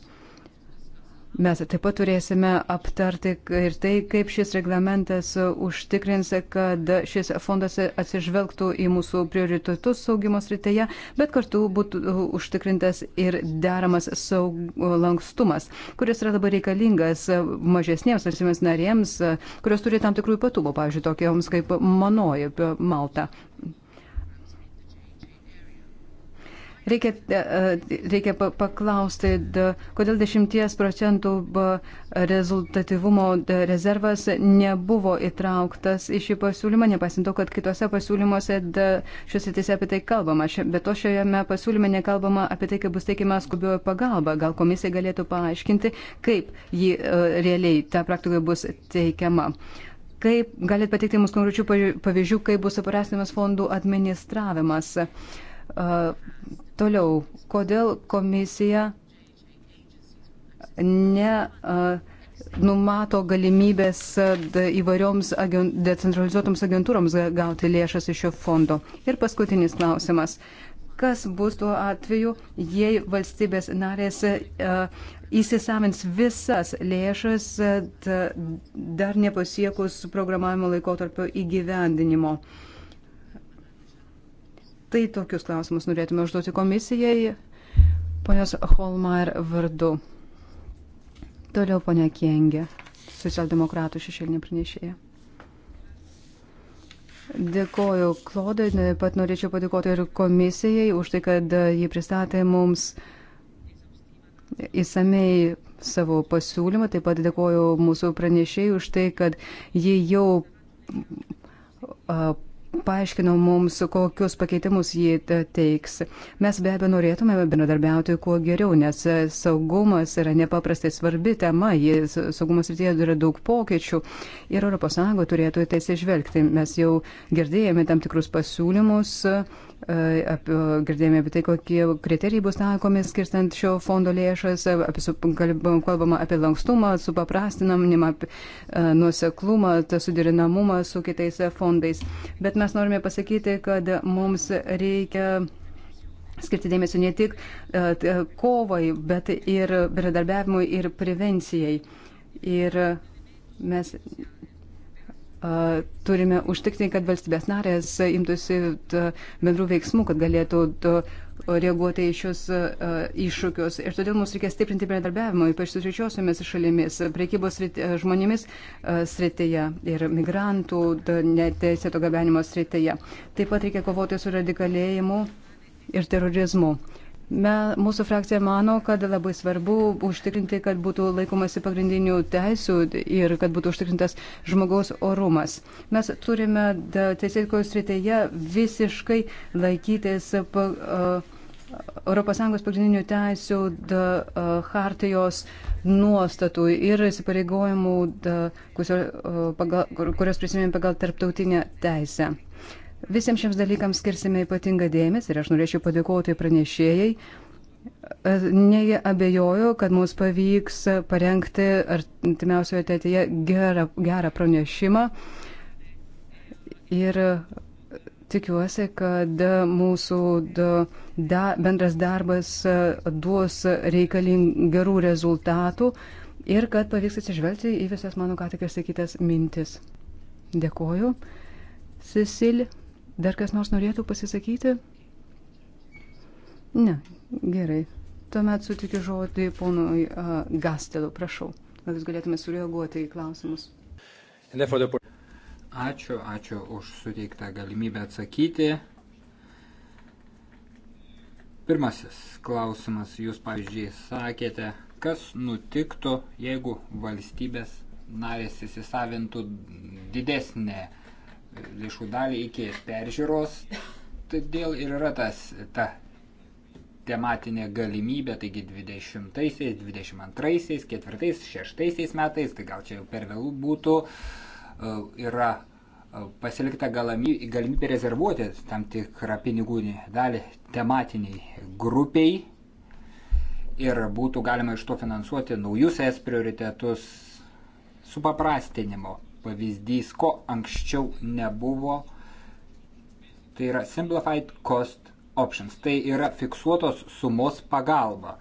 Mes taip pat turėsime aptarti ir tai, kaip šis reglamentas užtikrins, kad šis fondas atsižvelgtų į mūsų prioritetus saugimo srityje, bet kartu būtų užtikrintas ir deramas saug, lankstumas, kuris yra dabar reikalingas mažesniems valstybės narėms, kurios turi tam tikrų ypatumų, pavyzdžiui, tokioms kaip Manoji, Malta. Reikia, e, e, reikia paklausti, kodėl 10 procentų rezultatyvumo rezervas nebuvo įtrauktas į šį pasiūlymą, nepasinto, kad kitose pasiūlymuose šiuose tiesiog apie tai kalbama. Bet to šiame pasiūlyme nekalbama apie tai, kaip bus teikiama skubioji pagalba. Gal komisija galėtų paaiškinti, kaip ji e, realiai ta praktikoje bus teikiama. Kaip galit pateikti mums konkrečių pavyzdžių, kaip bus suprastinamas fondų administravimas? Uh, Toliau, kodėl komisija ne. Uh, numato galimybės įvairioms agen, decentralizuotoms agentūroms gauti lėšas iš šio fondo. Ir paskutinis klausimas. Kas bus tuo atveju, jei valstybės narės uh, įsisavins visas lėšas uh, dar nepasiekus programavimo laikotarpio įgyvendinimo? Uh, Tai tokius klausimus norėtume užduoti komisijai ponios Holmar vardu. Toliau ponia Kengė, socialdemokratų šešėlinė pranešėja. Dėkoju Klodai, pat norėčiau padėkoti ir komisijai už tai, kad jį pristatė mums įsamei savo pasiūlymą. Taip pat dėkoju mūsų pranešėjai už tai, kad jie jau paaiškino mums, kokius pakeitimus jie teiks. Mes be abejo norėtume bendradarbiauti kuo geriau, nes saugumas yra nepaprastai svarbi tema, jis, saugumas rytyje yra daug pokyčių ir ES turėtų į tai sižvelgti. Mes jau girdėjome tam tikrus pasiūlymus. Uh, E, apie, girdėjome apie tai, kokie kriterijai bus taikomi skirstant šio fondo lėšas, apie, kalbama apie lankstumą, supaprastinamą, e, nuoseklumą, suderinamumą su kitais fondais. Bet mes norime pasakyti, kad mums reikia skirti dėmesio ne tik e, kovai, bet ir bendradarbiavimui ir prevencijai. Ir mes turime užtikrinti, kad valstybės narės imtųsi bendrų veiksmų, kad galėtų reaguoti į šios iššūkius. Ir todėl mums reikia stiprinti bendradarbiavimą, ypač su trečiosiomis šalimis, priekybos žmonėmis srityje ir migrantų neteisėto gabenimo srityje. Taip pat reikia kovoti su radikalėjimu ir terorizmu. Me, mūsų frakcija mano, kad labai svarbu užtikrinti, kad būtų laikomasi pagrindinių teisų ir kad būtų užtikrintas žmogaus orumas. Mes turime teisėkojų srityje visiškai laikytis. Pa, uh, ES pagrindinių teisių da, uh, hartijos nuostatų ir įsipareigojimų, da, kusio, uh, pagal, kur, kurios prisimėm pagal tarptautinę teisę. Visiems šiems dalykams skirsime ypatingą dėmesį ir aš norėčiau padėkoti pranešėjai. E, Neabejoju, kad mums pavyks parengti artimiausioje ateityje gerą, gerą pranešimą. Ir e, tikiuosi, kad mūsų da, bendras darbas e, duos reikalingų gerų rezultatų ir kad pavyks atsižvelgti į visas mano ką tik išsakytas mintis. Dėkoju. Cecil. Dar kas nors norėtų pasisakyti? Ne, gerai. Tuomet sutikiu žodį ponui uh, Gastelu, prašau. Gal jūs galėtumėte sureaguoti į klausimus? Ačiū, ačiū už suteiktą galimybę atsakyti. Pirmasis klausimas, jūs pavyzdžiui sakėte, kas nutiktų, jeigu valstybės narės įsisavintų didesnę lėšų dalį iki peržiūros, todėl ir yra tas, ta tematinė galimybė, taigi 20-aisiais, 22-aisiais, 4-aisiais, 6-aisiais metais, tai gal čia jau per vėlų būtų, e, yra e, pasilikta galimybė rezervuoti tam tikrą pinigų dalį tematiniai grupiai ir būtų galima iš to finansuoti naujus es prioritetus su paprastinimo pavyzdys, ko anksčiau nebuvo. Tai yra Simplified Cost Options. Tai yra fiksuotos sumos pagalba.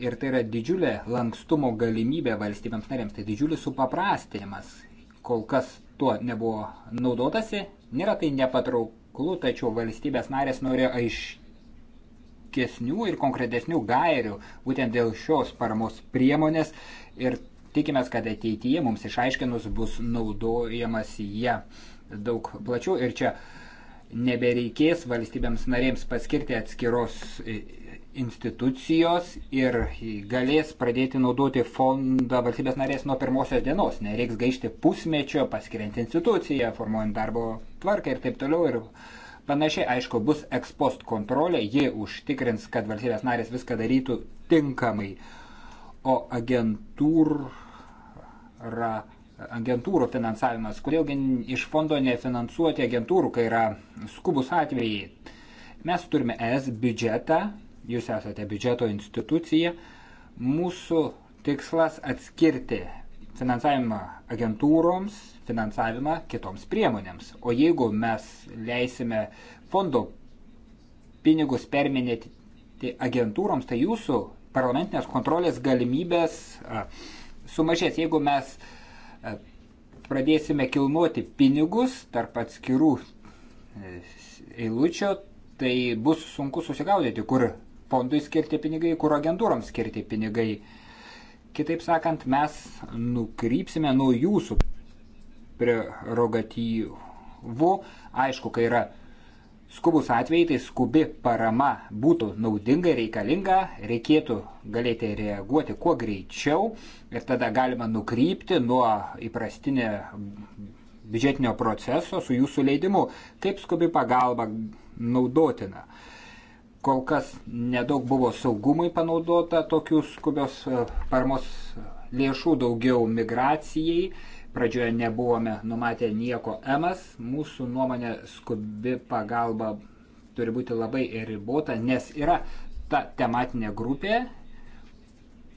Ir tai yra didžiulė lankstumo galimybė valstybėms narėms. Tai didžiulis supaprastinimas. Kol kas tuo nebuvo naudotasi. Nėra tai nepatrauklu, tačiau valstybės narės norėjo aiškesnių ir konkretesnių gairių būtent dėl šios paramos priemonės. Ir Tikimės, kad ateityje mums išaiškinus bus naudojamas jie daug plačiau ir čia nebereikės valstybėms narėms paskirti atskiros e, institucijos ir galės pradėti naudoti fondą valstybės narės nuo pirmosios dienos. Nereiks gaišti pusmečio, paskiriant instituciją, formuojant darbo tvarką ir taip toliau. Ir panašiai, aišku, bus ekspost kontrolė, ji užtikrins, kad valstybės narės viską darytų tinkamai. O agentūrų yra agentūrų finansavimas. Kodėlgi iš fondo nefinansuoti agentūrų, kai yra skubus atvejai. Mes turime ES biudžetą, jūs esate biudžeto institucija. Mūsų tikslas atskirti finansavimą agentūroms, finansavimą kitoms priemonėms. O jeigu mes leisime fondo pinigus perminėti agentūroms, tai jūsų parlamentinės kontrolės galimybės uh, sumažės. Jeigu mes e, pradėsime kilnuoti pinigus tarp atskirų e, eilučių, tai bus sunku susigaudyti, kur fondui skirti pinigai, kur agentūroms skirti pinigai. Kitaip sakant, mes nukrypsime nuo jūsų prerogatyvų. Aišku, kai yra skubus atvejai, tai skubi parama būtų naudinga ir reikalinga, reikėtų galėti reaguoti kuo greičiau ir tada galima nukrypti nuo įprastinė biudžetinio proceso su jūsų leidimu, kaip skubi pagalba naudotina. Kol kas nedaug buvo saugumui panaudota tokių skubios e, paramos lėšų, daugiau migracijai pradžioje nebuvome numatę nieko emas. Mūsų nuomonė skubi pagalba turi būti labai ribota, nes yra ta tematinė grupė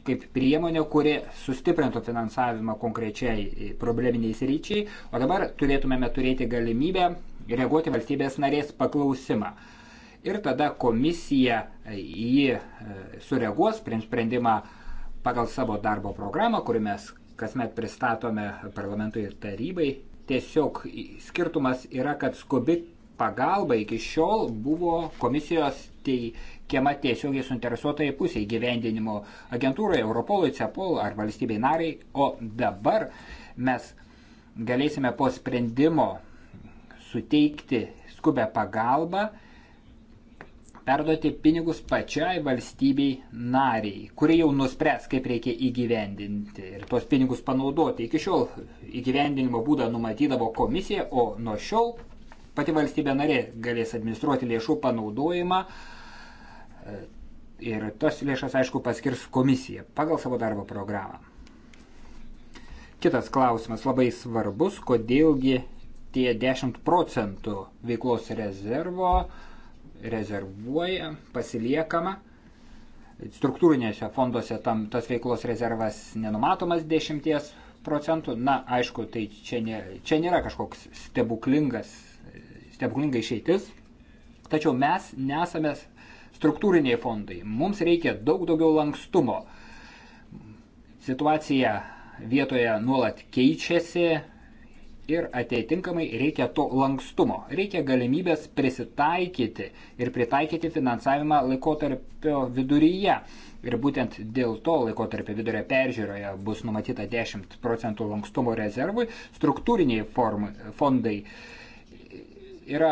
kaip priemonė, kuri sustiprintų finansavimą konkrečiai probleminiais ryčiai, o dabar turėtumėme turėti galimybę reaguoti valstybės narės paklausimą. Ir tada komisija jį e, sureaguos, prims sprendimą pagal savo darbo programą, kurį mes kasmet pristatome parlamentui ir tarybai. Tiesiog skirtumas yra, kad skubi pagalba iki šiol buvo komisijos teikiama tiesiogiai suinteresuotai pusiai gyvendinimo agentūroje, Europolui, CEPOL ar valstybei nariai, o dabar mes galėsime po sprendimo suteikti skubę pagalbą perduoti pinigus pačiai valstybei nariai, kuri jau nuspręs, kaip reikia įgyvendinti ir tuos pinigus panaudoti. Iki šiol įgyvendinimo būdą numatydavo komisija, o nuo šiol pati valstybė narė galės administruoti lėšų panaudojimą e, ir tas lėšas, aišku, paskirs komisija pagal savo darbo programą. Kitas klausimas labai svarbus, kodėlgi tie 10 procentų veiklos rezervo uh, rezervuoja, pasiliekama. Struktūrinėse fonduose tam, tas veiklos rezervas nenumatomas 10 procentų. Na, aišku, tai čia, nė, čia nėra kažkoks stebuklingas, stebuklinga išeitis. Tačiau mes nesame struktūriniai fondai. Mums reikia daug daugiau lankstumo. Situacija vietoje nuolat keičiasi, ir ateitinkamai reikia to lankstumo, reikia galimybės prisitaikyti ir pritaikyti finansavimą laikotarpio viduryje. Ir būtent dėl to laikotarpio vidurio peržiūroje bus numatyta 10 procentų lankstumo rezervui, struktūriniai formai, fondai yra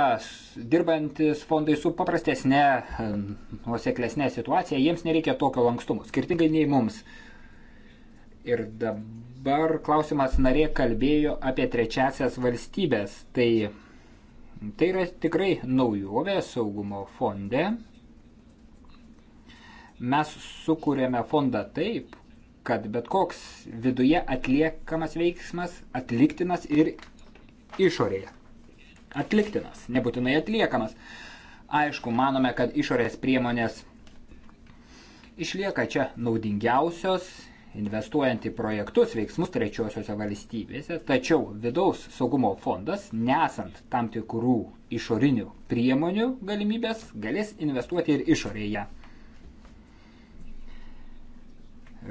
dirbantis fondai su paprastesnė, hm, nuoseklesnė situacija, jiems nereikia tokio lankstumo, skirtingai nei mums. Ir dabar Dabar klausimas narė kalbėjo apie trečiasias valstybės. Tai, tai yra tikrai naujovė saugumo fonde. Mes sukūrėme fondą taip, kad bet koks viduje atliekamas veiksmas atliktinas ir išorėje. Atliktinas, nebūtinai atliekamas. Aišku, manome, kad išorės priemonės išlieka čia naudingiausios investuojant į projektus, veiksmus trečiosiuose valstybėse, tačiau vidaus saugumo fondas, nesant tam tikrų išorinių priemonių galimybės, galės investuoti ir išorėje.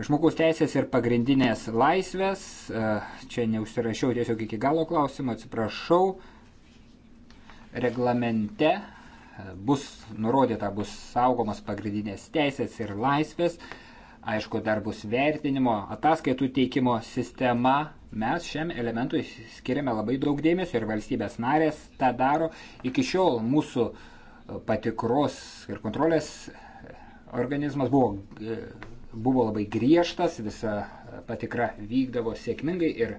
Žmogaus teisės ir pagrindinės laisvės, e, čia neužsirašiau tiesiog iki galo klausimą, atsiprašau, reglamente e, bus nurodyta, bus saugomas pagrindinės teisės ir laisvės, aišku, dar bus vertinimo, ataskaitų teikimo sistema. Mes šiam elementui skiriame labai daug dėmesio ir valstybės narės tą daro. Iki šiol mūsų e, patikros ir kontrolės e, organizmas buvo, e, buvo labai griežtas, visa patikra vykdavo sėkmingai ir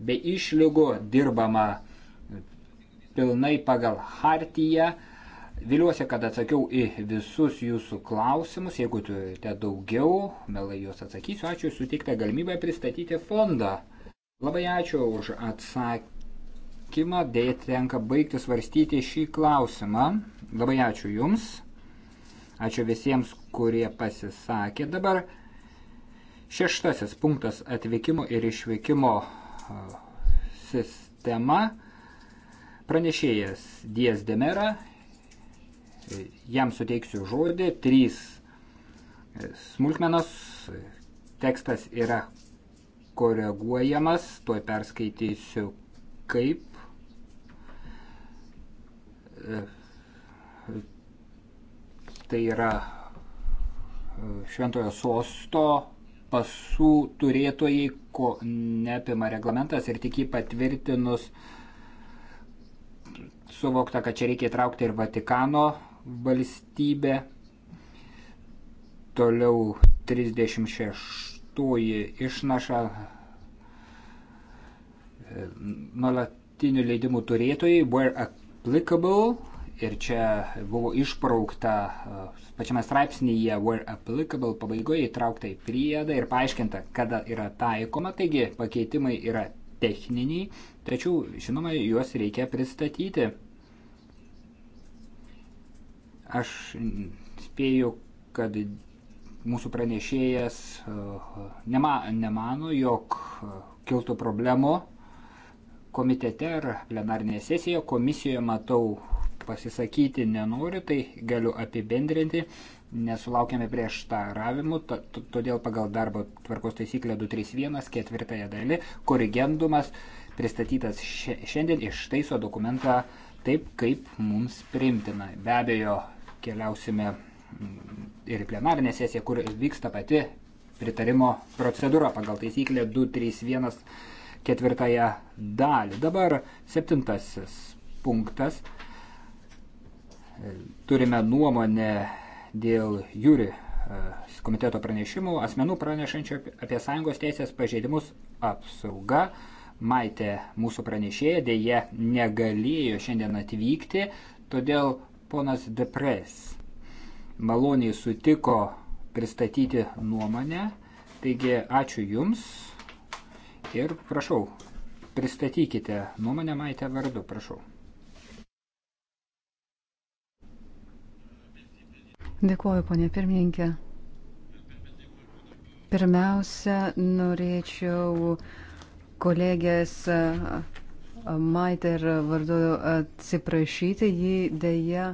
be išlygų dirbama pilnai pagal hartiją. Viliuosi, kad atsakiau į visus jūsų klausimus. Jeigu turite daugiau, melai juos atsakysiu. Ačiū suteiktą galimybę pristatyti fondą. Labai ačiū už atsakymą. Dėja, tenka baigti svarstyti šį klausimą. Labai ačiū Jums. Ačiū visiems, kurie pasisakė. Dabar šeštasis punktas atvykimo ir išvykimo sistema. Pranešėjas Dies Demera jam suteiksiu žodį, trys e, smulkmenos, tekstas yra koreguojamas, tuoj perskaitysiu kaip. E, tai yra e, šventojo sosto pasų turėtojai, ko neapima reglamentas ir tik jį patvirtinus suvokta, kad čia reikia įtraukti ir Vatikano valstybę. Toliau 36 išnaša nuolatinių leidimų turėtojai were applicable ir čia buvo išbraukta pačiame straipsnyje were applicable pabaigoje įtraukta į priedą ir paaiškinta, kada yra taikoma, taigi pakeitimai yra techniniai, tačiau žinoma, juos reikia pristatyti. Aš spėju, kad mūsų pranešėjas e, nema, nemano, jog e, kiltų problemų komitete ar plenarinėje sesijoje, komisijoje matau pasisakyti nenoriu, tai galiu apibendrinti, nesulaukėme prieštaravimų, todėl pagal darbo tvarkos taisyklę 231 ketvirtąją dalį korigendumas pristatytas šiandien ištaiso dokumentą taip, kaip mums primtina. Be abejo, keliausime mm, ir į plenarinę sesiją, kur vyksta pati pritarimo procedūra pagal taisyklę 231 ketvirtąją dalį. Dabar septintasis punktas. Turime nuomonę dėl jūri e, komiteto pranešimų, asmenų pranešančių apie sąjungos teisės pažeidimus apsauga. Maitė mūsų pranešėja dėje negalėjo šiandien atvykti, todėl Ponas Depres maloniai sutiko pristatyti nuomonę. Taigi ačiū Jums ir prašau, pristatykite nuomonę Maitę vardu, prašau. Dėkuoju, ponė pirmininkė. Pirmiausia, norėčiau kolegės Maiter vardu atsiprašyti, ji dėja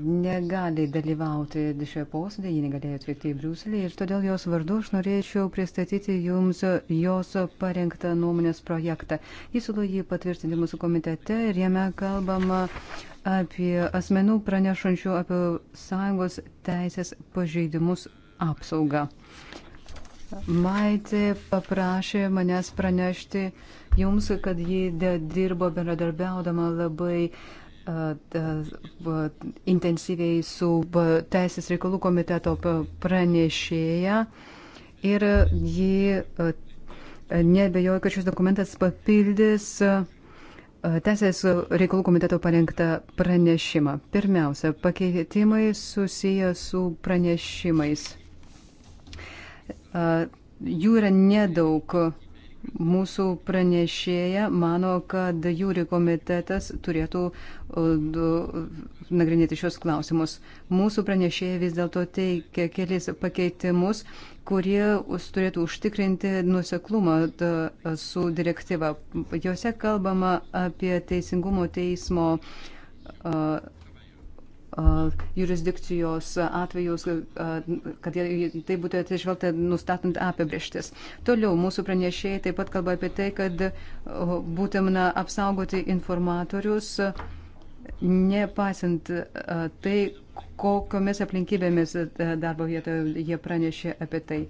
negali dalyvauti šioje posėdėje, ji negalėjo atvykti į Briuselį ir todėl jos vardu aš norėčiau pristatyti jums jos parengtą nuomonės projektą. Jis siūlo jį patvirtinti mūsų komitete ir jame kalbama apie asmenų pranešančių apie sąjungos teisės pažeidimus apsaugą. Maitė paprašė manęs pranešti jums, kad ji dirbo bendradarbiaudama labai intensyviai su Teisės reikalų komiteto pranešėja ir ji nebejoja, kad šis dokumentas papildys Teisės reikalų komiteto parengtą pranešimą. Pirmiausia, pakeitimai susiję su pranešimais. Jų yra nedaug. Mūsų pranešėja mano, kad jūri komitetas turėtų nagrinėti šios klausimus. Mūsų pranešėja vis dėlto teikia kelis pakeitimus, kurie turėtų užtikrinti nuseklumą su direktyva. Jose kalbama apie teisingumo teismo jurisdikcijos atvejus, kad tai būtų atsižvelgta nustatant apibrieštis. Toliau mūsų pranešėjai taip pat kalba apie tai, kad būtina apsaugoti informatorius, nepasint tai, kokiomis aplinkybėmis darbo vietoje jie pranešė apie tai.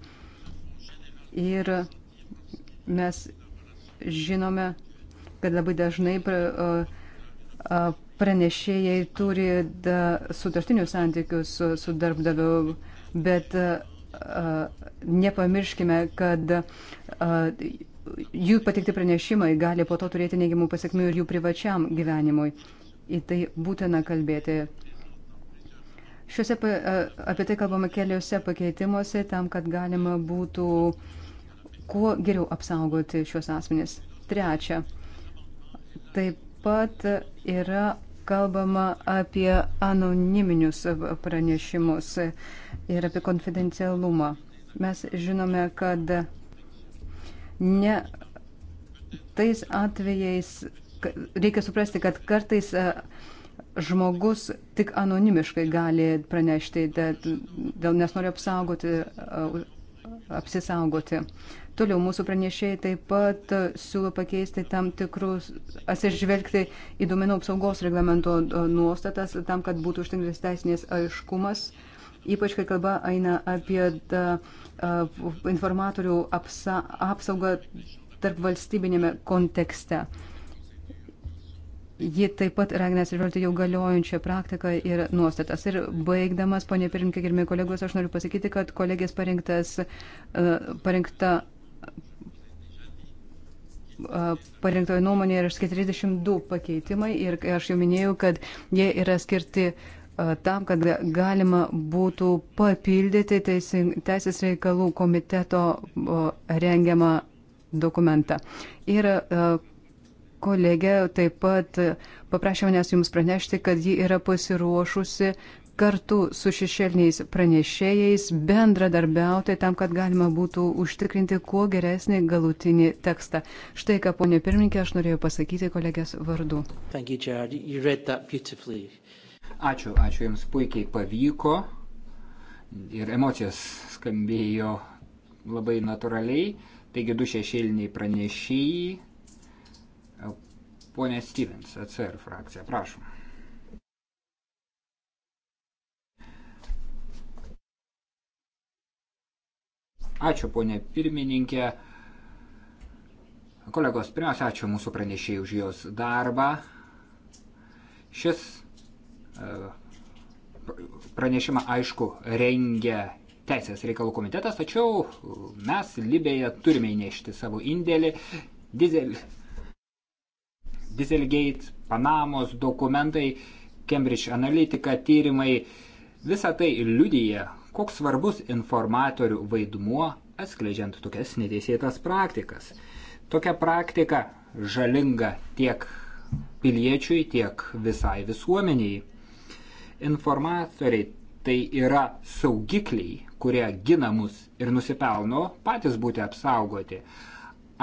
Ir mes žinome, kad labai dažnai pra, a, a, pranešėjai turi sutartinius santykius su, su darbdaviu, bet uh, nepamirškime, kad uh, jų patikti pranešimai gali po to turėti neigiamų pasiekmių ir jų privačiam gyvenimui. Į tai būtina kalbėti. Šiuose, apie tai kalbame keliuose pakeitimuose, tam, kad galima būtų kuo geriau apsaugoti šios asmenys. Trečia, taip pat yra kalbama apie anoniminius pranešimus ir apie konfidencialumą. Mes žinome, kad ne tais atvejais reikia suprasti, kad kartais e, žmogus tik anonimiškai gali pranešti, dėl, nes nori apsaugoti, e, apsisaugoti. Toliau mūsų pranešėjai taip pat e, siūlo pakeisti tam tikrus, atsižvelgti į duomenų apsaugos reglamento e, nuostatas tam, kad būtų užtikrintas teisinės aiškumas, ypač kai kalba eina apie da, e, informatorių apsa, apsaugą tarp valstybinėme kontekste. Ji taip pat ragina atsižvelgti jau galiojančią praktiką ir nuostatas. Ir baigdamas, ponė pirmininkė, gerbėjai kolegos, aš noriu pasakyti, kad kolegės parinktas, parinkta parinktoje nuomonėje yra 32 pakeitimai ir aš jau minėjau, kad jie yra skirti tam, kad galima būtų papildyti Teisės reikalų komiteto rengiamą dokumentą. Ir kolegė taip pat paprašė manęs jums pranešti, kad ji yra pasiruošusi kartu su šešėliniais pranešėjais bendradarbiauti tam, kad galima būtų užtikrinti kuo geresnį galutinį tekstą. Štai ką, ponė pirmininkė, aš norėjau pasakyti kolegės vardu. You, ačiū, ačiū Jums puikiai pavyko ir emocijos skambėjo labai natūraliai. Taigi du šešėliniai pranešėjai. Pone Stevens, ACR frakcija, prašom. Ačiū, ponė pirmininkė. Kolegos, pirmiausia, ačiū mūsų pranešėjai už jos darbą. Šis e, pranešimą, aišku, rengia Teisės reikalų komitetas, tačiau mes Libėje turime įnešti savo indėlį. Dizel, Dieselgate, Panamos dokumentai, Cambridge Analytica tyrimai, visa tai liudyje, koks svarbus informatorių vaidmuo atskleidžiant tokias neteisėtas praktikas. Tokia praktika žalinga tiek piliečiui, tiek visai visuomeniai. Informatoriai tai yra saugikliai, kurie gina mus ir nusipelno patys būti apsaugoti.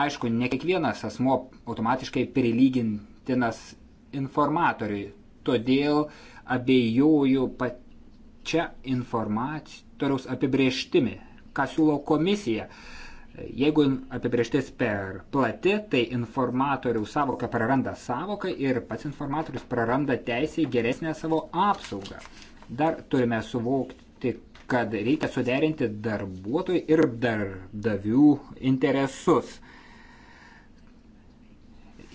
Aišku, ne kiekvienas asmo automatiškai prilygintinas informatoriui, todėl abejoju pat čia informatoriaus apibrieštimi, ką siūlo komisija. Jeigu apibrieštis per plati, tai informatoriaus savoka praranda savoką ir pats informatorius praranda teisę į geresnę savo apsaugą. Dar turime suvokti, kad reikia suderinti darbuotojų ir darbdavių interesus.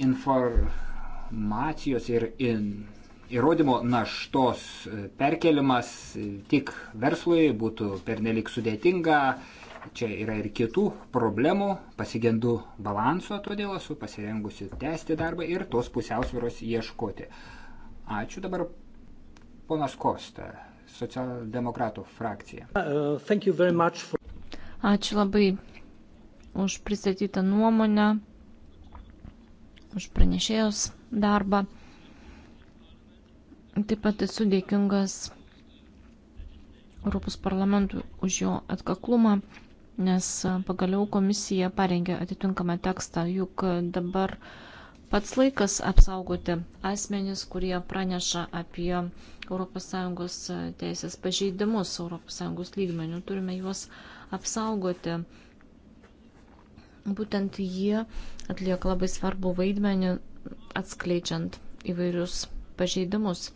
Informacijos ir informacijos įrodymo naštos e, perkelimas e, tik verslui būtų pernelik sudėtinga. Čia yra ir kitų problemų, pasigendu balanso, todėl esu pasirengusi tęsti darbą ir tos pusiausvėros ieškoti. Ačiū dabar ponas Kosta, socialdemokratų frakcija. Uh, for... Ačiū labai už pristatytą nuomonę, už pranešėjos darbą. Taip pat esu dėkingas Europos parlamentui už jo atkaklumą, nes pagaliau komisija parengė atitinkamą tekstą, juk dabar pats laikas apsaugoti asmenys, kurie praneša apie ES teisės pažeidimus ES lygmenių. Turime juos apsaugoti. Būtent jie atlieka labai svarbu vaidmenį atskleidžiant įvairius pažeidimus.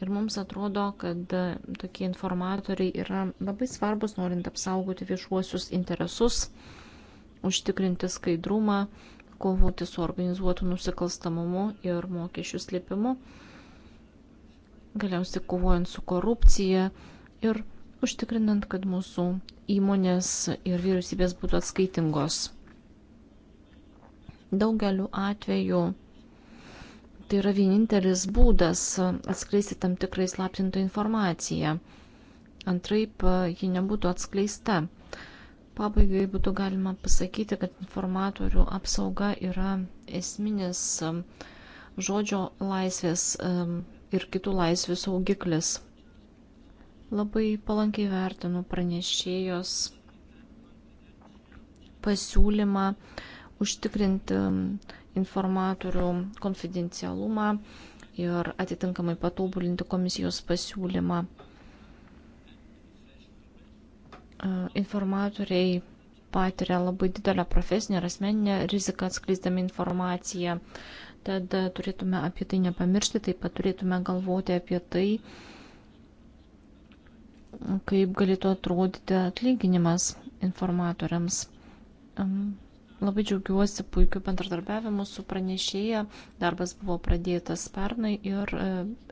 Ir mums atrodo, kad e, tokie informatoriai yra labai svarbus, norint apsaugoti viešuosius interesus, užtikrinti skaidrumą, kovoti su organizuotu nusikalstamumu ir mokesčių slėpimu, galiausiai kovojant su korupcija ir užtikrinant, kad mūsų įmonės ir vyriausybės būtų atskaitingos. Daugeliu atveju Tai yra vienintelis būdas atskleisti tam tikrą įslaptintą informaciją. Antraip e, ji nebūtų atskleista. Pabaigai būtų galima pasakyti, kad informatorių apsauga yra esminis e, žodžio laisvės e, ir kitų laisvių saugiklis. Labai palankiai vertinu pranešėjos pasiūlymą užtikrinti informatorių konfidencialumą ir atitinkamai patobulinti komisijos pasiūlymą. E, informatoriai patiria labai didelę profesinę ir asmeninę riziką atskleisdami informaciją, tad e, turėtume apie tai nepamiršti, taip pat turėtume galvoti apie tai, kaip galėtų atrodyti atlyginimas informatoriams. Labai džiaugiuosi puikiu bendradarbiavimu su pranešėja. Darbas buvo pradėtas pernai ir e,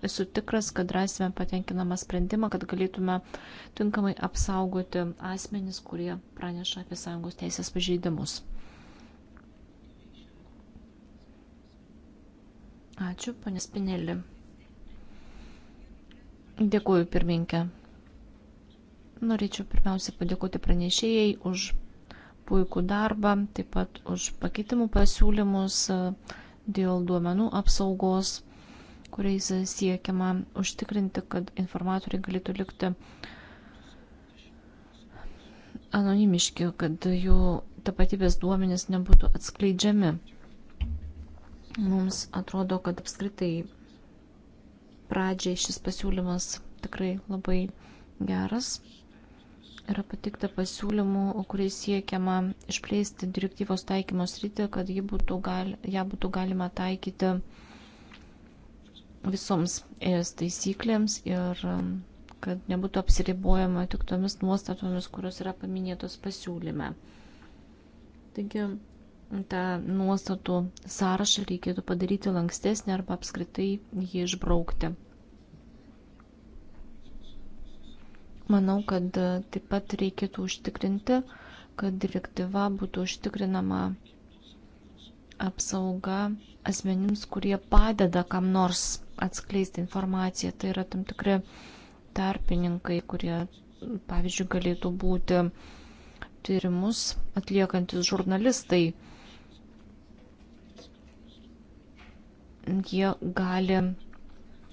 esu tikras, kad rasime patenkinamą sprendimą, kad galėtume tinkamai apsaugoti asmenys, kurie praneša apie sąjungos teisės pažeidimus. Ačiū, ponė Spinelį. Dėkuoju, pirminkė. Norėčiau pirmiausia padėkoti pranešėjai už puikų darbą, taip pat už pakeitimų pasiūlymus e, dėl duomenų apsaugos, kuriais siekiama užtikrinti, kad informatoriai galėtų likti anonimiški, kad jų tapatybės duomenys nebūtų atskleidžiami. Mums atrodo, kad apskritai pradžiai šis pasiūlymas tikrai labai geras yra patikta pasiūlymų, kuriais siekiama išplėsti direktyvos taikymo sritį, kad būtų gal, ją būtų galima taikyti visoms ES taisyklėms ir um, kad nebūtų apsiribojama tik tomis nuostatomis, kurios yra paminėtos pasiūlyme. Taigi, tą nuostatų sąrašą reikėtų padaryti lankstesnį arba apskritai jį išbraukti. Manau, kad e, taip pat reikėtų užtikrinti, kad direktyva būtų užtikrinama apsauga asmenims, kurie padeda kam nors atskleisti informaciją. Tai yra tam tikri tarpininkai, kurie, pavyzdžiui, galėtų būti tyrimus atliekantis žurnalistai. Jie gali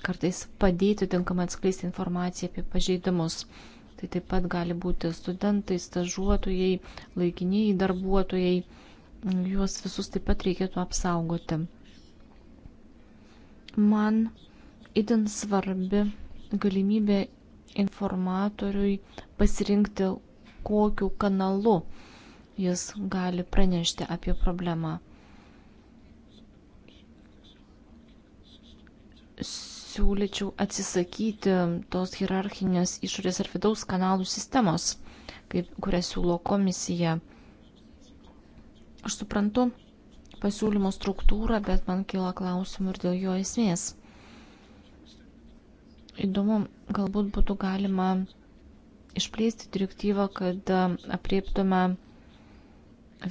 kartais padėti tinkamai atskleisti informaciją apie pažeidimus. Tai taip pat gali būti studentai, stažuotojai, laikiniai darbuotojai. Juos visus taip pat reikėtų apsaugoti. Man itin svarbi galimybė informatoriui pasirinkti, kokiu kanalu jis gali pranešti apie problemą siūlyčiau atsisakyti tos hierarchinės išorės ir vidaus kanalų sistemos, kaip, kurią siūlo komisija. Aš suprantu pasiūlymo struktūrą, bet man kyla klausimų ir dėl jo esmės. Įdomu, galbūt būtų galima išplėsti direktyvą, kad apriektume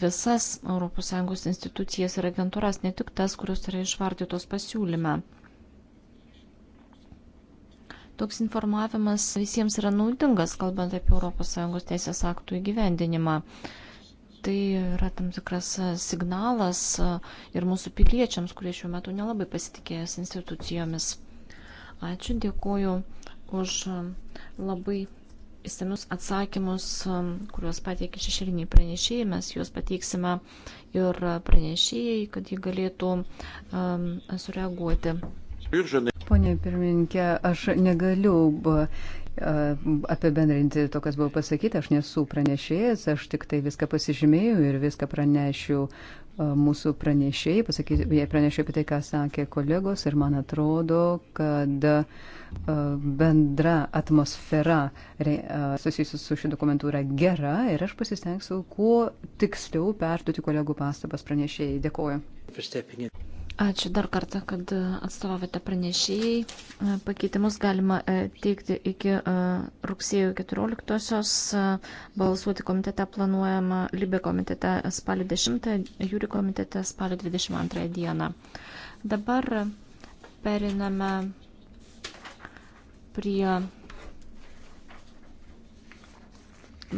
visas ES institucijas ir agentūras, ne tik tas, kurios yra išvardytos pasiūlyme. Toks informavimas visiems yra naudingas, kalbant apie ES teisės aktų įgyvendinimą. Tai yra tam tikras e, signalas e, ir mūsų piliečiams, kurie šiuo metu nelabai pasitikėjęs institucijomis. Ačiū, dėkuoju už e, labai įsamius atsakymus, kuriuos pateikė šešėliniai pranešėjai. Mes juos pateiksime ir pranešėjai, kad jį galėtų um, sureaguoti. Pone pirmininkė, aš negaliu apibendrinti to, kas buvo pasakyta. Aš nesu pranešėjas, aš tik tai viską pasižymėjau ir viską pranešiu mūsų pranešėjai. Pasakysiu, jie pranešė apie tai, ką sakė kolegos ir man atrodo, kad bendra atmosfera susijusi su šiuo dokumentu yra gera ir aš pasistengsiu kuo tiksliau perduoti kolegų pastabas pranešėjai. Dėkuoju. Ačiū dar kartą, kad e, atstovavote pranešėjai. E, pakeitimus galima e, teikti iki rugsėjo 14-osios. Balsuoti komitete planuojama Libė komitete spalio 10, Jūri komitete spalio 22 dieną. Dabar periname prie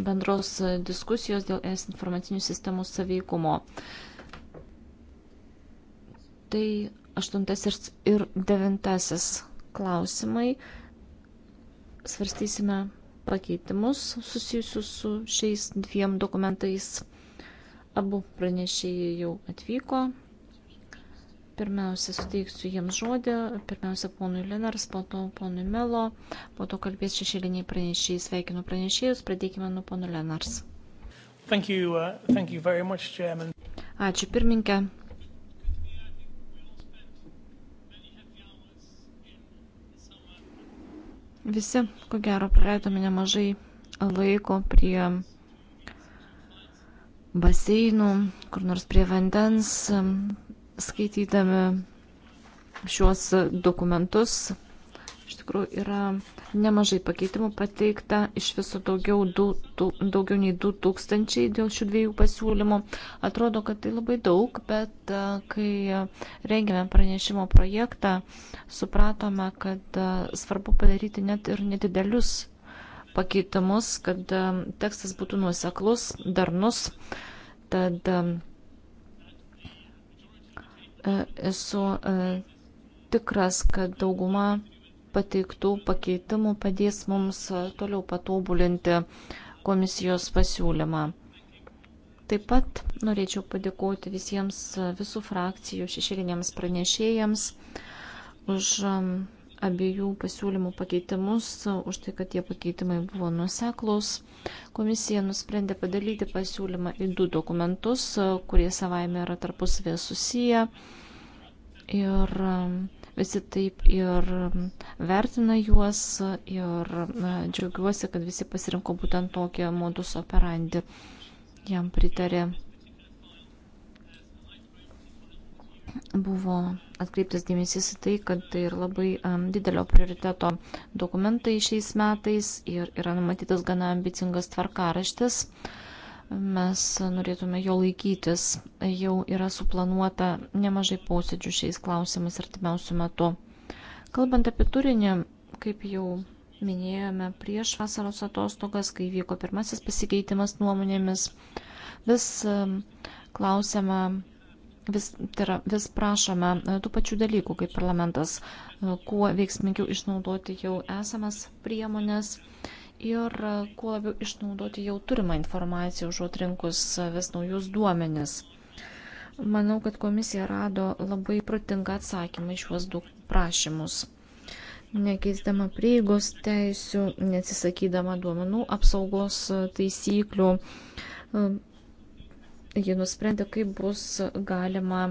bendros diskusijos dėl es informacinių sistemų saveikumo. Tai aštuntasis ir devintasis klausimai. Svarstysime pakeitimus susijusius su šiais dviem dokumentais. Abu pranešėjai jau atvyko. Pirmiausia, suteiksiu jiems žodį. Pirmiausia, ponui Linars, po to ponui Melo, po to kalbės šešėliniai pranešėjai. Sveikinu pranešėjus, pradėkime nuo ponų Linars. Thank you, uh, thank you much, Ačiū pirmininkė. Visi, ko gero, praleidome nemažai laiko prie baseinų, kur nors prie vandens, skaitydami šiuos dokumentus. Iš tikrųjų yra Nemažai pakeitimų pateikta, iš viso daugiau, du, tu, daugiau nei 2000 dėl šių dviejų pasiūlymų. Atrodo, kad tai labai daug, bet kai rengėme pranešimo projektą, supratome, kad svarbu padaryti net ir nedidelius pakeitimus, kad tekstas būtų nuoseklus, darnus. Tad e, esu tikras, kad dauguma pateiktų pakeitimų padės mums e, toliau patobulinti komisijos pasiūlymą. Taip pat norėčiau padėkoti visiems e, visų frakcijų šešėliniams pranešėjams už e, abiejų pasiūlymų pakeitimus, už tai, kad tie pakeitimai buvo nuseklus. Komisija nusprendė padalyti pasiūlymą į du dokumentus, kurie savaime yra tarpusvė susiję. Ir visi taip ir vertina juos ir džiaugiuosi, kad visi pasirinko būtent tokią modus operandi. Jam pritarė. Buvo atkreiptas dėmesys į tai, kad tai ir labai um, didelio prioriteto dokumentai šiais metais ir yra numatytas gana ambicingas tvarkaraštis. Uh, Mes norėtume jo laikytis. Jau yra suplanuota nemažai posėdžių šiais klausimais artimiausių metų. Kalbant apie turinį, kaip jau minėjome prieš vasaros atostogas, kai vyko pirmasis pasikeitimas nuomonėmis, vis um, klausėme vis, tai yra, vis prašome uh, tų pačių dalykų kaip parlamentas, uh, kuo veiksmingiau išnaudoti jau esamas priemonės ir e, kuo labiau išnaudoti jau turimą informaciją, užuot rinkus e, vis naujus duomenis. Manau, kad komisija rado labai protingą atsakymą iš juos du prašymus. Nekeisdama prieigos teisių, nesisakydama duomenų apsaugos e, taisyklių, ji nusprendė, kaip bus galima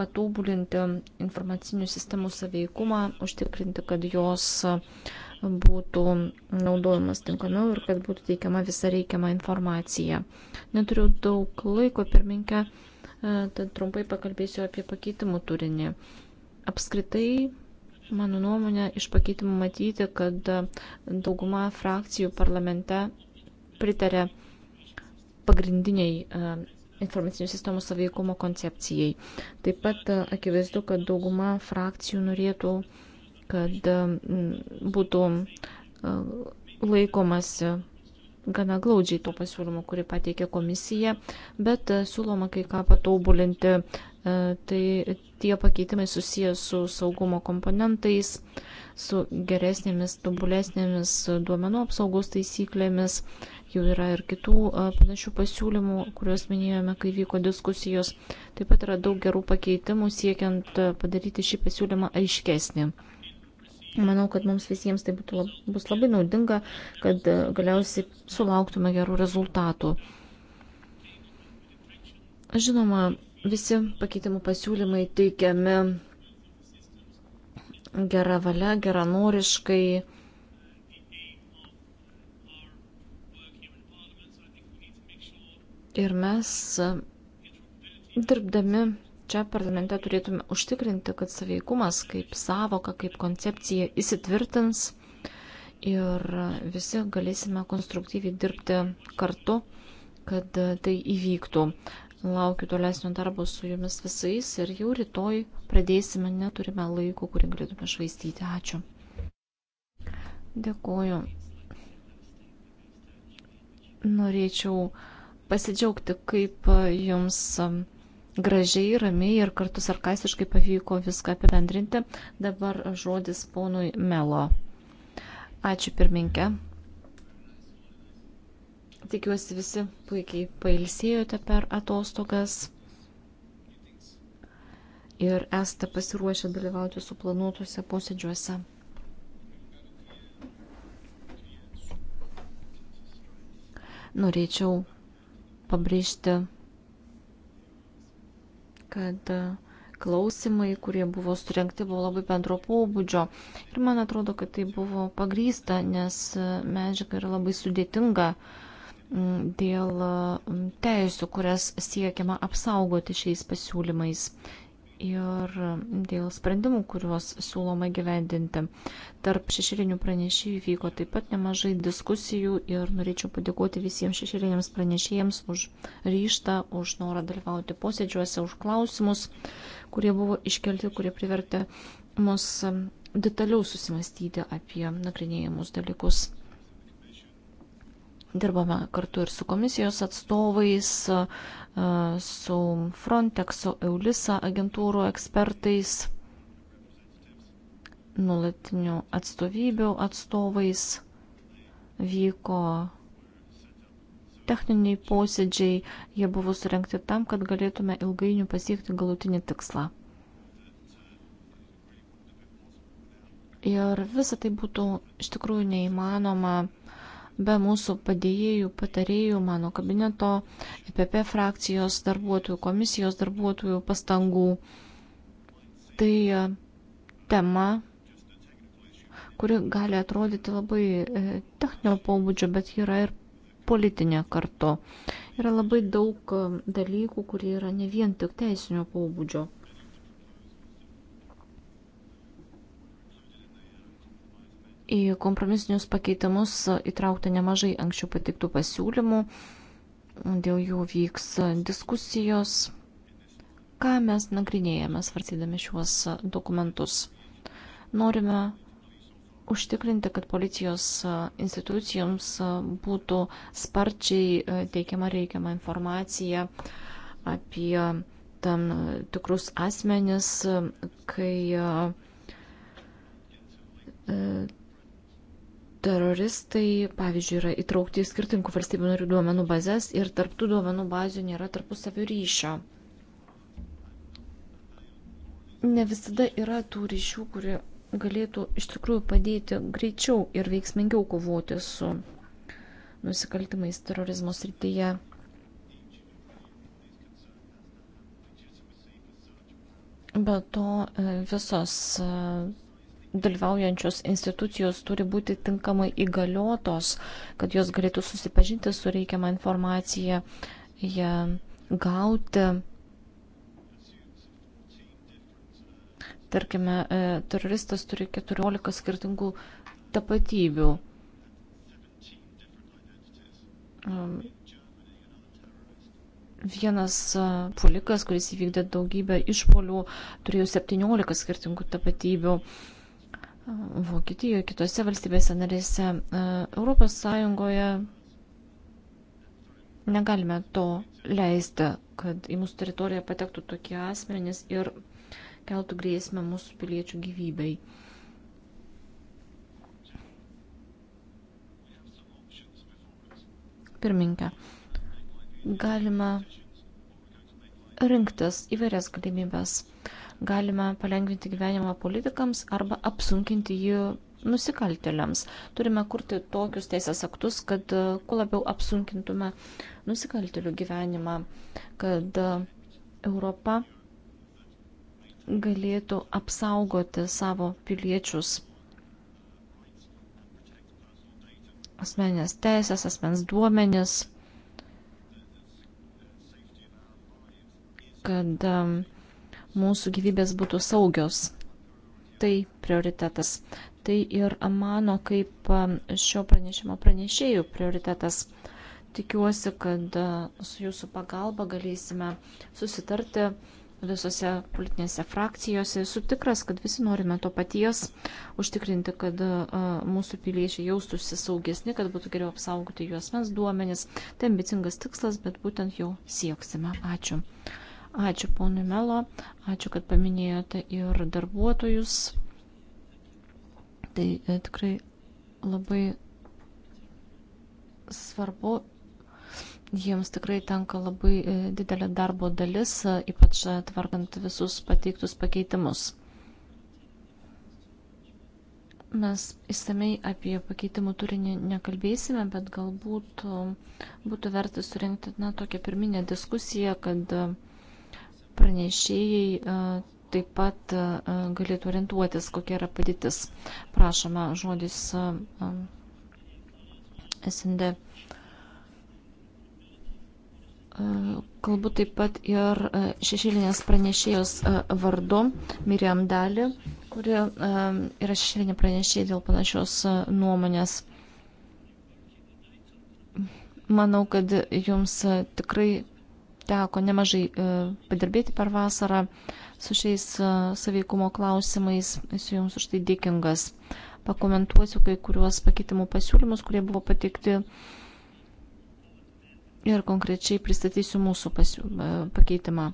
patobulinti informacinių sistemų saveikumą, užtikrinti, kad jos būtų naudojamas tinkamiau ir kad būtų teikiama visa reikiama informacija. Neturiu daug laiko, pirminkę, e, tad trumpai pakalbėsiu apie pakeitimų turinį. Apskritai, mano nuomonė, iš pakeitimų matyti, kad dauguma frakcijų parlamente pritarė pagrindiniai e, informacinių sistemų saveikumo koncepcijai. Taip pat e, akivaizdu, kad dauguma frakcijų norėtų uh, kad būtų laikomasi gana glaudžiai to pasiūlymo, kurį pateikė komisija, bet siūloma kai ką patobulinti. Tai tie pakeitimai susijęs su saugumo komponentais, su geresnėmis, tobulesnėmis duomenų apsaugos taisyklėmis. Jau yra ir kitų panašių pasiūlymų, kuriuos minėjome, kai vyko diskusijos. Taip pat yra daug gerų pakeitimų siekiant padaryti šį pasiūlymą aiškesnį. Manau, kad mums visiems tai būtų, lab, bus labai naudinga, kad e, galiausiai sulauktume gerų rezultatų. Žinoma, visi pakeitimų pasiūlymai teikiami gera valia, geranoriškai. Ir mes e, dirbdami čia parlamente turėtume užtikrinti, kad saveikumas kaip savoka, kaip koncepcija įsitvirtins ir visi galėsime konstruktyviai dirbti kartu, kad tai įvyktų. Laukiu tolesnio darbo su jumis visais ir jau rytoj pradėsime, neturime laiko, kurį galėtume švaistyti. Ačiū. Dėkuoju. Norėčiau pasidžiaugti, kaip jums gražiai, ramiai ir kartu sarkastiškai pavyko viską apibendrinti. Dabar žodis ponui Melo. Ačiū pirminkė. Tikiuosi visi puikiai pailsėjote per atostogas ir esate pasiruošę dalyvauti suplanuotuose posėdžiuose. Norėčiau pabrėžti kad e, klausimai, kurie buvo surinkti, buvo labai bendro pobūdžio. Ir man atrodo, kad tai buvo pagrysta, nes e, medžiaga yra labai sudėtinga dėl e, teisų, kurias siekiama apsaugoti šiais pasiūlymais ir dėl sprendimų, kuriuos siūloma gyvendinti. Tarp šešėlinių pranešėjų vyko taip pat nemažai diskusijų ir norėčiau padėkoti visiems šešėliniams pranešėjams už ryštą, už norą dalyvauti posėdžiuose, už klausimus, kurie buvo iškelti, kurie privertė mus detaliau susimastyti apie nagrinėjimus dalykus. Dirbame kartu ir su komisijos atstovais, su Frontexo Eulisa agentūrų ekspertais, nulatinių atstovybių atstovais vyko techniniai posėdžiai, jie buvo surenkti tam, kad galėtume ilgainiui pasiekti galutinį tikslą. Ir visa tai būtų iš tikrųjų neįmanoma be mūsų padėjėjų, patarėjų, mano kabineto, EPP frakcijos darbuotojų, komisijos darbuotojų pastangų. Tai e, tema, kuri gali atrodyti labai e, techninio pobūdžio, bet yra ir politinė kartu. Yra labai daug e, dalykų, kurie yra ne vien tik teisinio pobūdžio. Į kompromisinius pakeitimus įtraukta nemažai anksčiau patiktų pasiūlymų, dėl jų vyks diskusijos. Ką mes nagrinėjame svarstydami šiuos dokumentus? Norime užtikrinti, kad policijos institucijoms būtų sparčiai teikiama reikiama informacija apie tam tikrus asmenis, kai teroristai, pavyzdžiui, yra įtraukti į skirtingų valstybių narių duomenų bazės ir tarptų duomenų bazių nėra tarpusavio ryšio. Ne visada yra tų ryšių, kurie galėtų iš tikrųjų padėti greičiau ir veiksmingiau kovoti su nusikaltimais terorizmo srityje. Be to e, visos e, dalyvaujančios institucijos turi būti tinkamai įgaliotos, kad jos galėtų susipažinti su reikiamą informaciją, ją gauti. Tarkime, e, teroristas turi 14 skirtingų tapatybių. Vienas e, pulikas, kuris įvykdė daugybę išpolių, turėjo 17 skirtingų tapatybių. Vokietijoje, kitose valstybėse narėse, e, Europos Sąjungoje negalime to leisti, kad į mūsų teritoriją patektų tokie asmenys ir keltų grėsmę mūsų piliečių gyvybei. Pirminkė, galima rinktis įvairias galimybės. Galime palengvinti gyvenimą politikams arba apsunkinti jį nusikaltėliams. Turime kurti tokius teisės aktus, kad e, kuo labiau apsunkintume nusikaltėlių gyvenimą, kad e, Europa galėtų apsaugoti savo piliečius asmenės teisės, asmens duomenis, kad um, mūsų gyvybės būtų saugios. Tai prioritetas. Tai ir mano kaip šio pranešimo pranešėjų prioritetas. Tikiuosi, kad su jūsų pagalba galėsime susitarti visose politinėse frakcijose. Esu tikras, kad visi norime to paties, užtikrinti, kad mūsų piliečiai jaustųsi saugesni, kad būtų geriau apsaugoti juos mens duomenis. Tai ambicingas tikslas, bet būtent jo sieksime. Ačiū. Ačiū ponui Melo, ačiū, kad paminėjote ir darbuotojus. Tai e, tikrai labai svarbu. Jiems tikrai tenka labai e, didelė darbo dalis, e, ypač tvarkant visus pateiktus pakeitimus. Mes įsamei apie pakeitimų turinį nekalbėsime, bet galbūt būtų verta surinkti na, tokią pirminę diskusiją, kad uh, pranešėjai e, taip pat e, e, galėtų orientuotis, kokia yra padėtis. Prašoma, žodis SND. Kalbu taip pat ir šešėlinės pranešėjos vardu Miriam Dali, kuri yra šešėlinė pranešėja dėl panašios nuomonės. Manau, kad jums tikrai teko nemažai e, padirbėti per vasarą su šiais e, saveikumo klausimais. Esu Jums už tai dėkingas. Pakomentuosiu kai kuriuos pakeitimų pasiūlymus, kurie buvo pateikti ir konkrečiai pristatysiu mūsų pasiū... E, pakeitimą.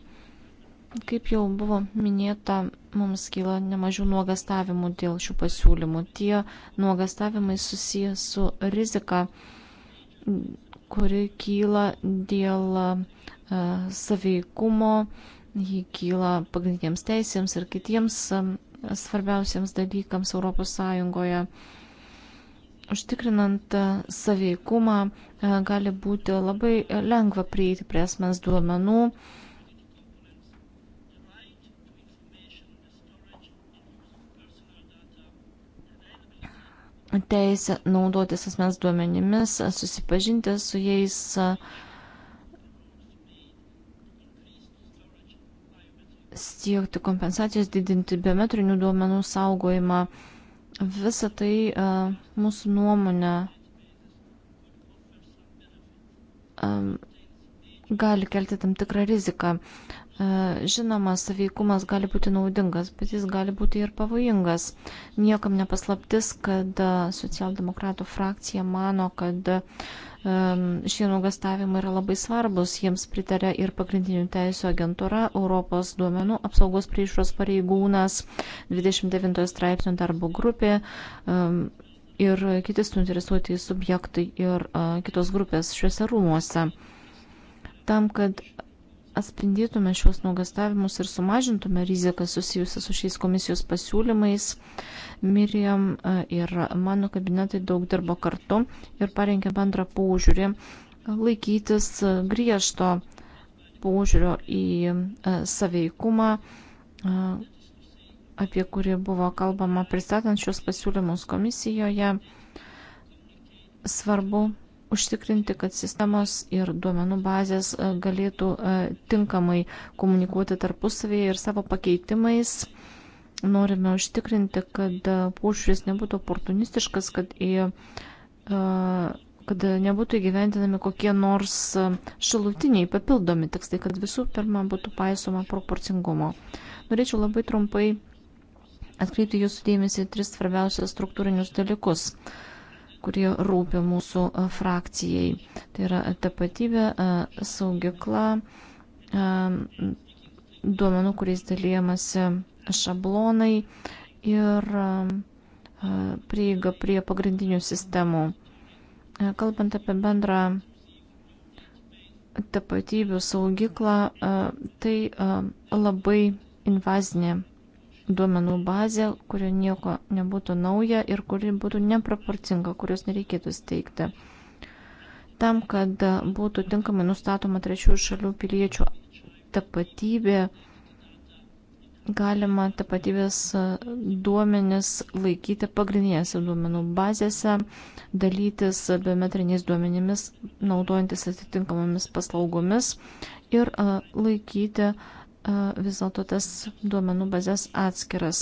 Kaip jau buvo minėta, mums kyla nemažiau nuogastavimų dėl šių pasiūlymų. Tie nuogastavimai susijęs su rizika, kuri kyla dėl e, saveikumo, jį kyla pagrindiniams teisėms ir kitiems e, svarbiausiams dalykams ES. Užtikrinant e, saveikumą gali būti labai lengva prieiti prie asmens duomenų, teisę naudotis asmens duomenimis, susipažinti su jais. siekti kompensacijos, didinti biometrinių duomenų saugojimą. Visa tai e, mūsų nuomonė e, gali kelti tam tikrą riziką. E, žinoma, saveikumas gali būti naudingas, bet jis gali būti ir pavojingas. Niekam nepaslaptis, kad e, socialdemokratų frakcija mano, kad e, šie nuogastavimai yra labai svarbus. Jiems pritarė ir pagrindinių teisų agentūra, Europos duomenų apsaugos priešros pareigūnas, 29 straipsnių darbo grupė ir kiti suinteresuoti subjektai ir kitos grupės šiuose rūmuose. Tam, kad atspindytume šios nuogastavimus ir sumažintume riziką susijusią su šiais komisijos pasiūlymais, Miriam e, ir mano kabinetai daug dirbo kartu ir parengė bendrą paužiūrį e, laikytis e, griežto paužiūrio į saveikumą, apie kurį buvo kalbama pristatant šios pasiūlymus komisijoje. Svarbu užtikrinti, kad sistemos ir duomenų bazės e, galėtų e, tinkamai komunikuoti tarpusavėje ir savo pakeitimais. Norime užtikrinti, kad e, požiūris nebūtų oportunistiškas, kad, į, kad nebūtų įgyventinami kokie nors šalutiniai papildomi tikslai, kad visų pirma būtų paisoma proporcingumo. Norėčiau labai trumpai atkreipti jūsų dėmesį į tris svarbiausias struktūrinius dalykus. Uh, kurie rūpi mūsų frakcijai. Tai yra tapatybė, saugikla, duomenų, kuriais dalyjamasi šablonai ir prieiga prie pagrindinių sistemų. Kalbant apie bendrą tapatybių saugiklą, tai labai invazinė duomenų bazę, kurioje nieko nebūtų nauja ir kuri būtų neproporcinga, kurios nereikėtų steigti. Tam, kad būtų tinkamai nustatoma trečiųjų šalių piliečių tapatybė, galima tapatybės duomenis laikyti pagrindinėse duomenų bazėse, dalytis biometriniais duomenimis, naudojantis atitinkamomis paslaugomis ir laikyti uh, vis dėlto tas duomenų bazės atskiras.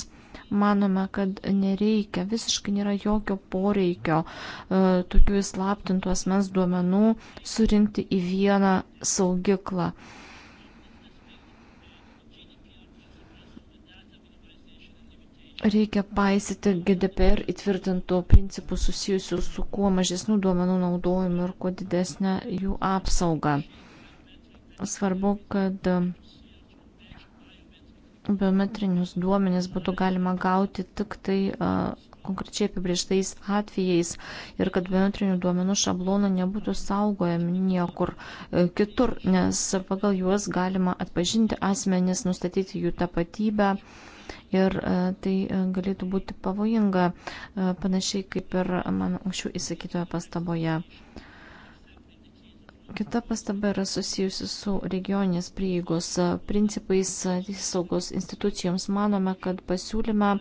Manome, kad nereikia, visiškai nėra jokio poreikio tokių įslaptintų asmens duomenų surinkti į vieną saugiklą. Reikia paisyti GDPR įtvirtintų principų susijusių su kuo mažesnių duomenų naudojimu ir kuo didesnė jų apsauga. Svarbu, kad biometrinius duomenis būtų galima gauti tik tai konkrečiai apibrieštais atvejais ir kad biometrinių duomenų šablonų nebūtų saugojami niekur e, kitur, nes pagal juos galima atpažinti asmenis, nustatyti jų tapatybę. Ir e, tai e, galėtų būti pavojinga, panašiai kaip ir mano anksčiau įsakytoje pastaboje. Kita pastaba yra susijusi su regioninės prieigos e, principais e, saugos institucijoms. Manome, kad pasiūlyme e,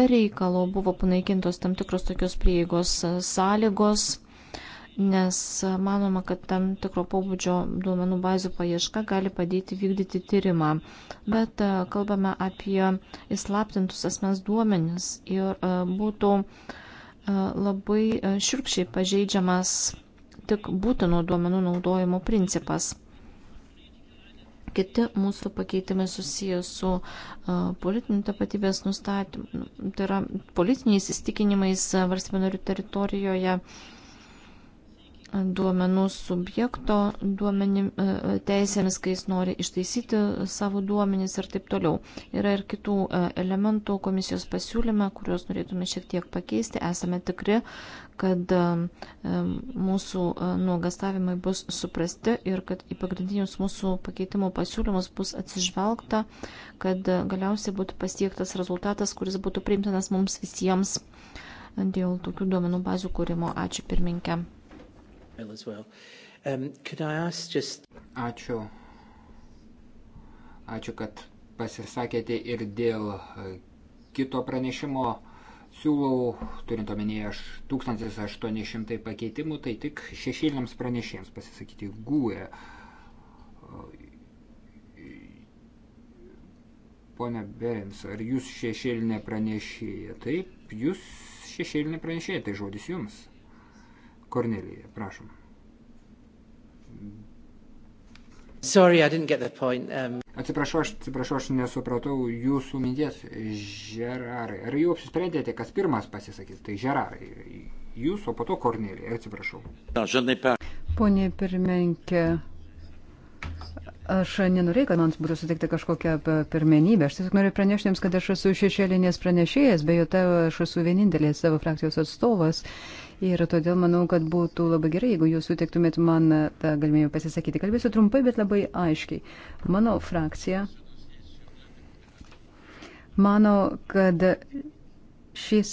be reikalo buvo panaikintos tam tikros tokios prieigos sąlygos, nes manoma, kad tam tikro pobūdžio duomenų bazių paieška gali padėti vykdyti tyrimą. Bet kalbame apie įslaptintus asmens duomenis ir būtų labai širkščiai pažeidžiamas tik būtino duomenų naudojimo principas. Kiti mūsų pakeitimai susijęs su politiniu tapatybės nustatymu, tai yra politiniais įstikinimais valstybių narių teritorijoje duomenų subjekto duomenim, teisėmis, kai jis nori ištaisyti savo duomenis ir taip toliau. Yra ir kitų elementų komisijos pasiūlyme, kuriuos norėtume šiek tiek pakeisti. Esame tikri, kad mūsų e, nuogastavimai bus suprasti ir kad į pagrindinius mūsų pakeitimų pasiūlymus bus atsižvelgta, kad galiausiai būtų pasiektas rezultatas, kuris būtų priimtinas mums visiems dėl tokių duomenų bazių kūrimo. Ačiū pirminkė. Um, Ačiū. Ačiū, kad pasisakėte ir dėl e, kito pranešimo siūlau, turint omenyje 1800 pakeitimų, tai tik šešėliams pranešėjams pasisakyti gūė. Pone Berins, ar jūs šešėlinė pranešėja? Taip, jūs šešėlinė pranešėja, tai žodis jums. Kornelija, prašom. Sorry, I didn't get the point. Um... Atsiprašau, aš, atsiprašau, aš nesupratau jūsų minties, Žerarai. Ar jau apsisprendėte, kas pirmas pasisakys? Tai Žerarai, jūs, o po to Kornelija, atsiprašau. Pone pirmininkė, aš nenorėjau, kad man būtų suteikta kažkokia pirmenybė. Aš tiesiog noriu pranešti jums, kad aš esu šešėlinės pranešėjas, beje, aš esu vienintelė savo frakcijos atstovas. Ir todėl manau, kad būtų labai gerai, jeigu jūs sutiktumėt man tą galimybę pasisakyti. Kalbėsiu trumpai, bet labai aiškiai. Mano frakcija mano, kad šis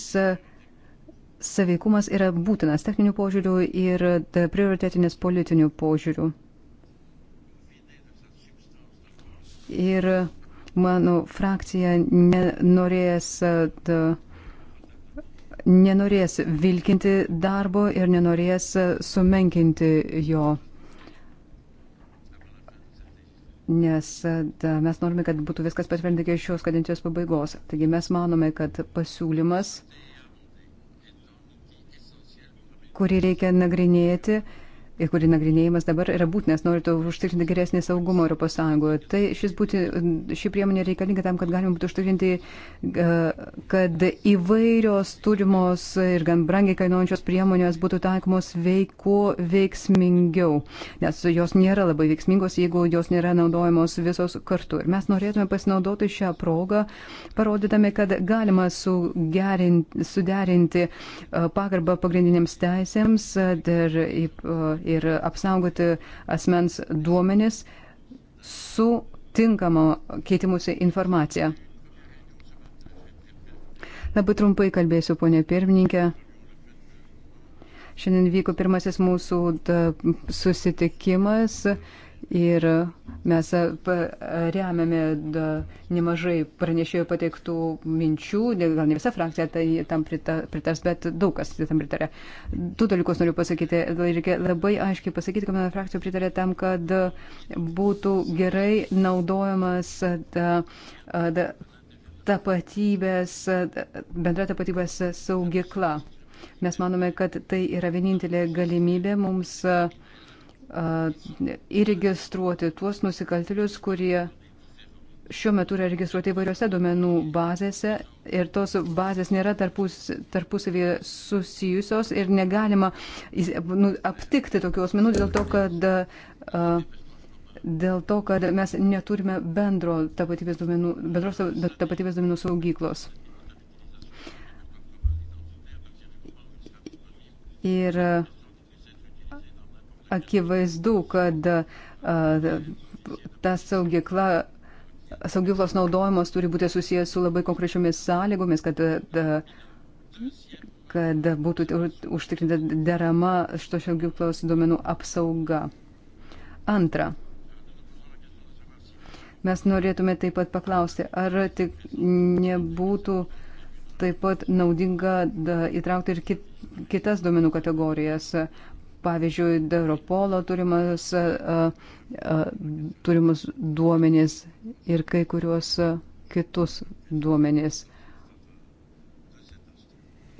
saveikumas yra būtinas techninių požiūrių ir prioritetinis politinių požiūrių. Ir mano frakcija nenorės. Da, nenorės vilkinti darbo ir nenorės sumenkinti jo. Nes e, da, mes norime, kad būtų viskas patvirtinta iki šios kadencijos pabaigos. Taigi mes manome, kad pasiūlymas, kurį reikia nagrinėti, uh, ir kuri nagrinėjimas dabar yra būtinas, norint užtikrinti geresnį saugumą Europos Sąjungoje. Tai šis būti, ši priemonė reikalinga tam, kad galima būtų užtikrinti, e, kad įvairios turimos ir gan brangiai kainuojančios priemonės būtų taikomos veiko veiksmingiau, nes jos nėra labai veiksmingos, jeigu jos nėra naudojamos visos kartu. Ir mes norėtume pasinaudoti šią progą, parodydami, kad galima suderinti e, pagarbą pagrindiniams teisėms ir e, ir apsaugoti asmens duomenis su tinkamo keitimusi informacija. Labai trumpai kalbėsiu, ponė pirmininkė. Šiandien vyko pirmasis mūsų susitikimas Ir mes remiame nemažai pranešėjų pateiktų minčių, gal ne visa frakcija tai tam pritars, bet daug kas tam pritarė. Du dalykus noriu pasakyti. Reikia labai aiškiai pasakyti, kad mano frakcija pritarė tam, kad būtų gerai naudojamas ta, ta, tapatybės, bendra tapatybės saugikla. Mes manome, kad tai yra vienintelė galimybė mums. Uh, įregistruoti tuos nusikaltėlius, kurie šiuo metu yra registruoti įvairiose duomenų bazėse ir tos bazės nėra tarpus, tarpusavėje susijusios ir negalima nu, aptikti tokių asmenų dėl to, kad, dėl to, kad mes neturime bendro tapatybės duomenų, bendros tapatybės duomenų saugyklos. Ir uh, akivaizdu, kad ta saugykla saugyklos naudojimas turi būti susijęs su labai konkrečiomis sąlygomis, kad, kad būtų užtikrinta derama šito saugyklos duomenų apsauga. Antra. Mes norėtume taip pat paklausti, ar tik nebūtų taip pat naudinga įtraukti ir kit, kitas duomenų kategorijas, pavyzdžiui, Europolo turimas, turimus duomenys ir kai kuriuos kitus duomenys.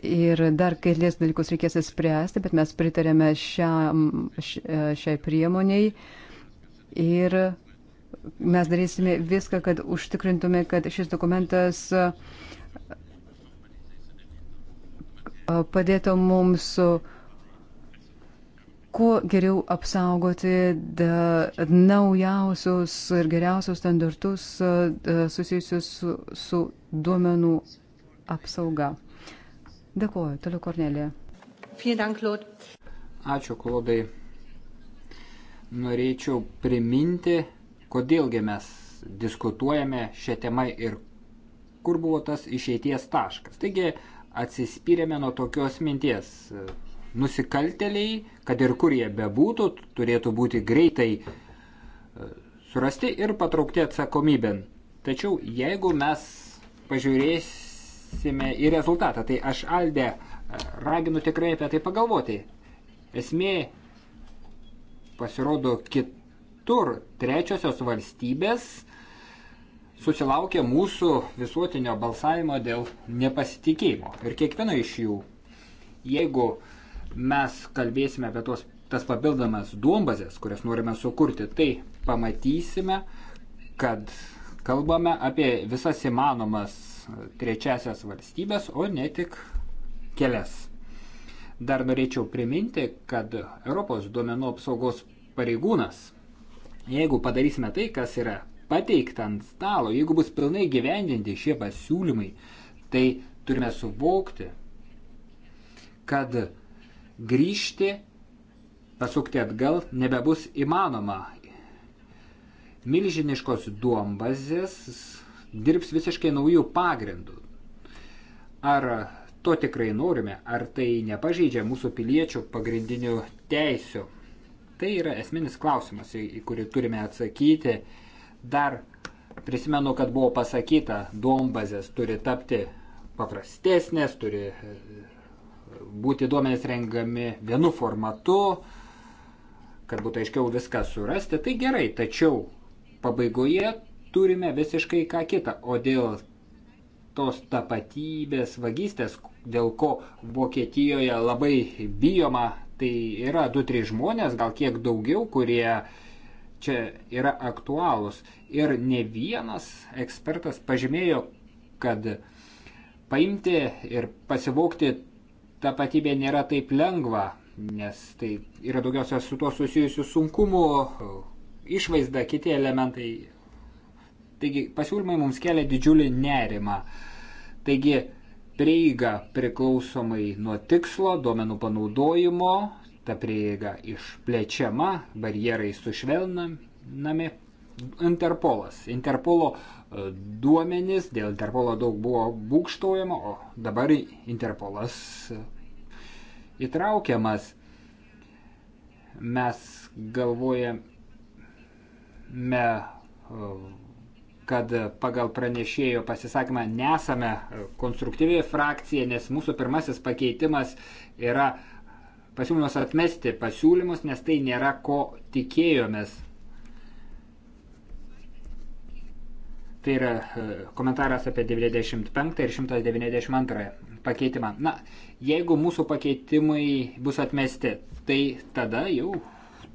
Ir dar kelias dalykus reikės įspręsti, bet mes pritarėme šiam, šiai priemoniai ir mes darysime viską, kad užtikrintume, kad šis dokumentas padėtų mums su kuo geriau apsaugoti da, naujausius ir geriausius standartus da, susijusius su, su duomenų apsauga. Dėkuoju. Toliau Kornelė. Ačiū, Klodai. Norėčiau priminti, kodėlgi mes diskutuojame šią temą ir kur buvo tas išeities taškas. Taigi atsispyrėme nuo tokios minties nusikalteliai, kad ir kur jie bebūtų, turėtų būti greitai e, surasti ir patraukti atsakomybėn. Tačiau jeigu mes pažiūrėsime į rezultatą, tai aš Aldė e, raginu tikrai apie tai pagalvoti. Esmė pasirodo kitur trečiosios valstybės susilaukė mūsų visuotinio balsavimo dėl nepasitikėjimo. Ir kiekvieno iš jų, jeigu uh, mes kalbėsime apie tos, tas papildomas duombazės, kurias norime sukurti, tai pamatysime, kad kalbame apie visas įmanomas trečiasias valstybės, o ne tik kelias. Dar norėčiau priminti, kad Europos duomenų apsaugos pareigūnas, jeigu padarysime tai, kas yra pateikta ant stalo, jeigu bus pilnai gyvendinti šie pasiūlymai, tai turime suvokti, kad grįžti, pasukti atgal nebebus įmanoma. Milžiniškos duombazės dirbs visiškai naujų pagrindų. Ar to tikrai norime, ar tai nepažeidžia mūsų piliečių pagrindinių teisių? Tai yra esminis klausimas, į kurį turime atsakyti. Dar prisimenu, kad buvo pasakyta, duombazės turi tapti paprastesnės, turi būti duomenys rengami vienu formatu, kad būtų aiškiau viską surasti, tai gerai, tačiau pabaigoje turime visiškai ką kitą. O dėl tos tapatybės vagystės, dėl ko Vokietijoje labai bijoma, tai yra 2-3 žmonės, gal kiek daugiau, kurie čia yra aktualūs. Ir ne vienas ekspertas pažymėjo, kad paimti ir pasivokti tapatybė nėra taip lengva, nes tai yra daugiausia su tuo susijusių sunkumų, išvaizda, kiti elementai. Taigi pasiūlymai mums kelia didžiulį nerimą. Taigi prieiga priklausomai nuo tikslo, duomenų panaudojimo, ta prieiga išplečiama, barjerai sušvelnami. Interpolas. Interpolo E, duomenis, dėl Interpolo daug buvo būkštojama, o dabar Interpolas e, įtraukiamas. Mes galvojame, e, kad pagal pranešėjo pasisakymą nesame konstruktyvi frakcija, nes mūsų pirmasis pakeitimas yra pasiūlymas atmesti pasiūlymus, nes tai nėra ko tikėjomės. Tai yra e, komentaras apie 95 ir 192 pakeitimą. Na, jeigu mūsų pakeitimai bus atmesti, tai tada jau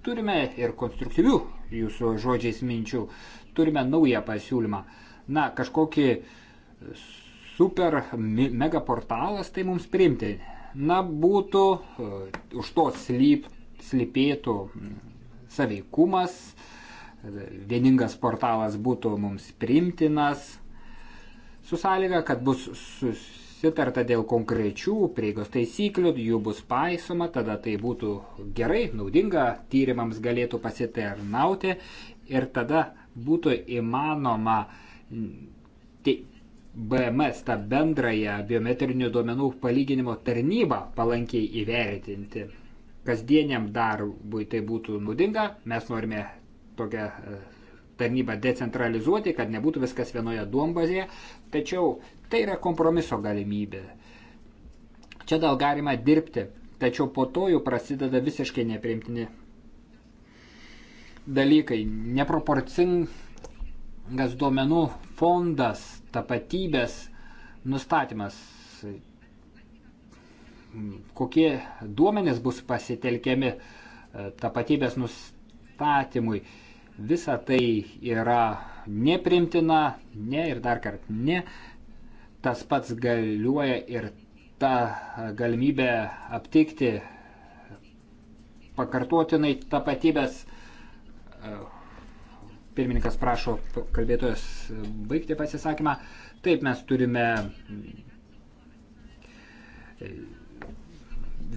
turime ir konstruktyvių jūsų žodžiais minčių. Turime naują pasiūlymą. Na, kažkokį super mega portalas tai mums priimti. Na, būtų e, už to slyp, slypėtų saveikumas, vieningas portalas būtų mums priimtinas, su sąlyga, kad bus susitarta dėl konkrečių prieigos taisyklių, jų bus paisoma, tada tai būtų gerai, naudinga, tyrimams galėtų pasitarnauti ir tada būtų įmanoma BMS tą bendrąją biometrinių duomenų palyginimo tarnybą palankiai įvertinti. Kasdieniam darbui tai būtų naudinga, mes norime tokią e, tarnybą decentralizuoti, kad nebūtų viskas vienoje duombazėje, tačiau tai yra kompromiso galimybė. Čia dal galima dirbti, tačiau po to jau prasideda visiškai neprimtini dalykai. Neproporcingas duomenų fondas, tapatybės nustatymas, kokie duomenys bus pasitelkiami e, tapatybės nustatymui Visa tai yra neprimtina, ne ir dar kart ne. Tas pats galiuoja ir ta galimybė aptikti pakartotinai tapatybės. Pirmininkas prašo kalbėtojas baigti pasisakymą. Taip mes turime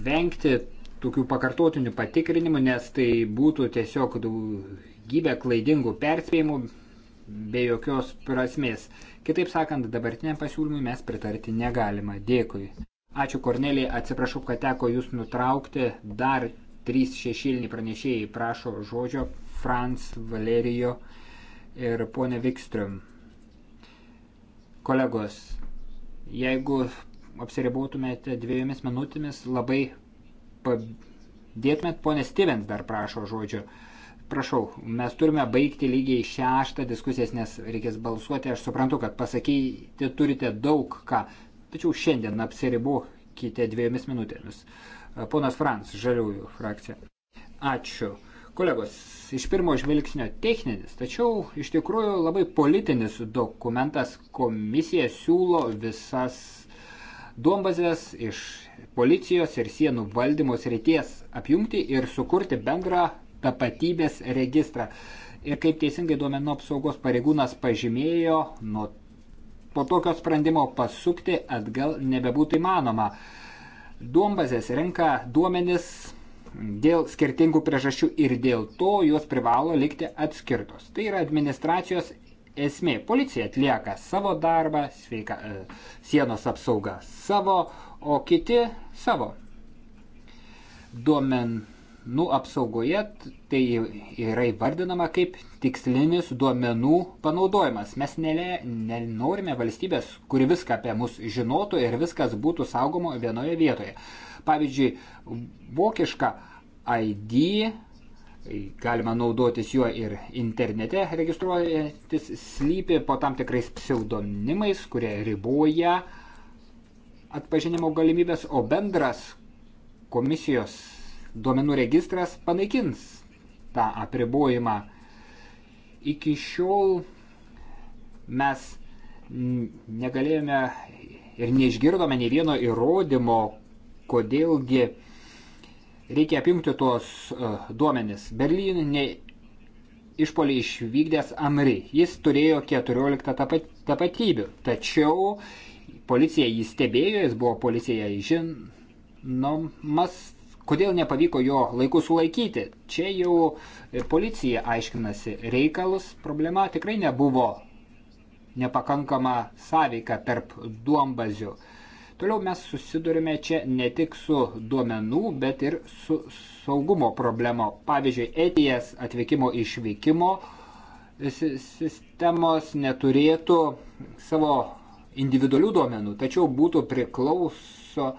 vengti tokių pakartotinių patikrinimų, nes tai būtų tiesiog daugybę klaidingų perspėjimų be jokios prasmės. Kitaip sakant, dabartiniam pasiūlymui mes pritarti negalima. Dėkui. Ačiū Kornelija, atsiprašau, kad teko jūs nutraukti. Dar trys šešilni pranešėjai prašo žodžio Franz Valerijo ir ponė Vikström. Kolegos, jeigu apsiribotumėte dviejomis minutėmis, labai padėtumėt, ponė Stevens dar prašo žodžio. Uh, Prašau, mes turime baigti lygiai šeštą diskusijas, nes reikės balsuoti. Aš suprantu, kad pasakyti turite daug ką, tačiau šiandien apsiribuokite dviejomis minutėmis. Ponas Frans, Žaliųjų frakcija. Ačiū. Kolegos, iš pirmo žvilgsnio techninis, tačiau iš tikrųjų labai politinis dokumentas komisija siūlo visas duombazės iš policijos ir sienų valdymo srities apjungti ir sukurti bendrą tapatybės registrą. Ir kaip teisingai duomenų apsaugos pareigūnas pažymėjo, nuo po tokio sprendimo pasukti atgal nebebūtų įmanoma. Duombazės renka duomenis dėl skirtingų priežasčių ir dėl to jos privalo likti atskirtos. Tai yra administracijos esmė. Policija atlieka savo darbą, sveika, e, sienos apsauga savo, o kiti savo. Duomen duomenų nu, apsaugoje tai yra įvardinama kaip tikslinis duomenų panaudojimas. Mes nelė, nenorime valstybės, kuri viską apie mus žinotų ir viskas būtų saugomo vienoje vietoje. Pavyzdžiui, vokišką ID galima naudotis juo ir internete registruojantis slypi po tam tikrais pseudonimais, kurie riboja atpažinimo galimybės, o bendras komisijos duomenų registras panaikins tą apribojimą. Iki šiol mes negalėjome ir neišgirdome nei vieno įrodymo, kodėlgi reikia apimti tuos e, duomenis. Berlyninė išpolį išvykdęs Amri. Jis turėjo 14 tapat, tapatybių, tačiau policija jį stebėjo, jis buvo policija žinomas, Kodėl nepavyko jo laiku sulaikyti? Čia jau e, policija aiškinasi reikalus. Problema tikrai nebuvo nepakankama sąveika tarp duombazių. Toliau mes susidurime čia ne tik su duomenų, bet ir su saugumo problemo. Pavyzdžiui, ETS atvykimo išvykimo e, sistemos neturėtų savo individualių duomenų, tačiau būtų priklauso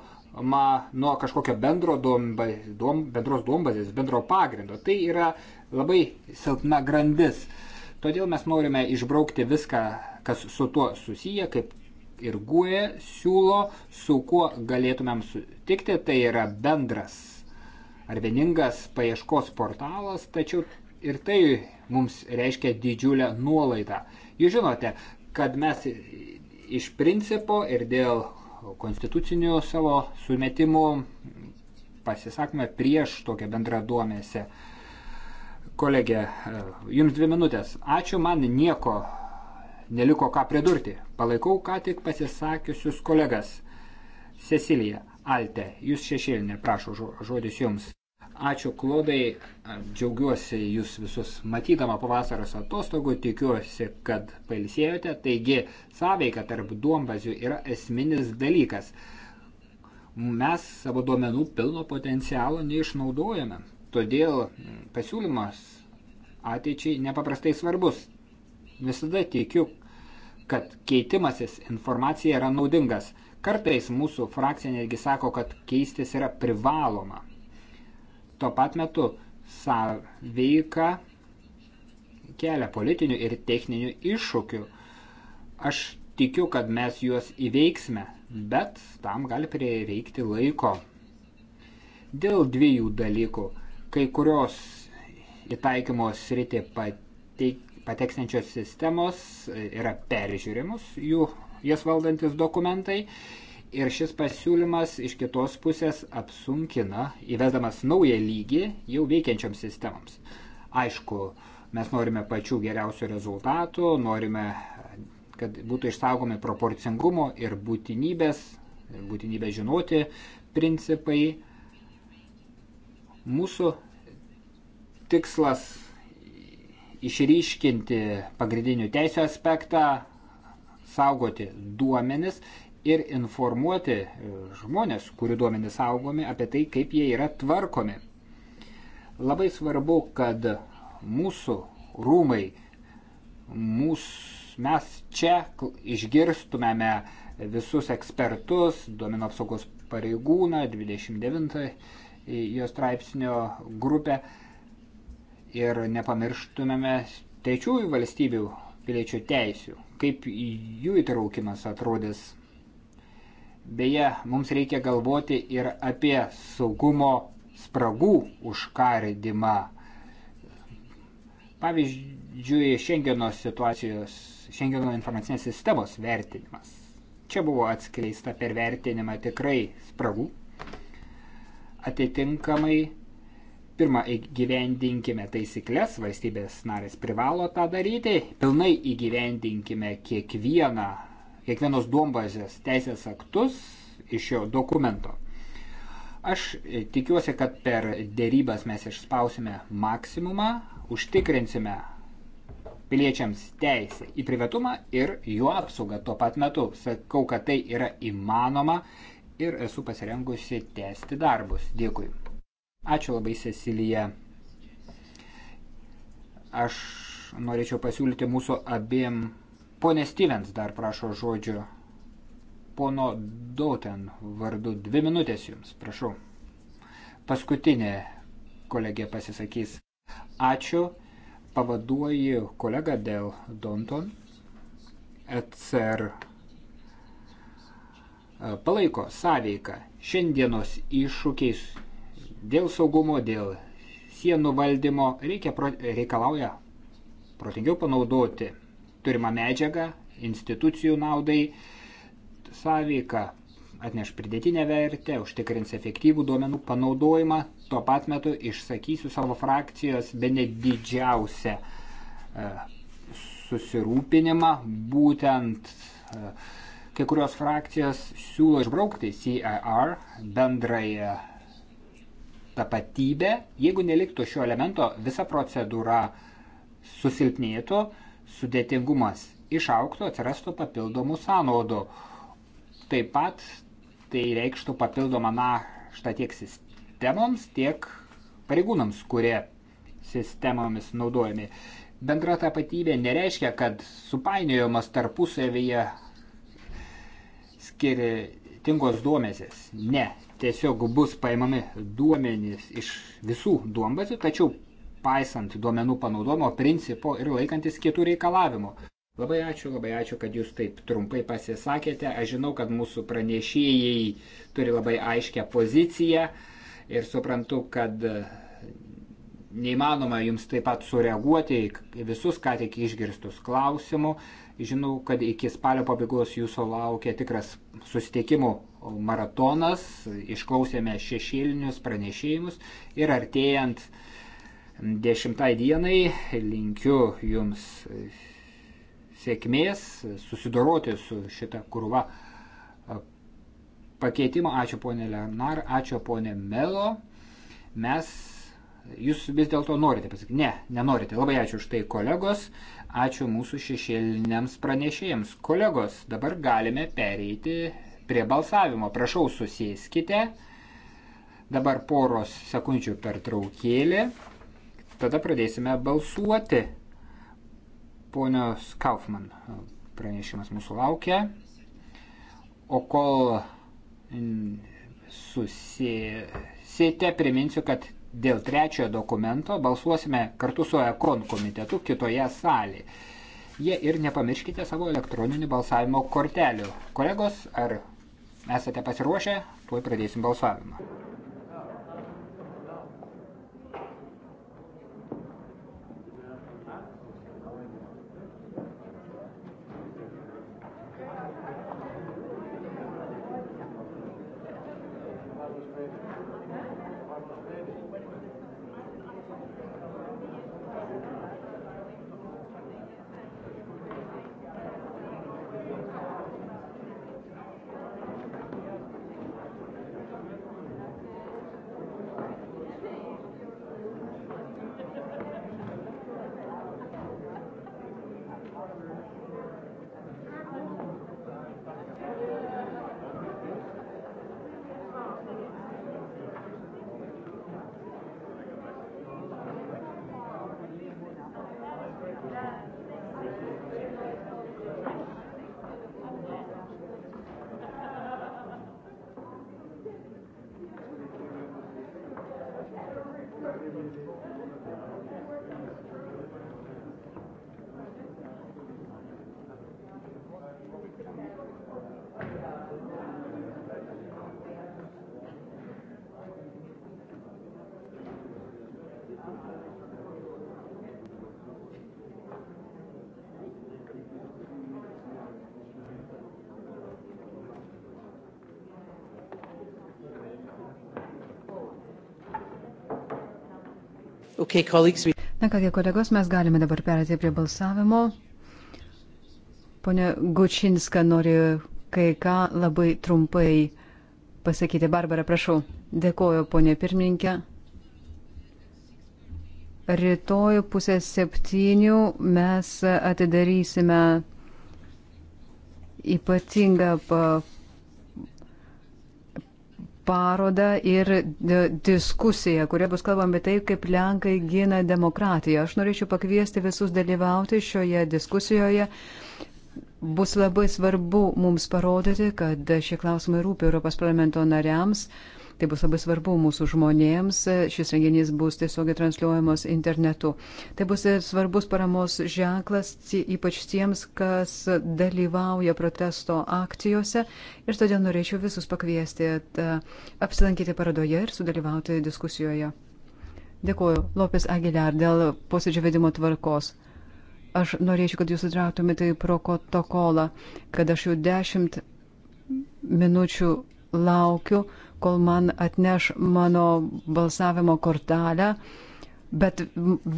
ma nuo kažkokio bendro domba, dom, bendros dombazės, bendro pagrindo. Tai yra labai silpna grandis. Todėl mes norime išbraukti viską, kas su tuo susiję, kaip ir guė siūlo, su kuo galėtumėm sutikti. Tai yra bendras ar vieningas paieškos portalas, tačiau ir tai mums reiškia didžiulę nuolaidą. Jūs žinote, kad mes iš principo ir dėl konstitucinių savo sumetimų pasisakome prieš tokią bendrą duomėse. Kolegė, e, jums dvi minutės. Ačiū, man nieko neliko ką pridurti. Palaikau ką tik pasisakiusius kolegas. Cecilija, Alte, jūs šešėlinė, prašau, žodis jums. Ačiū Klodai, džiaugiuosi jūs visus matydama pavasaros atostogų, tikiuosi, kad pailsėjote. Taigi, sąveika tarp duombazių yra esminis dalykas. Mes savo duomenų pilno potencialo neišnaudojame. Todėl mm, pasiūlymas ateičiai nepaprastai svarbus. Visada tikiu, kad keitimasis informacija yra naudingas. Kartais mūsų frakcija netgi sako, kad keistis yra privaloma tuo pat metu sąveika kelia politinių ir techninių iššūkių. Aš tikiu, kad mes juos įveiksime, bet tam gali prireikti laiko. Dėl dviejų dalykų, kai kurios įtaikymos sritį pateksinčios sistemos yra peržiūrimus jų jas valdantis dokumentai Ir šis pasiūlymas iš kitos pusės apsunkina, įvedamas naują lygį jau veikiančioms sistemams. Aišku, mes norime pačių geriausių rezultatų, norime, kad būtų išsaugomi proporcingumo ir būtinybės, būtinybės žinoti principai. Mūsų tikslas išryškinti pagrindinių teisų aspektą, saugoti duomenis ir informuoti e, žmonės, kurių duomenys saugomi, apie tai, kaip jie yra tvarkomi. Labai svarbu, kad mūsų rūmai, mūsų, mes čia išgirstumėme visus ekspertus, duomenų apsaugos pareigūną, 29 e, jo straipsnio grupę ir nepamirštumėme trečiųjų valstybių piliečių teisių, kaip jų įtraukimas atrodys Beje, mums reikia galvoti ir apie saugumo spragų užkardimą. Pavyzdžiui, Šengeno situacijos, Šengeno informacinės sistemos vertinimas. Čia buvo atskleista per vertinimą tikrai spragų. Atitinkamai, pirmą įgyvendinkime taisyklės, valstybės narės privalo tą daryti, pilnai įgyvendinkime kiekvieną kiekvienos duombazės teisės aktus iš šio dokumento. Aš e, tikiuosi, kad per dėrybas mes išspausime maksimumą, užtikrinsime piliečiams teisę į privatumą ir jų apsaugą tuo pat metu. Sakau, kad tai yra įmanoma ir esu pasirengusi tęsti darbus. Dėkui. Ačiū labai, Cecilija. Aš norėčiau pasiūlyti mūsų abiem Pone Stevens dar prašo žodžio. Pono Dauten vardu. Dvi minutės jums, prašau. Paskutinė kolegė pasisakys. Ačiū. Pavaduoju kolegą dėl Donton. ECR e, palaiko sąveiką šiandienos iššūkiais dėl saugumo, dėl sienų valdymo reikia, reikalauja protingiau panaudoti turimą medžiagą institucijų naudai, sąveika atneš pridėtinę vertę, užtikrins efektyvų duomenų panaudojimą, tuo pat metu išsakysiu savo frakcijos bene didžiausią e, susirūpinimą, būtent e, kai kurios frakcijos siūlo išbraukti CIR bendrąją tapatybę, jeigu neliktų šio elemento, visa procedūra susilpnėtų, sudėtingumas išauktų, atsirastų papildomų sąnaudų. Taip pat tai reikštų papildomą naštą tiek sistemoms, tiek pareigūnams, kurie sistemomis naudojami. Bendra tapatybė nereiškia, kad supainiojamas tarpusavėje skirtingos duomenys. Ne, tiesiog bus paimami duomenys iš visų duombazių, tačiau paisant duomenų panaudojimo principo ir laikantis kitų reikalavimų. Labai ačiū, labai ačiū, kad jūs taip trumpai pasisakėte. Aš žinau, kad mūsų pranešėjai turi labai aiškę poziciją ir suprantu, kad neįmanoma jums taip pat sureaguoti į visus ką tik išgirstus klausimų. Žinau, kad iki spalio pabaigos jūsų laukia tikras susitikimų maratonas, išklausėme šešėlinius pranešėjimus ir artėjant 10 dienai. Linkiu Jums sėkmės susidoroti su šita kurva pakeitimo. Ačiū ponė Lenar, ačiū ponė Melo. Mes Jūs vis dėlto norite pasakyti, ne, nenorite. Labai ačiū už tai, kolegos. Ačiū mūsų šešėliniams pranešėjams. Kolegos, dabar galime pereiti prie balsavimo. Prašau, susėskite. Dabar poros sekundžių per traukėlį. Tada pradėsime balsuoti. Ponios Kaufman pranešimas mūsų laukia. O kol susisėte, priminsiu, kad dėl trečiojo dokumento balsuosime kartu su EKON komitetu kitoje salėje. Jie ir nepamirškite savo elektroninių balsavimo kortelių. Kolegos, ar esate pasiruošę? Tuoj pradėsim balsavimą. Okay, colleagues, we... Na kągi, kolegos, mes galime dabar perėti prie balsavimo. Pone Gučinska nori kai ką labai trumpai pasakyti. Barbara, prašau. Dėkoju, ponė pirmininkė. Rytoj pusės septynių mes atidarysime ypatingą parodą ir diskusiją, kurioje bus kalbama apie tai, kaip Lenkai gina demokratiją. Aš norėčiau pakviesti visus dalyvauti šioje diskusijoje. Bus labai svarbu mums parodyti, kad šie klausimai rūpi Europos parlamento nariams. Uh, Tai bus labai svarbu mūsų žmonėms. Šis renginys bus tiesiogiai transliuojamas internetu. Tai bus svarbus paramos ženklas ypač tiems, kas dalyvauja protesto akcijose. Ir todėl norėčiau visus pakviesti apsilankyti parodoje ir sudalyvauti diskusijoje. Dėkuoju, Lopes Aguilar, dėl posėdžio vedimo tvarkos. Aš norėčiau, kad jūs atrauktumėte į protokolą, kad aš jau dešimt minučių laukiu, kol man atneš mano balsavimo kortelę. Bet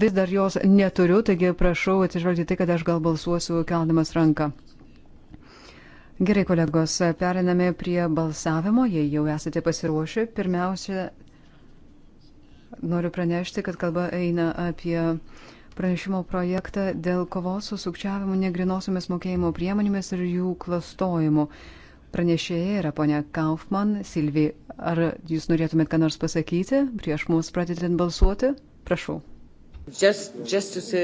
vis dar jos neturiu, taigi prašau atsižvelgti tai, kad aš gal balsuosiu keldamas ranką. Gerai, kolegos, periname prie balsavimo, jei jau esate pasiruošę. Pirmiausia, noriu pranešti, kad kalba eina apie pranešimo projektą dėl kovos su sukčiavimu negrinosiomis mokėjimo priemonėmis ir jų klastojimu. Pranešėja yra ponia Kaufman. Silvi, ar jūs norėtumėt ką nors pasakyti prieš mus pradedant balsuoti? Prašau. Just, just say...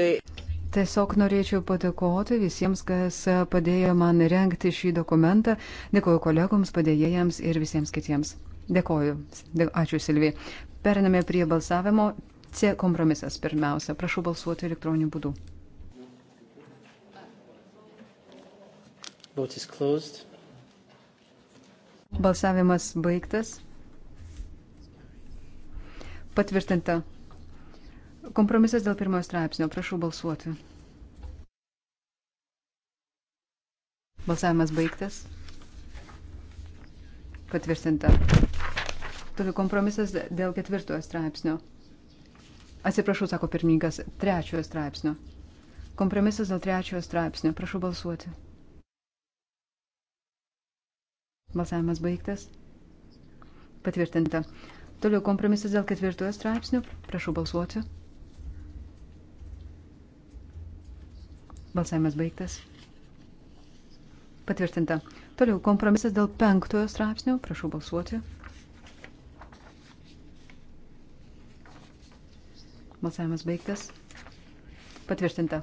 Tiesiog norėčiau padėkoti visiems, kas padėjo man renkti šį dokumentą. Dėkoju kolegoms, padėjėjams ir visiems kitiems. Dėkoju. Ačiū Silvi. Periname prie balsavimo. C kompromisas pirmiausia. Prašau balsuoti elektroniniu būdu. Vote is closed. Balsavimas baigtas. Patvirtinta. Kompromisas dėl pirmojo straipsnio. Prašau balsuoti. Balsavimas baigtas. Patvirtinta. Toliau kompromisas dėl ketvirtojo straipsnio. Atsiprašau, sako pirmininkas, trečiojo straipsnio. Kompromisas dėl trečiojo straipsnio. Prašau balsuoti. Balsavimas baigtas. Patvirtinta. Toliau kompromisas dėl ketvirtojo straipsnio. Prašau balsuoti. Balsavimas baigtas. Patvirtinta. Toliau kompromisas dėl penktojo straipsnio. Prašau balsuoti. Balsavimas baigtas. Patvirtinta.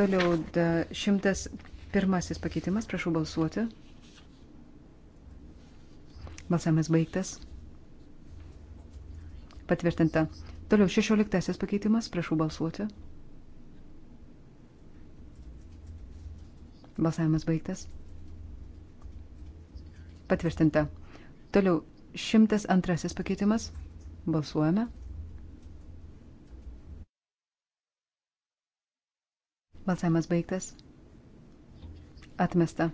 Toliau 100. Pirmasis pakeitimas, prašau balsuoti. Balsavimas baigtas. Patvirtinta. Toliau šešioliktasis pakeitimas, prašau balsuoti. Balsavimas baigtas. Patvirtinta. Toliau šimtas antrasis pakeitimas, balsuojame. Balsavimas baigtas. Atmesta.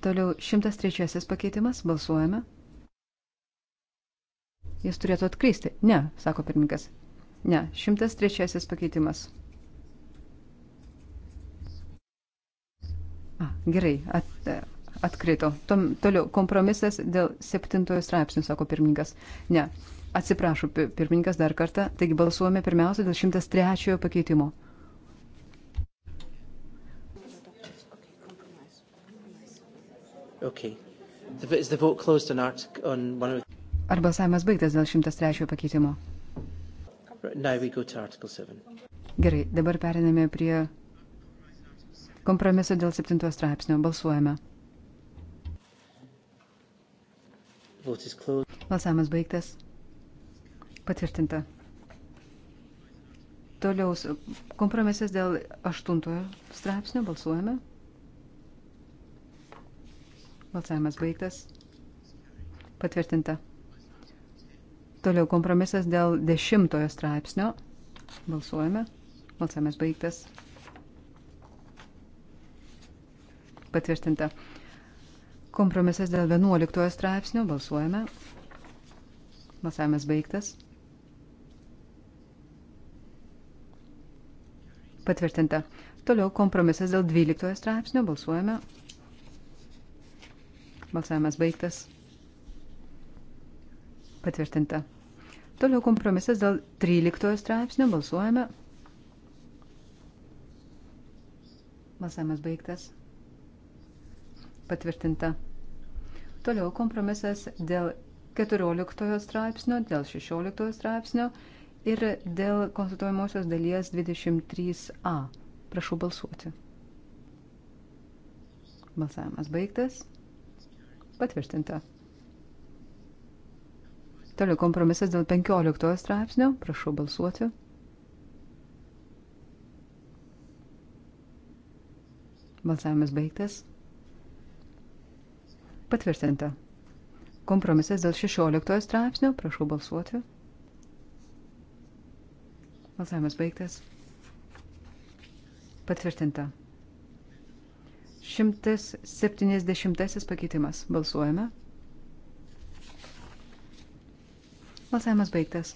Toliau 103 pakeitimas. Balsuojame. Jis turėtų atkristi. Ne, sako pirmininkas. Ne, 103 pakeitimas. A, gerai, at, atkrito. Tom, toliau, kompromisas dėl septintojo straipsnio, sako pirmininkas. Ne, atsiprašau, pirmininkas dar kartą. Taigi balsuojame pirmiausia dėl 103 pakeitimo. Okay. The, is the vote closed on, artic, on one of... Ar balsavimas baigtas dėl 103 pakeitimo? Now we go to Article 7. Gerai, dabar periname prie kompromiso dėl 7 straipsnio. Balsuojame. Balsavimas baigtas. Patvirtinta. Toliau kompromisas dėl 8 straipsnio. Balsuojame. Balsavimas baigtas. Patvirtinta. Toliau kompromisas dėl dešimtojo straipsnio. Balsuojame. Balsavimas baigtas. Patvirtinta. Kompromisas dėl 11 straipsnio. Balsuojame. Balsavimas baigtas. Patvirtinta. Toliau kompromisas dėl 12 straipsnio. Balsuojame. Balsavimas baigtas. Patvirtinta. Toliau kompromisas dėl 13 straipsnio. Balsuojame. Balsavimas baigtas. Patvirtinta. Toliau kompromisas dėl 14 straipsnio, dėl 16 straipsnio ir dėl konsultuojamosios dalies 23a. Prašau balsuoti. Balsavimas baigtas. Patvirtinta. Toliau kompromisas dėl 15 straipsnio. Prašau balsuoti. Balsavimas baigtas. Patvirtinta. Kompromisas dėl 16 straipsnio. Prašau balsuoti. Balsavimas baigtas. Patvirtinta. 170 pakeitimas. Balsuojame. Balsavimas baigtas.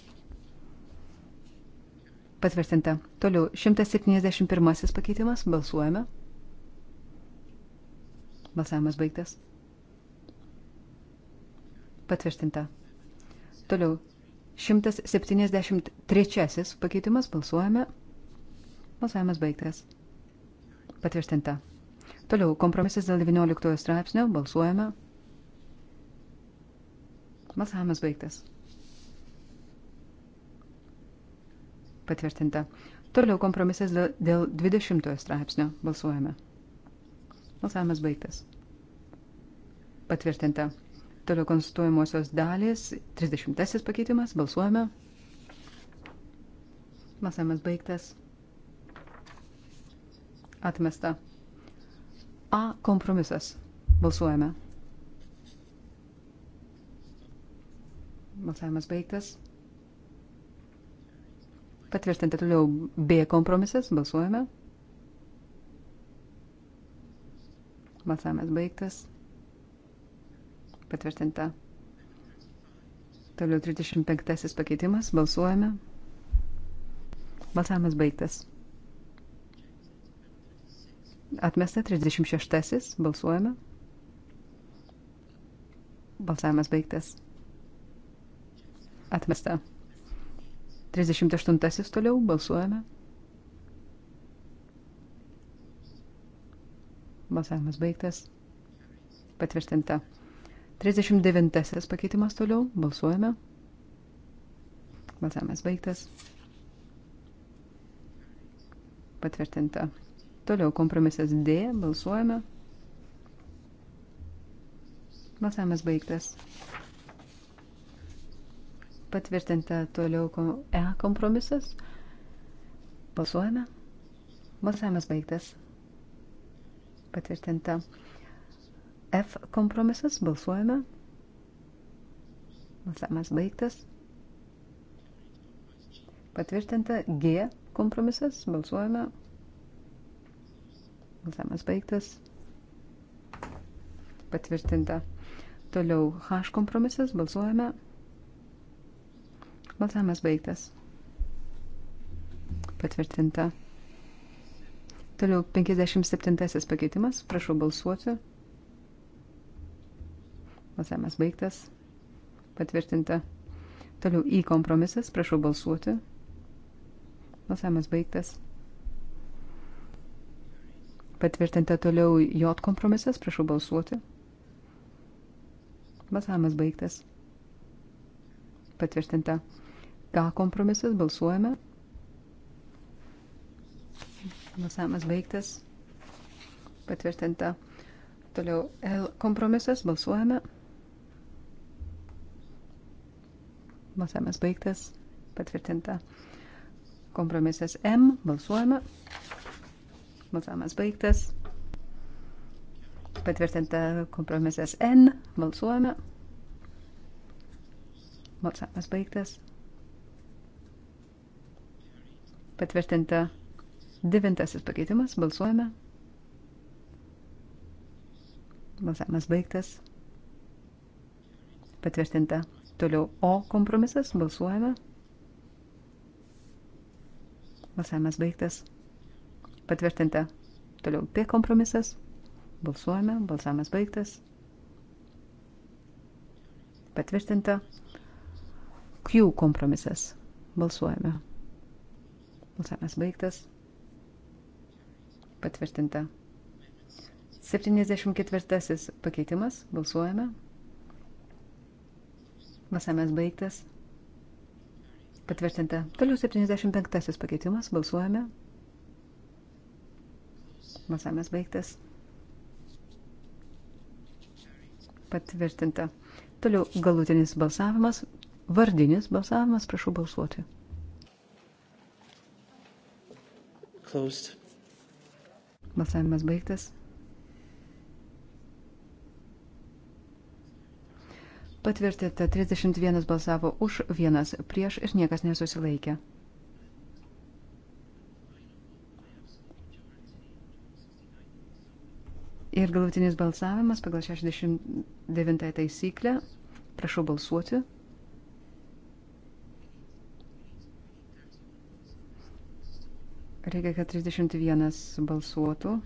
Patvirtinta. Toliau 171 pakeitimas. Balsuojame. Balsavimas baigtas. Patvirtinta. Toliau 173 pakeitimas. Balsuojame. Balsavimas baigtas. Patvirtinta. Toliau, kompromisas dėl 19 straipsnio. Balsuojame. Balsavimas baigtas. Patvirtinta. Toliau kompromisas dėl 20 straipsnio. Balsuojame. Balsavimas baigtas. Patvirtinta. Toliau konstituojamosios dalys. 30 pakeitimas. Balsuojame. Balsavimas baigtas. Atmesta. A kompromisas. Balsuojame. Balsavimas baigtas. Patvirtinti toliau B kompromisas. Balsuojame. Balsavimas baigtas. Patvirtinta. Toliau 35 pakeitimas. Balsuojame. Balsavimas baigtas. Atmesta 36. Balsuojame. Balsavimas baigtas. Atmesta. 38. Toliau balsuojame. Balsavimas baigtas. Patvirtinta. 39 pakeitimas toliau. Balsuojame. Balsavimas baigtas. Patvirtinta. Toliau kompromisas D, balsuojame. Balsavimas baigtas. Patvirtinta toliau E kompromisas. Balsuojame. Balsavimas baigtas. Patvirtinta F kompromisas. Balsuojame. Balsavimas baigtas. Patvirtinta G kompromisas. Balsuojame. Balsavimas baigtas. Patvirtinta. Toliau H kompromisas. Balsuojame. Balsavimas baigtas. Patvirtinta. Toliau 57 pakeitimas. Prašau balsuoti. Balsavimas baigtas. Patvirtinta. Toliau į kompromisas. Prašau balsuoti. Balsavimas baigtas. Patvirtinta toliau J kompromisas, prašau balsuoti. Balsavimas baigtas. Patvirtinta. K kompromisas, balsuojame. Balsavimas baigtas. Patvirtinta. Toliau L kompromisas, balsuojame. Balsavimas baigtas. Patvirtinta. Kompromisas M, balsuojame. Balsavimas baigtas. Patvirtinta kompromisas N. Balsuojame. Balsavimas baigtas. Patvirtinta devintasis pakeitimas. Balsuojame. Balsavimas baigtas. Patvirtinta. Toliau O kompromisas. Balsuojame. Balsavimas baigtas. Patvirtinta. Toliau P kompromisas. Balsuojame. Balsavimas baigtas. Patvirtinta. Q kompromisas. Balsuojame. Balsavimas baigtas. Patvirtinta. 74 pakeitimas. Balsuojame. Balsavimas baigtas. Patvirtinta. Toliau 75 pakeitimas. Balsuojame. Balsavimas baigtas. Patvirtinta. Toliau galutinis balsavimas, vardinis balsavimas, prašau balsuoti. Closed. Balsavimas baigtas. Patvirtinta 31 balsavo už, vienas prieš ir niekas nesusilaikė. Ir galutinis balsavimas pagal 69 taisyklę. Prašau balsuoti. Reikia, kad 31 balsuotų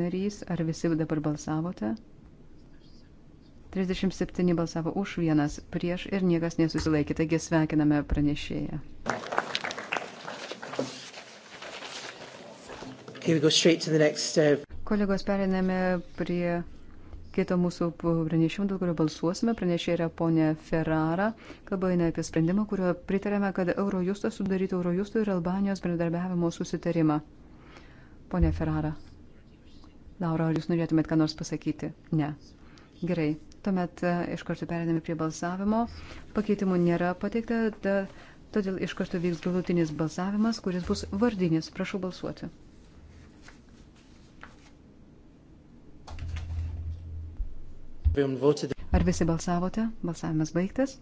narys. Ar visi dabar balsavote? 37 balsavo už, vienas prieš ir niekas nesusilaikė. Taigi sveikiname pranešėją. Next, uh... Kolegos, periname prie kito mūsų pranešimo, dėl kurio balsuosime. Pranešė yra ponė Ferrara. Kalba eina apie sprendimą, kuriuo pritarėme, kad Eurojustas sudarytų Eurojustų ir Albanijos bendradarbiavimo susitarimą. Pone Ferrara. Laura, ar jūs norėtumėt ką nors pasakyti? Ne. Gerai. Tuomet e, iš karto periname prie balsavimo. Pakeitimų nėra pateikta, da, todėl iš karto vyks galutinis balsavimas, kuris bus vardinis. Prašau balsuoti. Ar visi balsavote? Balsavimas baigtas.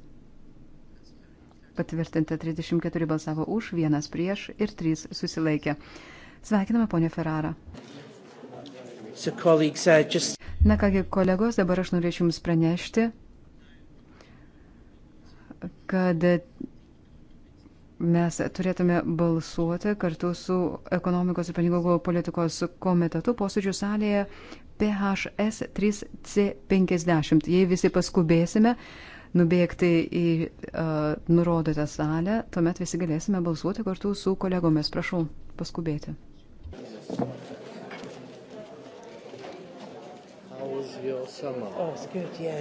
Patvirtinta 34 balsavo už, vienas prieš ir trys susilaikė. Sveikiname ponę Ferrarą. So uh, just... Na kągi, kolegos, dabar aš norėčiau Jums pranešti, kad mes turėtume balsuoti kartu su ekonomikos ir pinigų politikos komitetu posėdžių salėje PHS 3C50. Jei visi paskubėsime nubėgti į uh, nurodytą salę, tuomet visi galėsime balsuoti kartu su kolegomis. Prašau paskubėti. How was your summer? Oh, it's good, yeah.